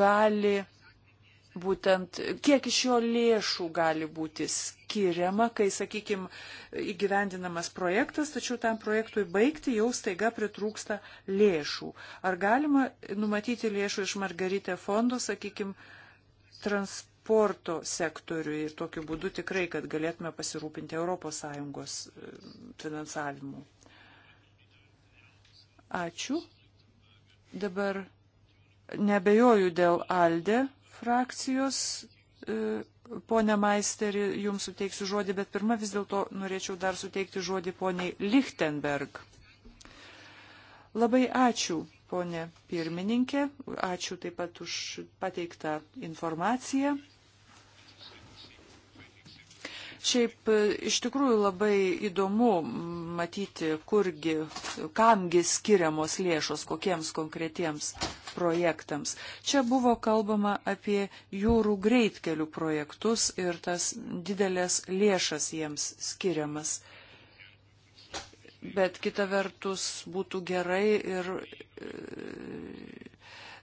gali būtent kiek iš jo lėšų gali būti skiriama, kai, sakykime, įgyvendinamas projektas, tačiau tam projektui baigti jau staiga pritrūksta lėšų. Ar galima numatyti lėšų iš Margarite fondo, sakykime, transporto sektoriui ir tokiu būdu tikrai, kad galėtume pasirūpinti ES e, finansavimu? Ačiū. Dabar nebejoju dėl Alde frakcijos. E, Pone Maisteri, jums suteiksiu žodį, bet pirmą vis dėlto norėčiau dar suteikti žodį poniai Lichtenberg. Labai ačiū, ponė pirmininkė, ačiū taip pat už pateiktą informaciją. Šiaip e, iš tikrųjų labai įdomu matyti, kurgi, kamgi skiriamos lėšos, kokiems konkretiems projektams. Čia buvo kalbama apie jūrų greitkelių projektus ir tas didelės lėšas jiems skiriamas. Bet kita vertus būtų gerai ir e,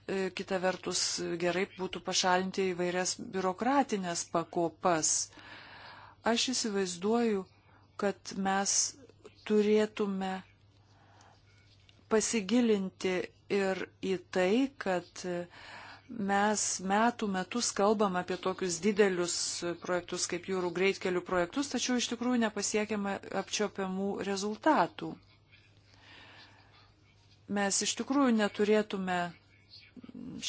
e, kita vertus gerai būtų pašalinti įvairias biurokratinės pakopas. Aš įsivaizduoju, kad mes turėtume pasigilinti ir į tai, kad mes metų metus kalbam apie tokius didelius projektus kaip jūrų greitkelių projektus, tačiau iš tikrųjų nepasiekiama apčiopiamų rezultatų. Mes iš tikrųjų neturėtume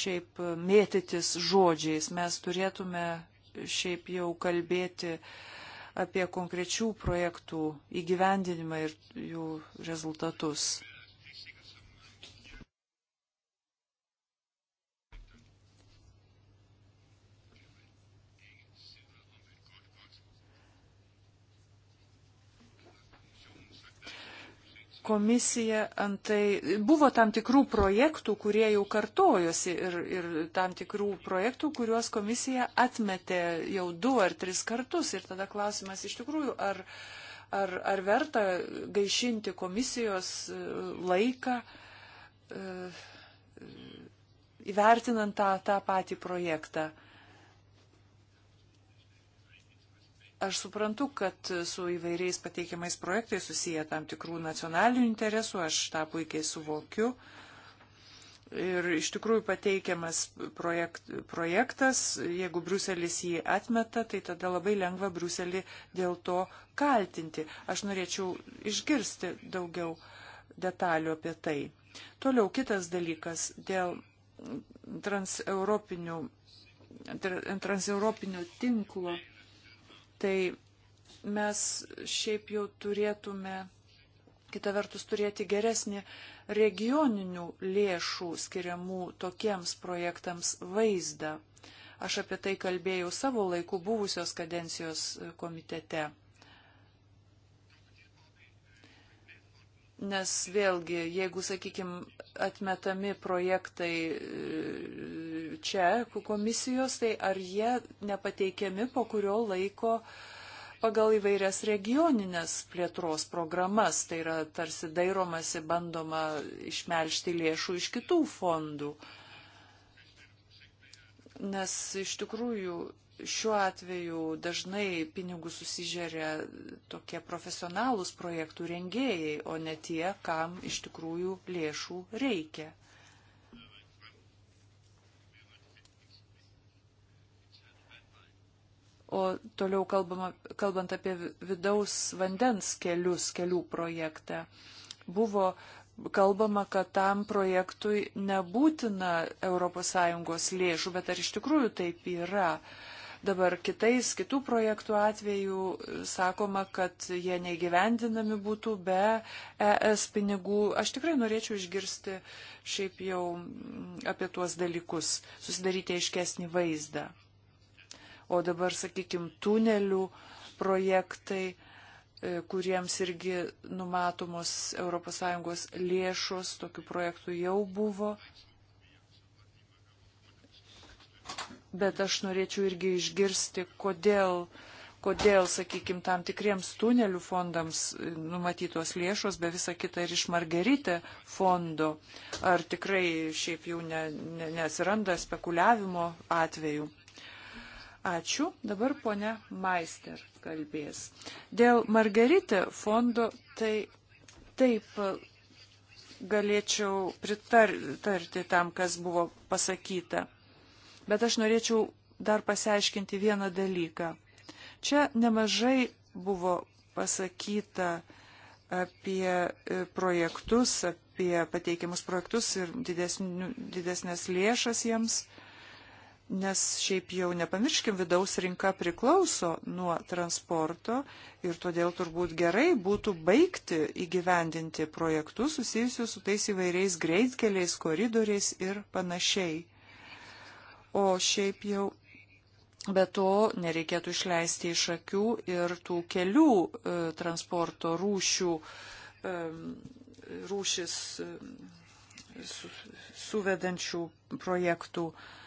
šiaip mėtytis žodžiais, mes turėtume šiaip jau kalbėti apie konkrečių projektų įgyvendinimą ir jų rezultatus. komisija antai buvo tam tikrų projektų, kurie jau kartojosi ir, ir tam tikrų projektų, kuriuos komisija atmetė jau du ar tris kartus. Ir tada klausimas iš tikrųjų, ar, ar, ar verta gaišinti komisijos e, laiką e, e, įvertinant tą, tą patį projektą. Aš suprantu, kad su įvairiais pateikiamais projektais susiję tam tikrų nacionalinių interesų, aš tą puikiai suvokiu. Ir iš tikrųjų pateikiamas projekt, projektas, jeigu Bruselis jį atmeta, tai tada labai lengva Bruselį dėl to kaltinti. Aš norėčiau išgirsti daugiau detalių apie tai. Toliau kitas dalykas dėl transeuropinių, transeuropinių tinklo tai mes šiaip jau turėtume, kita vertus, turėti geresnį regioninių lėšų skiriamų tokiems projektams vaizdą. Aš apie tai kalbėjau savo laiku buvusios kadencijos komitete. Nes vėlgi, jeigu, sakykime, atmetami projektai čia komisijos, tai ar jie nepateikiami po kurio laiko pagal įvairias regioninės plėtros programas, tai yra tarsi dairomasi bandoma išmelžti lėšų iš kitų fondų. Nes iš tikrųjų šiuo atveju dažnai pinigų susižeria tokie profesionalūs projektų rengėjai, o ne tie, kam iš tikrųjų lėšų reikia. O toliau kalbama, kalbant apie vidaus vandens kelius, kelių projektą, buvo kalbama, kad tam projektui nebūtina ES lėšų, bet ar iš tikrųjų taip yra? Dabar kitais, kitų projektų atveju sakoma, kad jie neįgyvendinami būtų be ES pinigų. Aš tikrai norėčiau išgirsti šiaip jau apie tuos dalykus, susidaryti aiškesnį vaizdą. O dabar, sakykime, tunelių projektai, e, kuriems irgi numatomos ES lėšos, tokių projektų jau buvo. Bet aš norėčiau irgi išgirsti, kodėl kodėl, sakykime, tam tikriems tunelių fondams e, numatytos lėšos, be visa kita ir iš Margeritė fondo, ar tikrai šiaip jau ne, ne, nesiranda spekuliavimo atveju. Ačiū. Dabar ponia Maister kalbės. Dėl Margaritė fondo tai taip galėčiau pritarti tam, kas buvo pasakyta. Bet aš norėčiau dar pasiaiškinti vieną dalyką. Čia nemažai buvo pasakyta apie e, projektus, apie pateikiamus projektus ir didesnių, didesnės lėšas jiems nes šiaip jau nepamirškim, vidaus rinka priklauso nuo transporto ir todėl turbūt gerai būtų baigti įgyvendinti projektus susijusius su tais įvairiais greitkeliais, koridoriais ir panašiai. O šiaip jau Be to, nereikėtų išleisti iš akių ir tų kelių e, transporto rūšių, e, rūšis e, su, suvedančių projektų. E,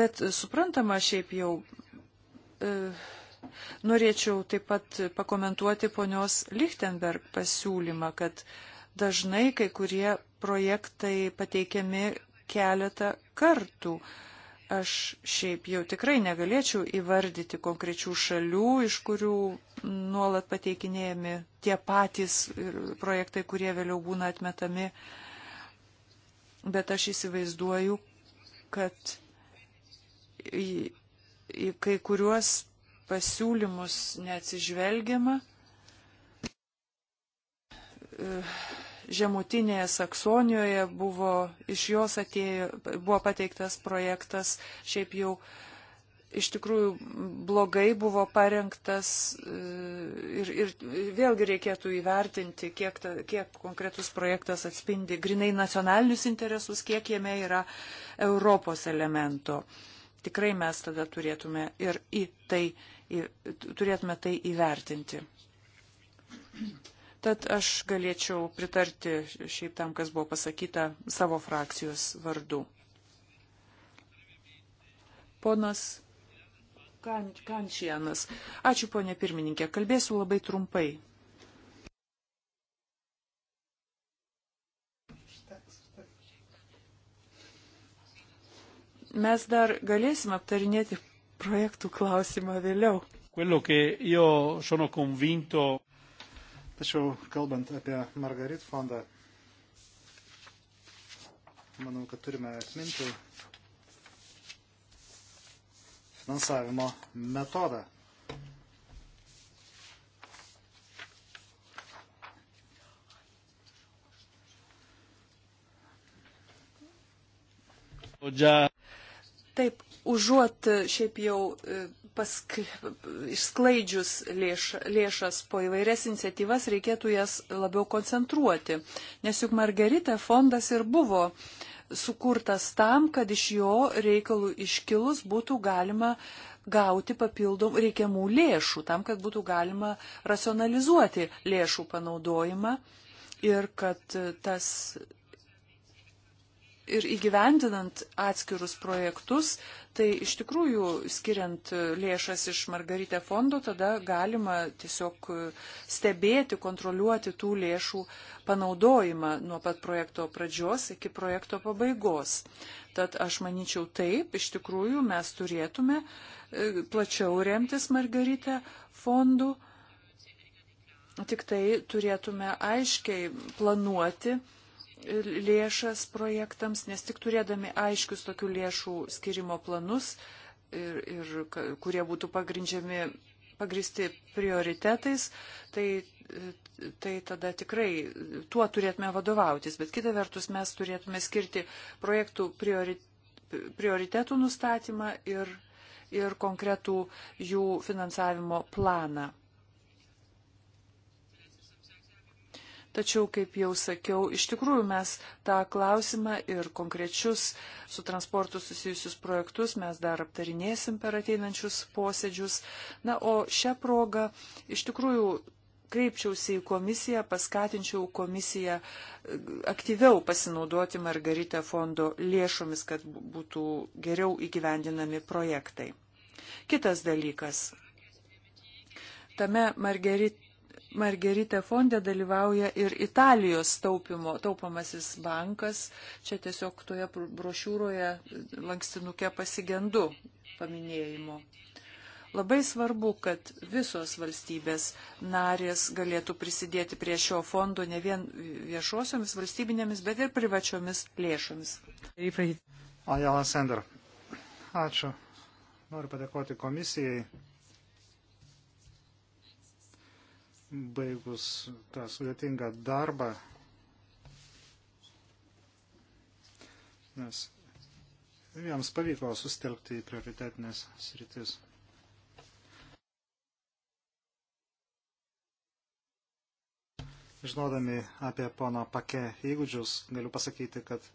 Bet suprantama, šiaip jau e, norėčiau taip pat pakomentuoti ponios Lichtenberg pasiūlymą, kad dažnai kai kurie projektai pateikiami keletą kartų. Aš šiaip jau tikrai negalėčiau įvardyti konkrečių šalių, iš kurių nuolat pateikinėjami tie patys projektai, kurie vėliau būna atmetami. Bet aš įsivaizduoju, kad į, į kai kuriuos pasiūlymus neatsižvelgiama. E, žemutinėje Saksonijoje buvo, iš jos atėjo, buvo pateiktas projektas, šiaip jau iš tikrųjų blogai buvo parengtas e, ir, ir vėlgi reikėtų įvertinti, kiek, ta, kiek konkretus projektas atspindi grinai nacionalinius interesus, kiek jame yra Europos elemento. Uh, Tikrai mes tada turėtume ir į tai, į, turėtume tai įvertinti. Tad aš galėčiau pritarti šiaip tam, kas buvo pasakyta savo frakcijos vardu. Ponas Kančianas. Ačiū, ponė pirmininkė. Kalbėsiu labai trumpai. mes dar galėsim aptarinėti projektų klausimą vėliau. Tačiau kalbant apie Margarit fondą, manau, kad turime atminti finansavimo metodą. già Taip, užuot e, šiaip jau e, pask... išsklaidžius lėš... lėšas po įvairias iniciatyvas, reikėtų jas labiau koncentruoti. Nes juk Margarita fondas ir buvo sukurtas tam, kad iš jo reikalų iškilus būtų galima gauti papildom reikiamų lėšų, tam, kad būtų galima racionalizuoti lėšų panaudojimą ir kad tas ir įgyvendinant atskirus projektus, tai iš tikrųjų skiriant lėšas iš Margarite fondo, tada galima tiesiog stebėti, kontroliuoti tų lėšų panaudojimą nuo pat projekto pradžios iki projekto pabaigos. Tad aš manyčiau taip, iš tikrųjų mes turėtume e, plačiau remtis Margarite fondu, tik tai turėtume aiškiai planuoti, lėšas projektams, nes tik turėdami aiškius tokių lėšų skirimo planus, ir, ir, kurie būtų pagrindžiami, pagristi prioritetais, tai, tai tada tikrai tuo turėtume vadovautis. Bet kita vertus mes turėtume skirti projektų priori, prioritetų nustatymą ir, ir konkretų jų finansavimo planą. Tačiau, kaip jau sakiau, iš tikrųjų mes tą klausimą ir konkrečius su transportu susijusius projektus mes dar aptarinėsim per ateinančius posėdžius. Na, o šią progą iš tikrųjų kreipčiausi į komisiją, paskatinčiau komisiją e, aktyviau pasinaudoti Margarita fondo lėšomis, kad būtų geriau įgyvendinami projektai. Kitas dalykas. Tame Margarit Margerita fonde dalyvauja ir Italijos taupimo, taupomasis bankas. Čia tiesiog toje brošiūroje e, lankstinuke pasigendu paminėjimo. Labai svarbu, kad visos valstybės narės galėtų prisidėti prie šio fondo ne vien viešosiomis valstybinėmis, bet ir privačiomis lėšomis. Ajala Sender. Ačiū. Noriu padėkoti komisijai baigus tą sudėtingą darbą, nes jiems pavyko sustelkti į prioritetinės sritis. Žinodami apie pono pake įgūdžius, galiu pasakyti, kad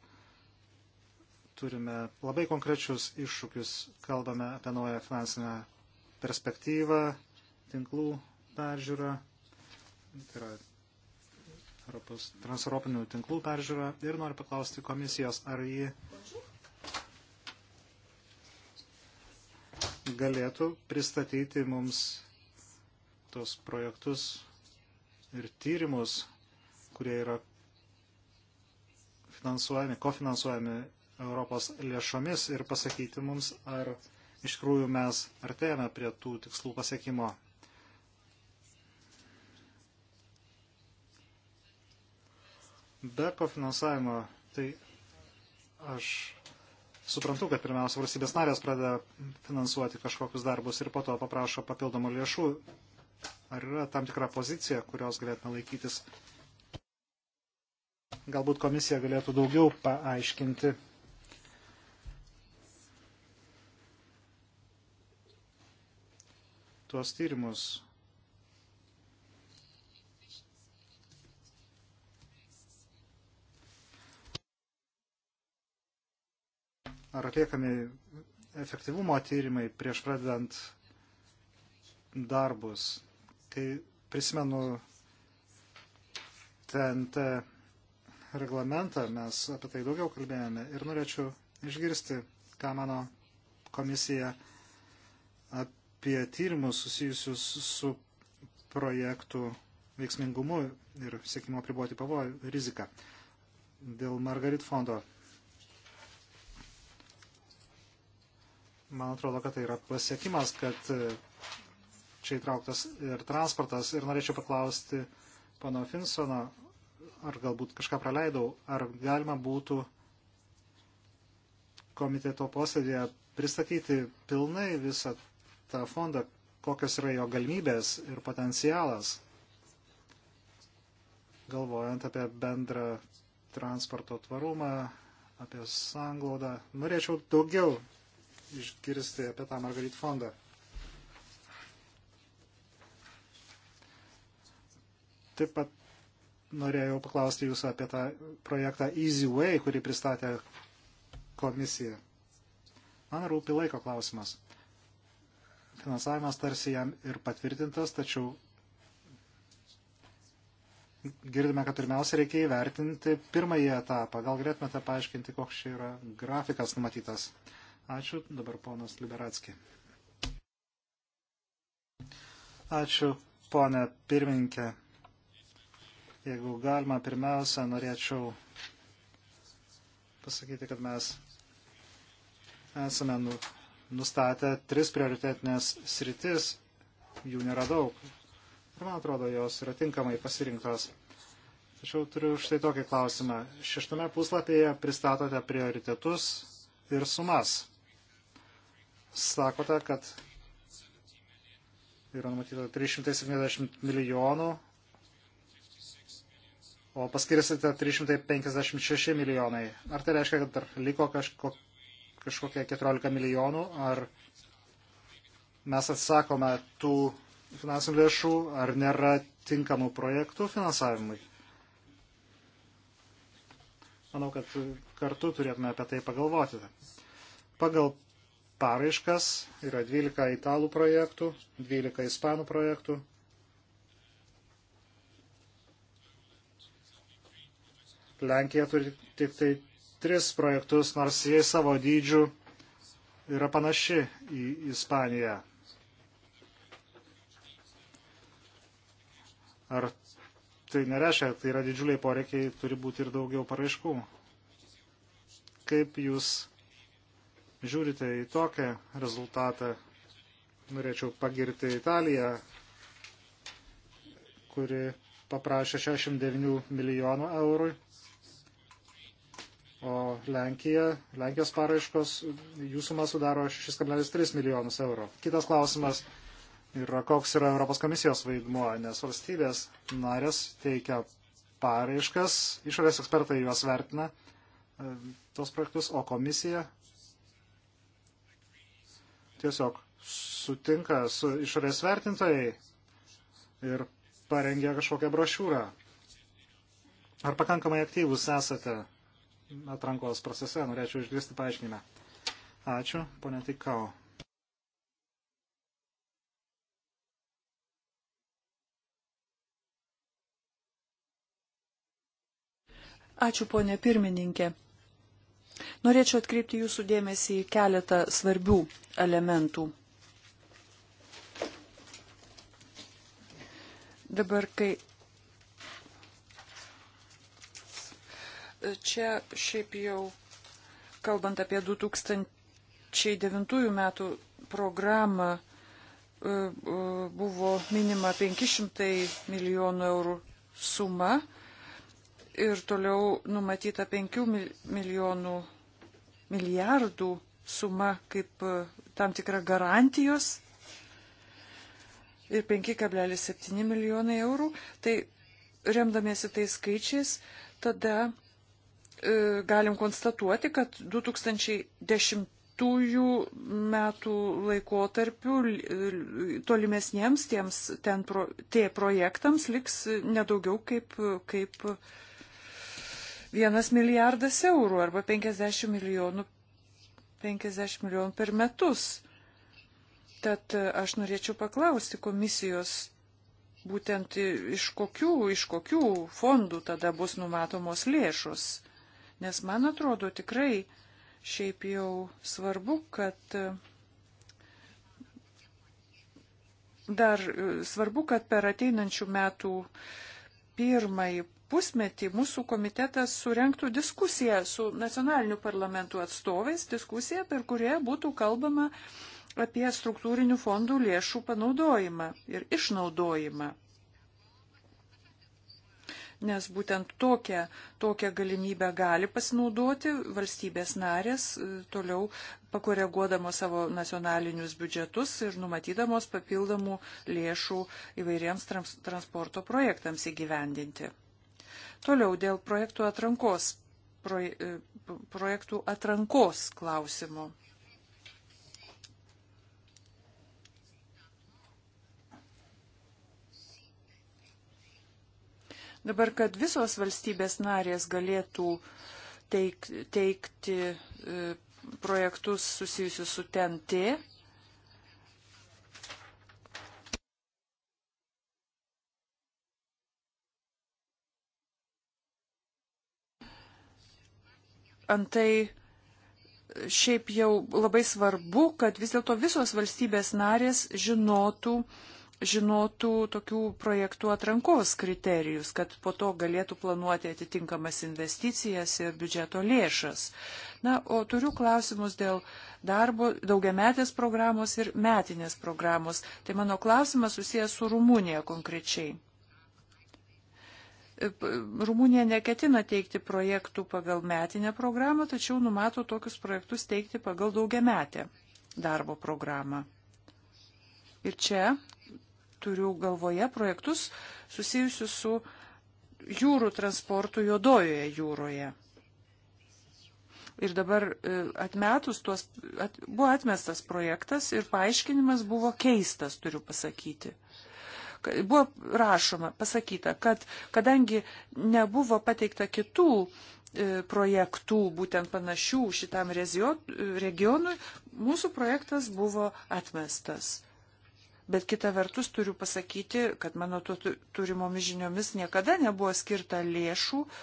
turime labai konkrečius iššūkius. Kalbame apie naują finansinę perspektyvą, tinklų peržiūrą, tai yra Europos transeuropinių tinklų peržiūra ir noriu paklausti komisijos, ar ji galėtų pristatyti mums tos projektus ir tyrimus, kurie yra finansuojami, kofinansuojami Europos lėšomis ir pasakyti mums, ar iš tikrųjų mes artėjame prie tų tikslų pasiekimo. Be kofinansavimo, tai aš suprantu, kad pirmiausia valstybės narės pradeda finansuoti kažkokius darbus ir po to paprašo papildomų lėšų. Ar yra tam tikra pozicija, kurios galėtume laikytis? Galbūt komisija galėtų daugiau paaiškinti. Tuos tyrimus ar atliekami efektyvumo tyrimai prieš pradedant darbus. Kai prisimenu TNT reglamentą, mes apie tai daugiau kalbėjome ir norėčiau išgirsti, ką mano komisija apie tyrimus susijusius su projektų veiksmingumu ir siekimo priboti pavojų riziką. Dėl Margarit fondo man atrodo, kad tai yra pasiekimas, kad e, čia įtrauktas ir transportas. Ir norėčiau paklausti pono Finsono, ar galbūt kažką praleidau, ar galima būtų komiteto posėdėje pristatyti pilnai visą tą fondą, kokios yra jo galimybės ir potencialas, galvojant apie bendrą transporto tvarumą, apie sanglaudą. Norėčiau daugiau išgirsti apie tą Margarit fondą. Taip pat norėjau paklausti jūsų apie tą projektą Easy Way, kurį pristatė komisija. Man rūpi laiko klausimas. Finansavimas tarsi jam ir patvirtintas, tačiau girdime, kad pirmiausia reikia įvertinti pirmąjį etapą. Gal galėtumėte paaiškinti, koks čia yra grafikas numatytas. Ačiū. Dabar ponas Liberatski. Ačiū, ponė pirminkė. Jeigu galima, pirmiausia, norėčiau pasakyti, kad mes esame nu, nustatę tris prioritetinės sritis, jų nėra daug. Ir man atrodo, jos yra tinkamai pasirinktos. Tačiau turiu štai tokį klausimą. Šeštame puslapyje pristatote prioritetus ir sumas sakote, kad yra numatyta 370 milijonų, o paskirsite 356 milijonai. Ar tai reiškia, kad dar liko kažko, kažkokie 14 milijonų, ar mes atsakome tų finansinių lėšų, ar nėra tinkamų projektų finansavimui? Manau, kad kartu turėtume apie tai pagalvoti. Pagal paraiškas. Yra 12 italų projektų, 12 ispanų projektų. Lenkija turi tik tai tris projektus, nors jie savo dydžių yra panaši į Ispaniją. Ar tai nereiškia, tai yra didžiuliai poreikiai, turi būti ir daugiau paraiškų. Kaip jūs žiūrite į tokią rezultatą, norėčiau pagirti Italiją, kuri paprašė 69 milijonų eurų, o Lenkija, Lenkijos paraiškos jų suma sudaro 6,3 milijonus eurų. Kitas klausimas yra, koks yra Europos komisijos vaidmuo, nes valstybės narės teikia paraiškas, išorės ekspertai juos vertina, e, tos projektus, o komisija tiesiog sutinka su išorės vertintojai ir parengia kažkokią brošiūrą. Ar pakankamai aktyvus esate atrankos procese? Norėčiau išgirsti paaiškinimą. Ačiū, ponė Tikau. Ačiū, ponė pirmininkė. Norėčiau atkreipti jūsų dėmesį į keletą svarbių elementų. Dabar, kai čia šiaip jau, kalbant apie 2009 metų programą, e, e, buvo minima 500 milijonų eurų suma, ir toliau numatyta 5 milijonų milijardų suma kaip e, tam tikra garantijos ir 5,7 milijonai eurų, tai remdamėsi tais skaičiais, tada e, galim konstatuoti, kad 2010 metų laikotarpių tolimesniems tiems ten pro, tie projektams liks nedaugiau kaip, kaip vienas milijardas eurų arba 50 milijonų, 50 milijonų per metus. Tad e, aš norėčiau paklausti komisijos, būtent iš kokių, iš kokių fondų tada bus numatomos lėšos. Nes man atrodo tikrai šiaip jau svarbu, kad e, dar e, svarbu, kad per ateinančių metų pirmąjį pusmetį mūsų komitetas surenktų diskusiją su nacionaliniu parlamentu atstovais, diskusiją, per kurią būtų kalbama apie struktūrinių fondų lėšų panaudojimą ir išnaudojimą. Nes būtent tokią, tokią galimybę gali pasinaudoti valstybės narės, e, toliau pakoreguodamos savo nacionalinius biudžetus ir numatydamos papildomų lėšų įvairiems trans, transporto projektams įgyvendinti. Toliau dėl projektų atrankos, proje, e, projektų atrankos klausimo. Dabar, kad visos valstybės narės galėtų teik, teikti e, projektus susijusius su TNT, antai šiaip jau labai svarbu, kad vis dėlto visos valstybės narės žinotų, žinotų tokių projektų atrankos kriterijus, kad po to galėtų planuoti atitinkamas investicijas ir biudžeto lėšas. Na, o turiu klausimus dėl darbo, daugiametės programos ir metinės programos. Tai mano klausimas susijęs su Rumunija konkrečiai. Rumunija neketina teikti projektų pagal metinę programą, tačiau numato tokius projektus teikti pagal daugiametę darbo programą. Ir čia turiu galvoje projektus susijusius su jūrų transportu juodojoje jūroje. Ir dabar e, atmetus tuos, at, buvo atmestas projektas ir paaiškinimas buvo keistas, turiu pasakyti buvo rašoma, pasakyta, kad kadangi nebuvo pateikta kitų e, projektų, būtent panašių šitam regionui, mūsų projektas buvo atmestas. Bet kita vertus turiu pasakyti, kad mano turimomis žiniomis niekada nebuvo skirta lėšų uh,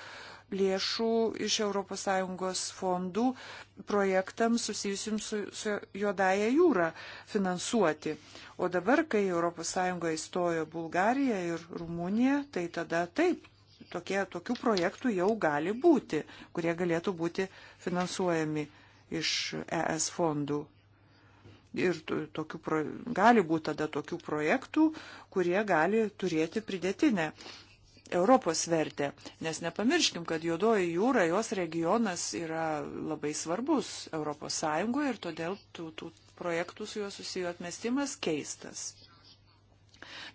lėšų iš ES fondų projektams susijusim su, su Juodaja jūra finansuoti. O dabar, kai ES įstojo Bulgarija ir Rumunija, tai tada taip, tokie, tokių projektų jau gali būti, kurie galėtų būti finansuojami iš ES fondų. Ir tokių, gali būti tada tokių projektų, kurie gali turėti pridėtinę Europos vertę, nes nepamirškim, kad Juodoji jūra, jos regionas yra labai svarbus Europos Sąjungoje ir todėl tų, tų projektų su juo susiję atmestimas keistas.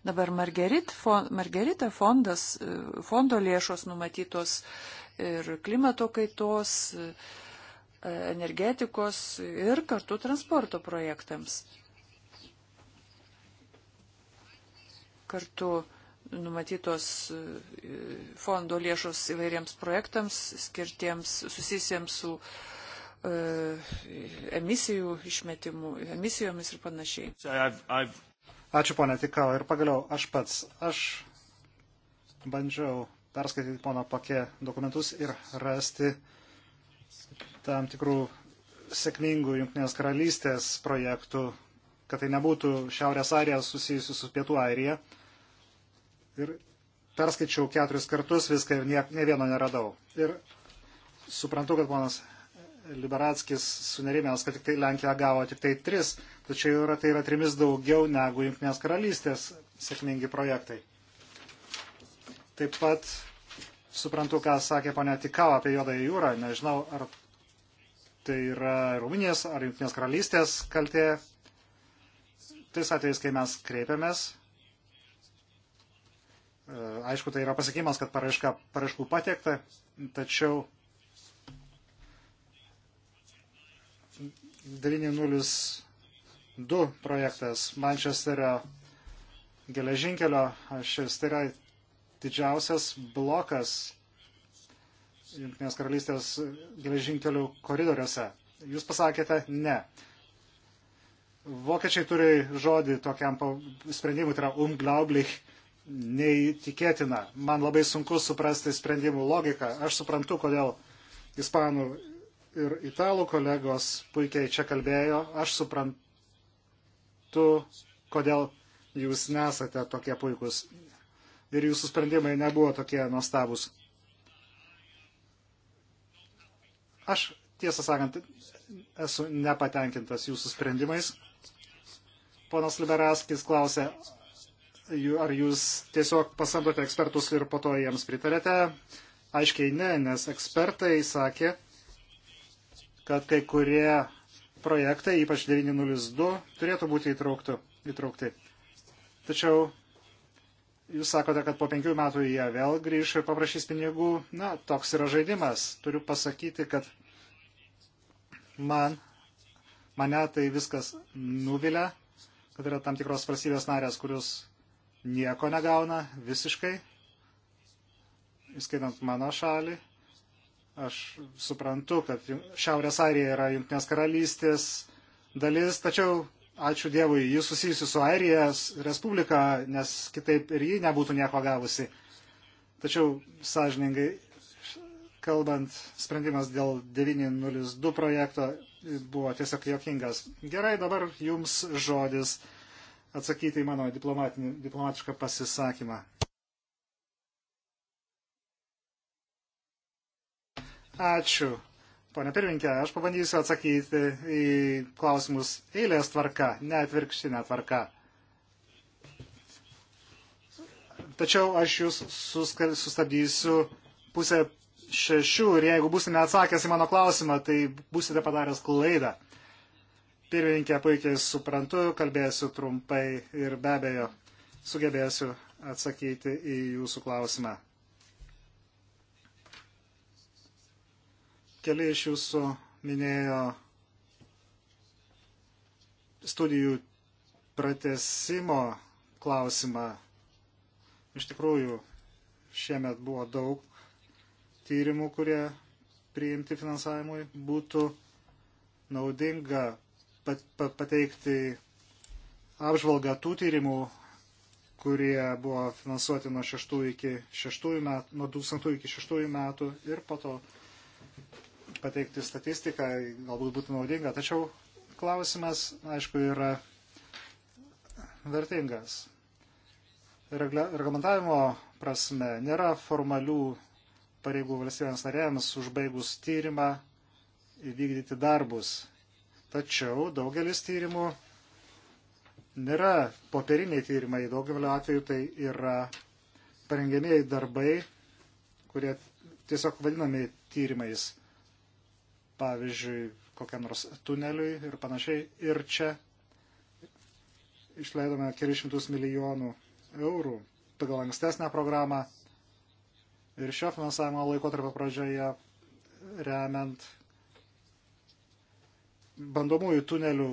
Dabar Margerit, fond, Margerita fondas, fondo lėšos numatytos ir klimato kaitos, energetikos ir kartu transporto projektams. Kartu numatytos e, fondo lėšos įvairiems projektams skirtiems susisiems su e, emisijų išmetimu, emisijomis ir panašiai. I've, I've... Ačiū ponė Tikau. Ir pagaliau aš pats. Aš bandžiau perskaityti pono pakė dokumentus ir rasti tam tikrų sėkmingų Junktinės karalystės projektų, kad tai nebūtų Šiaurės Airija susijusi su Pietų Airija. Ir perskaičiau keturis kartus viską ir nie, ne vieno neradau. Ir suprantu, kad ponas Liberatskis sunerimęs, kad tik tai Lenkija gavo tik tai tris, tačiau yra, tai yra trimis daugiau negu Junktinės karalystės sėkmingi projektai. Taip pat suprantu, ką sakė ponia Tikau apie Jodąją jūrą. Nežinau, ar tai yra Rumunijos ar Junktinės karalystės kaltė. Tais atvejais, kai mes kreipiamės Aišku, tai yra pasakymas, kad paraiška, paraiškų patiekta, tačiau 902 projektas Mančesterio geležinkelio šis tai yra didžiausias blokas Junktinės karalystės geležinkelių koridoriuose. Jūs pasakėte ne. Vokiečiai turi žodį tokiam sprendimui, tai yra umglaublich nei tikėtina. Man labai sunku suprasti sprendimų logiką. Aš suprantu, kodėl ispanų ir italų kolegos puikiai čia kalbėjo. Aš suprantu, kodėl jūs nesate tokie puikus. Ir jūsų sprendimai nebuvo tokie nuostabus. Aš, tiesą sakant, esu nepatenkintas jūsų sprendimais. Ponas Liberaskis klausė, ar jūs tiesiog pasamdote ekspertus ir po to jiems pritarėte? Aiškiai ne, nes ekspertai sakė, kad kai kurie projektai, ypač 902, turėtų būti įtrauktų, įtraukti. Tačiau jūs sakote, kad po penkių metų jie vėl grįš ir paprašys pinigų. Na, toks yra žaidimas. Turiu pasakyti, kad man, mane tai viskas nuvilia, kad yra tam tikros valstybės narės, kurios nieko negauna visiškai, įskaitant mano šalį. Aš suprantu, kad Šiaurės Airija yra Junktinės karalystės dalis, tačiau ačiū Dievui, jis susijusi su Airijos Respublika, nes kitaip ir ji nebūtų nieko gavusi. Tačiau sąžiningai kalbant, sprendimas dėl 902 projekto buvo tiesiog jokingas. Gerai, dabar jums žodis atsakyti į mano diplomatišką pasisakymą. Ačiū. Pone pirminkė, aš pabandysiu atsakyti į klausimus eilės tvarka, ne atvirkštinė tvarka. Tačiau aš jūs sustabdysiu pusę šešių ir jeigu būsite neatsakęs į mano klausimą, tai būsite padaręs klaidą. Pirmininkė puikiai suprantu, kalbėsiu trumpai ir be abejo sugebėsiu atsakyti į jūsų klausimą. Keli iš jūsų minėjo studijų pratesimo klausimą. Iš tikrųjų, šiemet buvo daug tyrimų, kurie priimti finansavimui būtų naudinga pateikti apžvalgą tų tyrimų, kurie buvo finansuoti nuo, iki metų, nuo 2000 iki 2006 metų ir po to pateikti statistiką, galbūt būtų naudinga. Tačiau klausimas, aišku, yra vertingas. Reglamentavimo prasme nėra formalių pareigų valstybėms narėms užbaigus tyrimą įvykdyti darbus Tačiau daugelis tyrimų nėra popieriniai tyrimai, daugelio atveju tai yra parengėmėjai darbai, kurie tiesiog vadinami tyrimais, pavyzdžiui, kokiam nors tuneliui ir panašiai. Ir čia išleidome kelišimtus milijonų eurų pagal ankstesnę programą ir šio finansavimo laikotarpio pradžioje remiant bandomųjų tunelių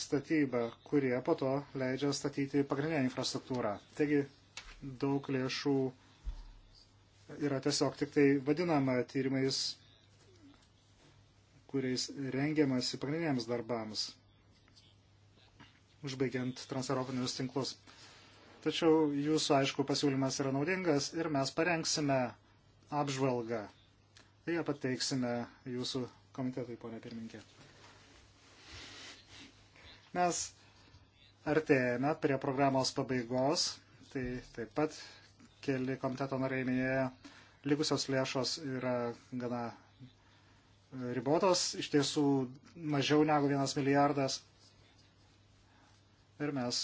statybą, kurie po to leidžia statyti pagrindinę infrastruktūrą. Taigi daug lėšų yra tiesiog tik tai vadinama tyrimais, kuriais rengiamasi pagrindiniams darbams, užbaigiant transeuropinius tinklus. Tačiau jūsų, aišku, pasiūlymas yra naudingas ir mes parengsime apžvalgą. Ją pateiksime jūsų komitetui, ponė pirminkė. Mes artėjame prie programos pabaigos, tai taip pat keli komiteto nariai minėjo, likusios lėšos yra gana ribotos, iš tiesų mažiau negu vienas milijardas. Ir mes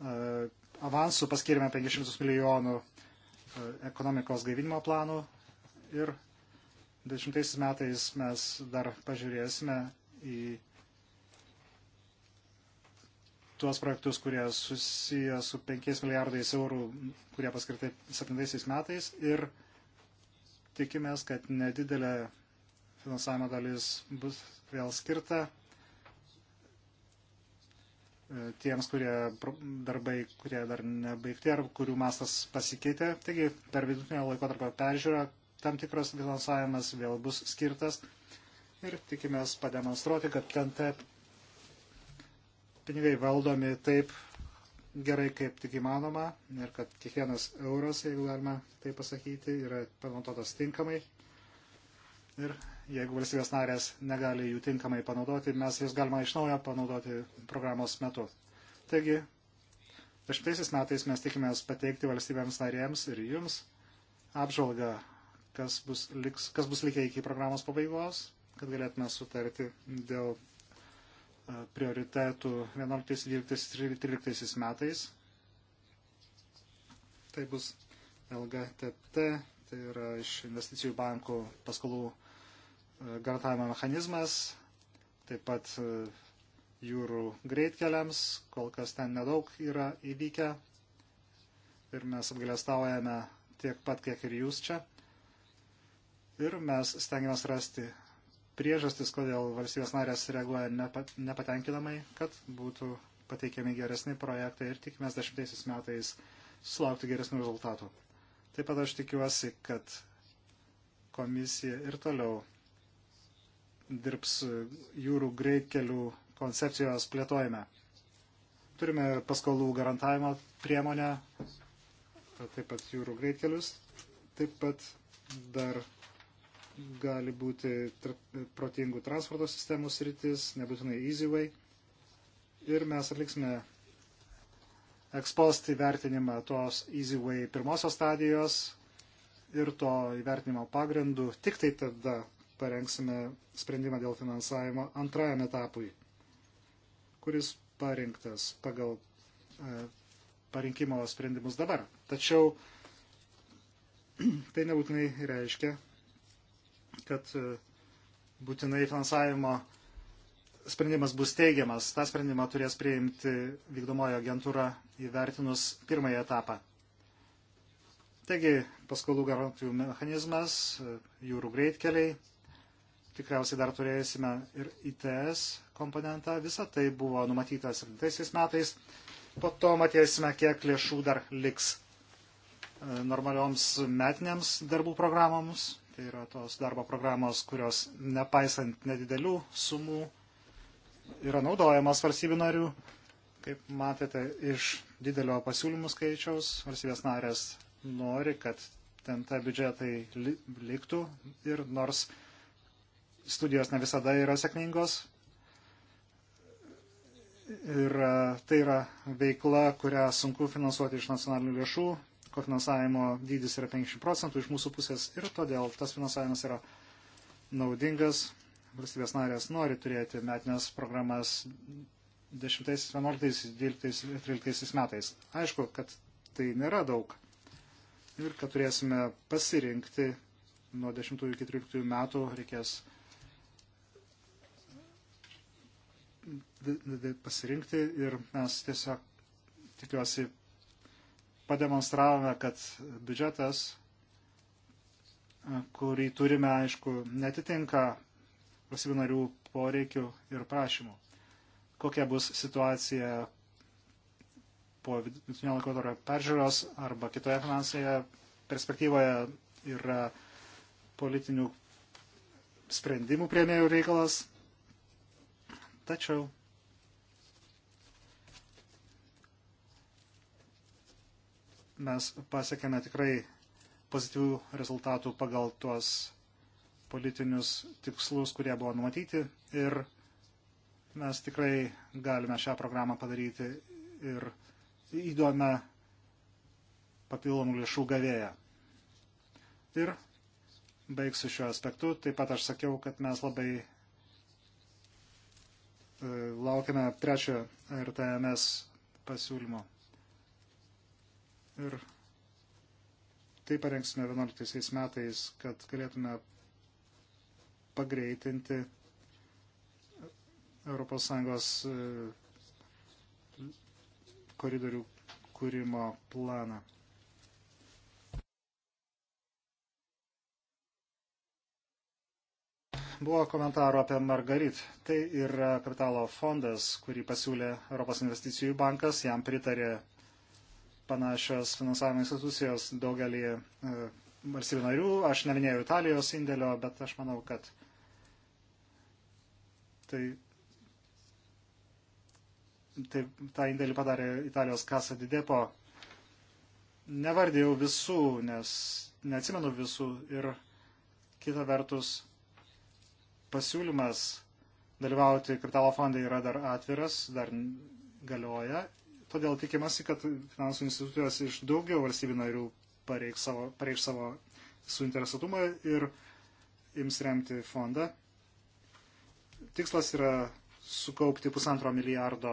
e, avansų paskirime 500 milijonų e, ekonomikos gaivinimo planų ir 20 metais mes dar pažiūrėsime, į tuos projektus, kurie susiję su 5 milijardais eurų, kurie paskirtai 7 metais ir tikimės, kad nedidelė finansavimo dalis bus vėl skirta e, tiems, kurie darbai, kurie dar nebaigti ar kurių mastas pasikeitė. Taigi per vidutinio laiko tarp peržiūrą tam tikras finansavimas vėl bus skirtas ir tikimės pademonstruoti, kad ten te pinigai valdomi taip gerai, kaip tik įmanoma ir kad kiekvienas euras, jeigu galima tai pasakyti, yra panaudotas tinkamai. Ir jeigu valstybės narės negali jų tinkamai panaudoti, mes jas galima iš naujo panaudoti programos metu. Taigi, dešimtaisiais metais mes tikimės pateikti valstybėms narėms ir jums apžvalgą, kas bus, liks, kas bus likę iki programos pabaigos, kad galėtume sutarti dėl e, prioritetų 11, 12, 13 metais. Tai bus LGTT, tai yra iš investicijų bankų paskolų e, garantavimo mechanizmas, taip pat e, jūrų greitkeliams, kol kas ten nedaug yra įvykę ir mes apgalėstaujame tiek pat, kiek ir jūs čia. Ir mes stengiamės rasti priežastis, kodėl valstybės narės reaguoja nepatenkinamai, kad būtų pateikiami geresni projektai ir tikimės dešimtaisiais metais sulaukti geresnių rezultatų. Taip pat aš tikiuosi, kad komisija ir toliau dirbs jūrų greitkelių koncepcijos plėtojime. Turime paskolų garantavimo priemonę, taip pat jūrų greitkelius, taip pat dar gali būti tra protingų transporto sistemų sritis, nebūtinai EasyWay. Ir mes atliksime ekspost įvertinimą tos EasyWay pirmosios stadijos ir to įvertinimo pagrindų. Tik tai tada parengsime sprendimą dėl finansavimo antrajam etapui, kuris parinktas pagal e, parinkimo sprendimus dabar. Tačiau tai nebūtinai reiškia, kad e, būtinai finansavimo sprendimas bus teigiamas. Ta sprendimą turės priimti vykdomojo agentūra įvertinus pirmąją etapą. Taigi, paskolų garantijų mechanizmas, e, jūrų greitkeliai, tikriausiai dar turėsime ir ITS komponentą. Visa tai buvo numatyta 7 metais. Po to matėsime, kiek lėšų dar liks e, normalioms metinėms darbų programoms Tai yra tos darbo programos, kurios nepaisant nedidelių sumų yra naudojamos valstybių narių. Kaip matėte, iš didelio pasiūlymų skaičiaus valstybės narės nori, kad ten ta biudžetai liktų ir nors studijos ne visada yra sėkmingos. Ir e, tai yra veikla, kurią sunku finansuoti iš nacionalinių lėšų, kofinansavimo dydis yra 50 procentų iš mūsų pusės ir todėl tas finansavimas yra naudingas. Valstybės narės nori turėti metinės programas 10, 11, 12 ir 13 metais. Aišku, kad tai nėra daug ir kad turėsime pasirinkti nuo 10 iki 13 metų reikės pasirinkti ir mes tiesiog tikiuosi pademonstravome, kad biudžetas, kurį turime, aišku, netitinka valstybių narių poreikių ir prašymų. Kokia bus situacija po vidutinio laikotarpio peržiūros arba kitoje finansinėje perspektyvoje yra politinių sprendimų prieimėjų reikalas. Tačiau mes pasiekėme tikrai pozityvių rezultatų pagal tuos politinius tikslus, kurie buvo numatyti ir mes tikrai galime šią programą padaryti ir įdomę papildomų lėšų gavėją. Ir baigsiu šiuo aspektu. Taip pat aš sakiau, kad mes labai e, laukiame trečiojo RTMS pasiūlymo ir tai parengsime 11 metais, kad galėtume pagreitinti ES e, koridorių kūrimo planą. Buvo komentarų apie Margarit. Tai yra kapitalo fondas, kurį pasiūlė Europos investicijų bankas, jam pritarė panašios finansavimo institucijos daugelį e, valstybių narių. Aš neminėjau Italijos indėlio, bet aš manau, kad tai, tai tą indėlį padarė Italijos kasa didepo. Nevardėjau visų, nes neatsimenu visų ir kita vertus pasiūlymas dalyvauti kapitalo fondai yra dar atviras, dar galioja Todėl tikimasi, kad finansų institucijos iš daugiau valstybių narių pareikš savo, pareikš savo suinteresatumą ir ims remti fondą. Tikslas yra sukaupti pusantro milijardo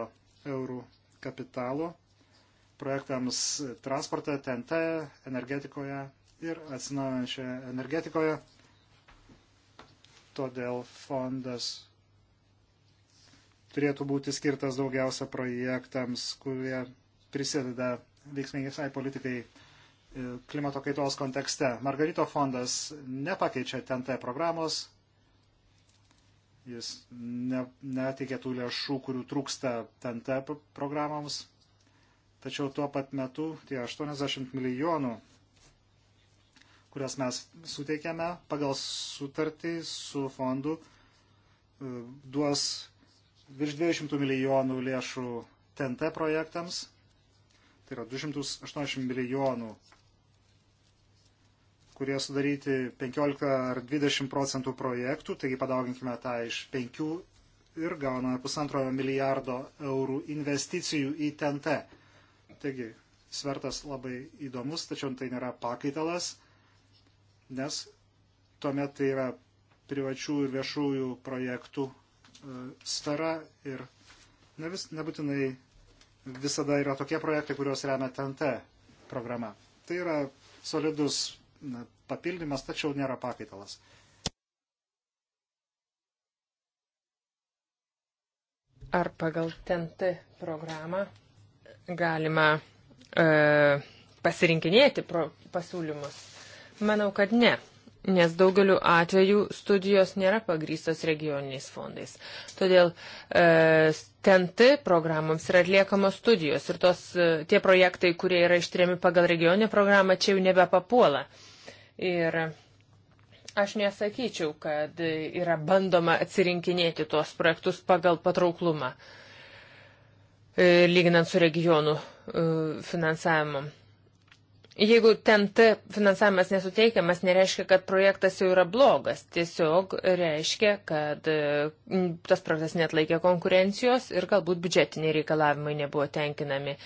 eurų kapitalo projektams transporte, TNT, energetikoje ir atsinaujančioje energetikoje. Todėl fondas turėtų būti skirtas daugiausia projektams, kurie prisideda veiksmingesai politikai e, klimato kaitos kontekste. Margarito fondas nepakeičia TNT programos, jis ne, netikė tų lėšų, kurių trūksta TNT programams, tačiau tuo pat metu tie 80 milijonų, kurias mes suteikėme pagal sutartį su fondu, e, duos virš 200 milijonų lėšų TNT projektams, tai yra 280 milijonų, kurie sudaryti 15 ar 20 procentų projektų, taigi padauginkime tą iš 5 ir gauname pusantro milijardo eurų investicijų į TNT. Taigi, svertas labai įdomus, tačiau tai nėra pakaitalas, nes tuomet tai yra privačių ir viešųjų projektų E, sfera ir ne vis, nebūtinai visada yra tokie projektai, kuriuos remia TNT programa. Tai yra solidus papildymas, tačiau nėra pakaitalas. Ar pagal TNT programą galima e, pasirinkinėti pro, pasiūlymus? Manau, kad ne nes daugeliu atveju studijos nėra pagrystos regioniniais fondais. Todėl e, TNT programoms yra atliekamos studijos ir tos, e, tie projektai, kurie yra ištrėmi pagal regioninę programą, čia jau nebepapuola. Ir aš nesakyčiau, kad yra bandoma atsirinkinėti tuos projektus pagal patrauklumą, e, lyginant su regionų e, finansavimu. Jeigu ten T finansavimas nesuteikiamas, nereiškia, kad projektas jau yra blogas. Tiesiog reiškia, kad e, tas projektas netlaikė konkurencijos ir galbūt biudžetiniai reikalavimai nebuvo tenkinami.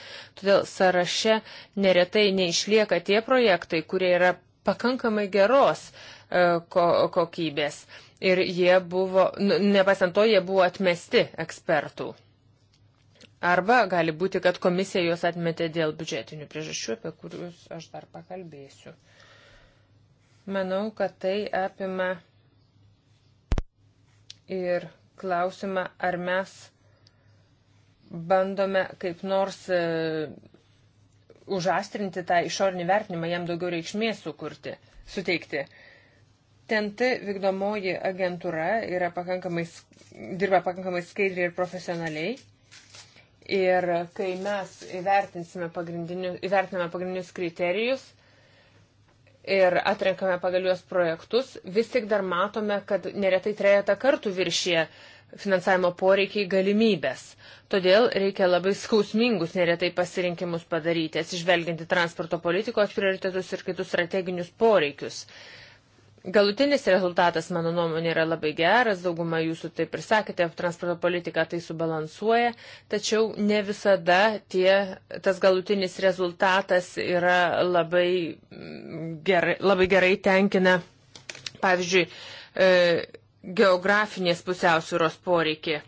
Todėl sąraše neretai neišlieka tie projektai, kurie yra pakankamai geros e, ko kokybės. Ir jie buvo, nepasianto, jie buvo atmesti ekspertų. Arba gali būti, kad komisija juos atmetė dėl biudžetinių priežasčių, apie kuriuos aš dar pakalbėsiu. Manau, kad tai apima ir klausimą, ar mes bandome kaip nors e, užastrinti tą išorinį vertinimą, jam daugiau reikšmės sukurti, suteikti. TNT vykdomoji agentūra yra pakankamai, dirba pakankamai skaidriai ir profesionaliai Ir kai mes įvertinsime pagrindinius, įvertiname pagrindinius kriterijus ir atrenkame pagal juos projektus, vis tik dar matome, kad neretai trejata kartų viršė finansavimo poreikiai galimybės. Todėl reikia labai skausmingus neretai pasirinkimus padaryti, atsižvelginti transporto politikos prioritetus ir kitus strateginius poreikius. Galutinis rezultatas, mano nuomonė, yra labai geras, dauguma jūsų taip ir sakėte, transporto politika tai subalansuoja, tačiau ne visada tie, tas galutinis rezultatas yra labai mm, gerai, labai gerai tenkina, pavyzdžiui, e, geografinės pusiausvyros poreikį.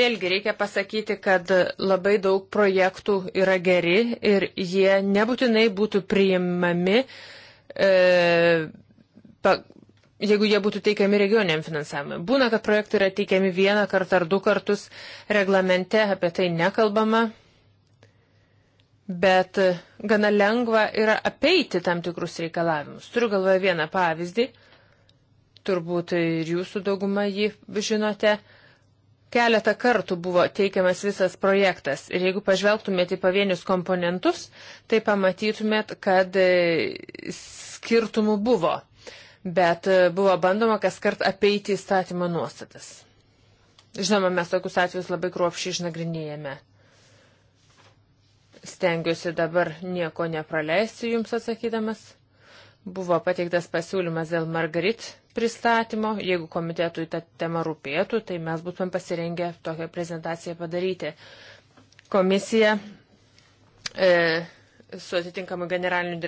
Vėlgi reikia pasakyti, kad labai daug projektų yra geri ir jie nebūtinai būtų priimami e, pa, jeigu jie būtų teikiami regioniam finansavimui. Būna, kad projektai yra teikiami vieną kartą ar du kartus, reglamente apie tai nekalbama, bet gana lengva yra apeiti tam tikrus reikalavimus. Turiu galvoje vieną pavyzdį, turbūt ir jūsų dauguma jį žinote. Keletą kartų buvo teikiamas visas projektas ir jeigu pažvelgtumėte į pavienius komponentus, tai pamatytumėt, kad skirtumų buvo bet e, buvo bandoma kas kart apeiti įstatymo nuostatas. Žinoma, mes tokius atvejus labai kruopšiai išnagrinėjame. Stengiuosi dabar nieko nepraleisti jums atsakydamas. Buvo pateiktas pasiūlymas dėl Margarit pristatymo. Jeigu komitetui ta tema rūpėtų, tai mes būtumėm pasirengę tokią prezentaciją padaryti. Komisija e, su atitinkamu generaliniu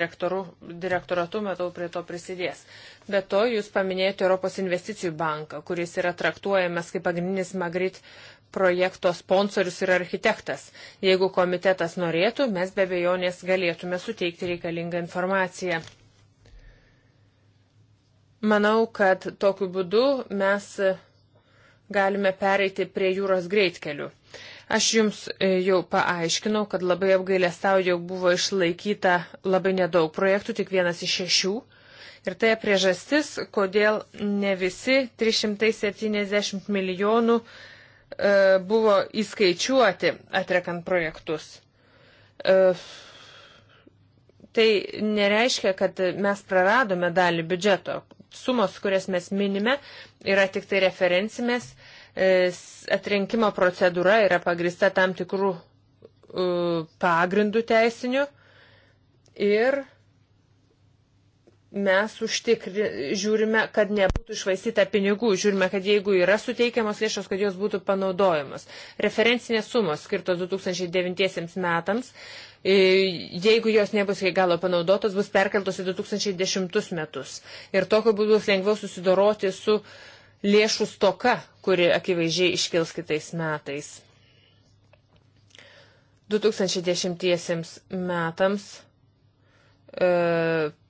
direktoratu, matau, prie to prisidės. Be to, jūs paminėjote Europos investicijų banką, kuris yra traktuojamas kaip pagrindinis Magrit projekto sponsorius ir architektas. Jeigu komitetas norėtų, mes be bejonės galėtume suteikti reikalingą informaciją. Manau, kad tokiu būdu mes galime pereiti prie jūros greitkelių. Aš jums e, jau paaiškinau, kad labai apgailestau jau buvo išlaikyta labai nedaug projektų, tik vienas iš šešių. Ir tai priežastis, kodėl ne visi 370 milijonų e, buvo įskaičiuoti atrekant projektus. E, tai nereiškia, kad mes praradome dalį biudžeto. Sumos, kurias mes minime, yra tik tai referencimės E, atrenkimo procedūra yra pagrista tam tikrų pagrindų teisinių ir mes užtikri, žiūrime, kad nebūtų išvaistyta pinigų, žiūrime, kad jeigu yra suteikiamos lėšos, kad jos būtų panaudojamos. Referencinės sumos skirtos 2009 metams, e, jeigu jos nebus iki galo panaudotos, bus perkeltos į 2010 metus. Ir tokiu būdu bus lengviau susidoroti su uh, lėšų stoka, kuri akivaizdžiai iškils kitais metais. 2010 metams e,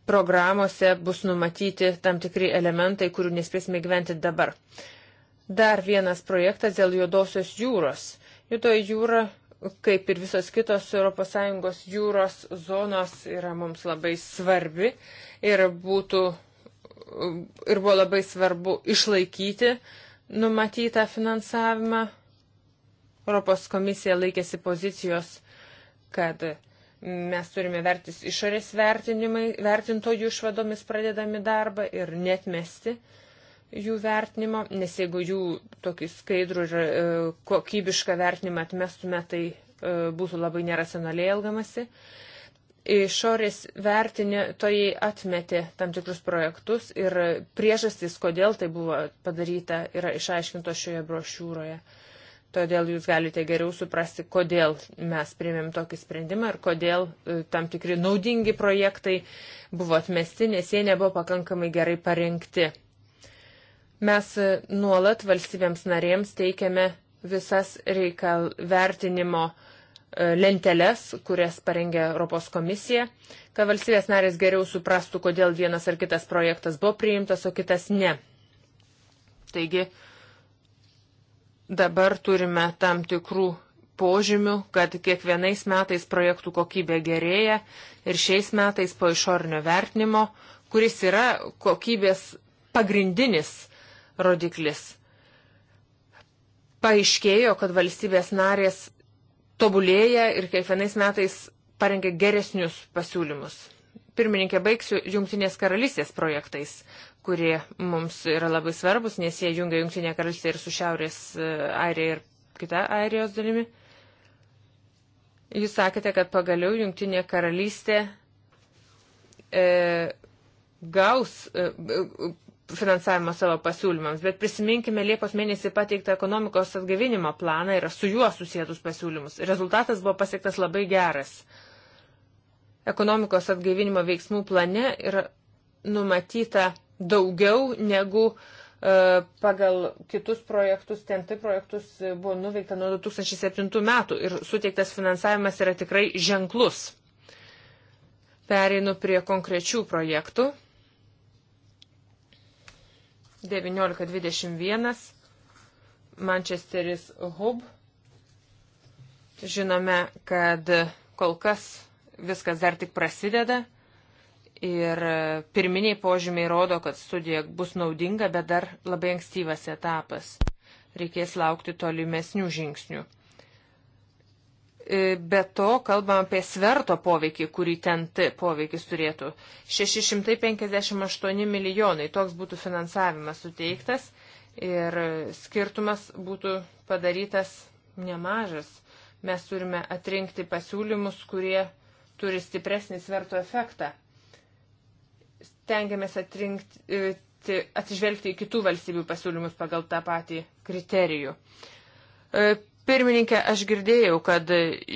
programuose bus numatyti tam tikri elementai, kurių nespėsime gyventi dabar. Dar vienas projektas dėl Juodosios jūros. Juodoji jūra, kaip ir visos kitos ES jūros zonos, yra mums labai svarbi ir būtų ir buvo labai svarbu išlaikyti numatytą finansavimą. Europos komisija laikėsi pozicijos, kad mes turime vertis išorės vertintojų išvadomis pradedami darbą ir netmesti jų vertinimo, nes jeigu jų tokį skaidrų ir e, kokybišką vertinimą atmestume, tai e, būtų labai neracionaliai elgamasi išorės vertintojai atmetė tam tikrus projektus ir priežastys, kodėl tai buvo padaryta, yra išaiškintos šioje brošiūroje. Todėl jūs galite geriau suprasti, kodėl mes priėmėm tokį sprendimą ir kodėl e, tam tikri naudingi projektai buvo atmesti, nes jie nebuvo pakankamai gerai parengti. Mes e, nuolat valstybėms narėms teikiame visas reikal vertinimo uh, E, lenteles, kurias parengė Europos komisija, kad valstybės narės geriau suprastų, kodėl vienas ar kitas projektas buvo priimtas, o kitas ne. Taigi dabar turime tam tikrų požymių, kad kiekvienais metais projektų kokybė gerėja ir šiais metais po išornio vertinimo, kuris yra kokybės pagrindinis rodiklis. Paaiškėjo, kad valstybės narės tobulėja ir kiekvienais metais parengia geresnius pasiūlymus. Pirmininkė, baigsiu Junktinės karalystės projektais, kurie mums yra labai svarbus, nes jie jungia Junktinę karalystę ir su Šiaurės e, Airija ir kita Airijos dalimi. Jūs sakėte, kad pagaliau Junktinė karalystė e, gaus, e, finansavimo savo pasiūlymams, bet prisiminkime Liepos mėnesį pateiktą ekonomikos atgavinimo planą ir su juo susijėtus pasiūlymus. Rezultatas buvo pasiektas labai geras. Ekonomikos atgavinimo veiksmų plane yra numatyta daugiau negu e, pagal kitus projektus, TNT tai projektus e, buvo nuveikta nuo 2007 metų ir suteiktas finansavimas yra tikrai ženklus. Pereinu prie konkrečių projektų 19.21. Manchesteris Hub. Žinome, kad kol kas viskas dar tik prasideda ir pirminiai požymiai rodo, kad studija bus naudinga, bet dar labai ankstyvas etapas. Reikės laukti tolimesnių žingsnių. E, be to, kalbam apie sverto poveikį, kurį ten poveikis turėtų. 658 milijonai toks būtų finansavimas suteiktas ir skirtumas būtų padarytas nemažas. Mes turime atrinkti pasiūlymus, kurie turi stipresnį sverto efektą. Stengiamės atrinkti, atsižvelgti į kitų valstybių pasiūlymus pagal tą patį kriterijų. E, Pirmininkė, aš girdėjau, kad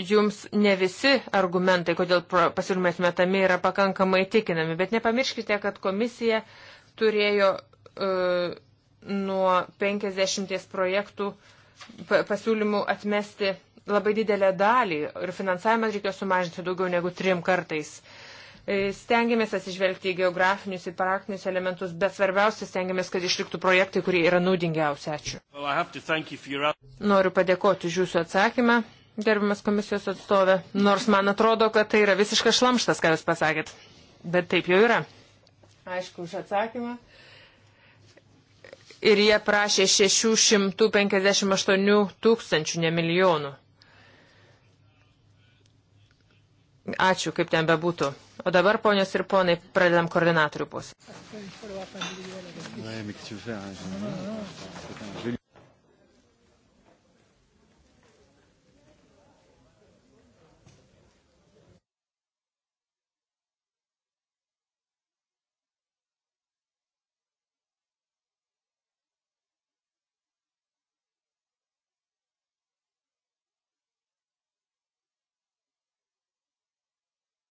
jums ne visi argumentai, kodėl pasiūlymės metami, yra pakankamai tikinami, bet nepamirškite, kad komisija turėjo uh, nuo 50 projektų pasiūlymų atmesti labai didelę dalį ir finansavimą reikėjo sumažinti daugiau negu trim kartais. Uh, E, stengiamės atsižvelgti į geografinius, į praktinius elementus, bet svarbiausia stengiamės, kad išliktų projektai, kurie yra naudingiausi. Ačiū. Well, you your... Noriu padėkoti už jūsų atsakymą, gerbiamas komisijos atstovė, nors man atrodo, kad tai yra visiškas šlamštas, ką jūs pasakėt. Bet taip jau yra. Aišku, už atsakymą ir jie prašė 658 tūkstančių, ne milijonų. Ačiū, kaip ten bebūtų. O dabar, ponios ir ponai, pradedam koordinatorių pusę.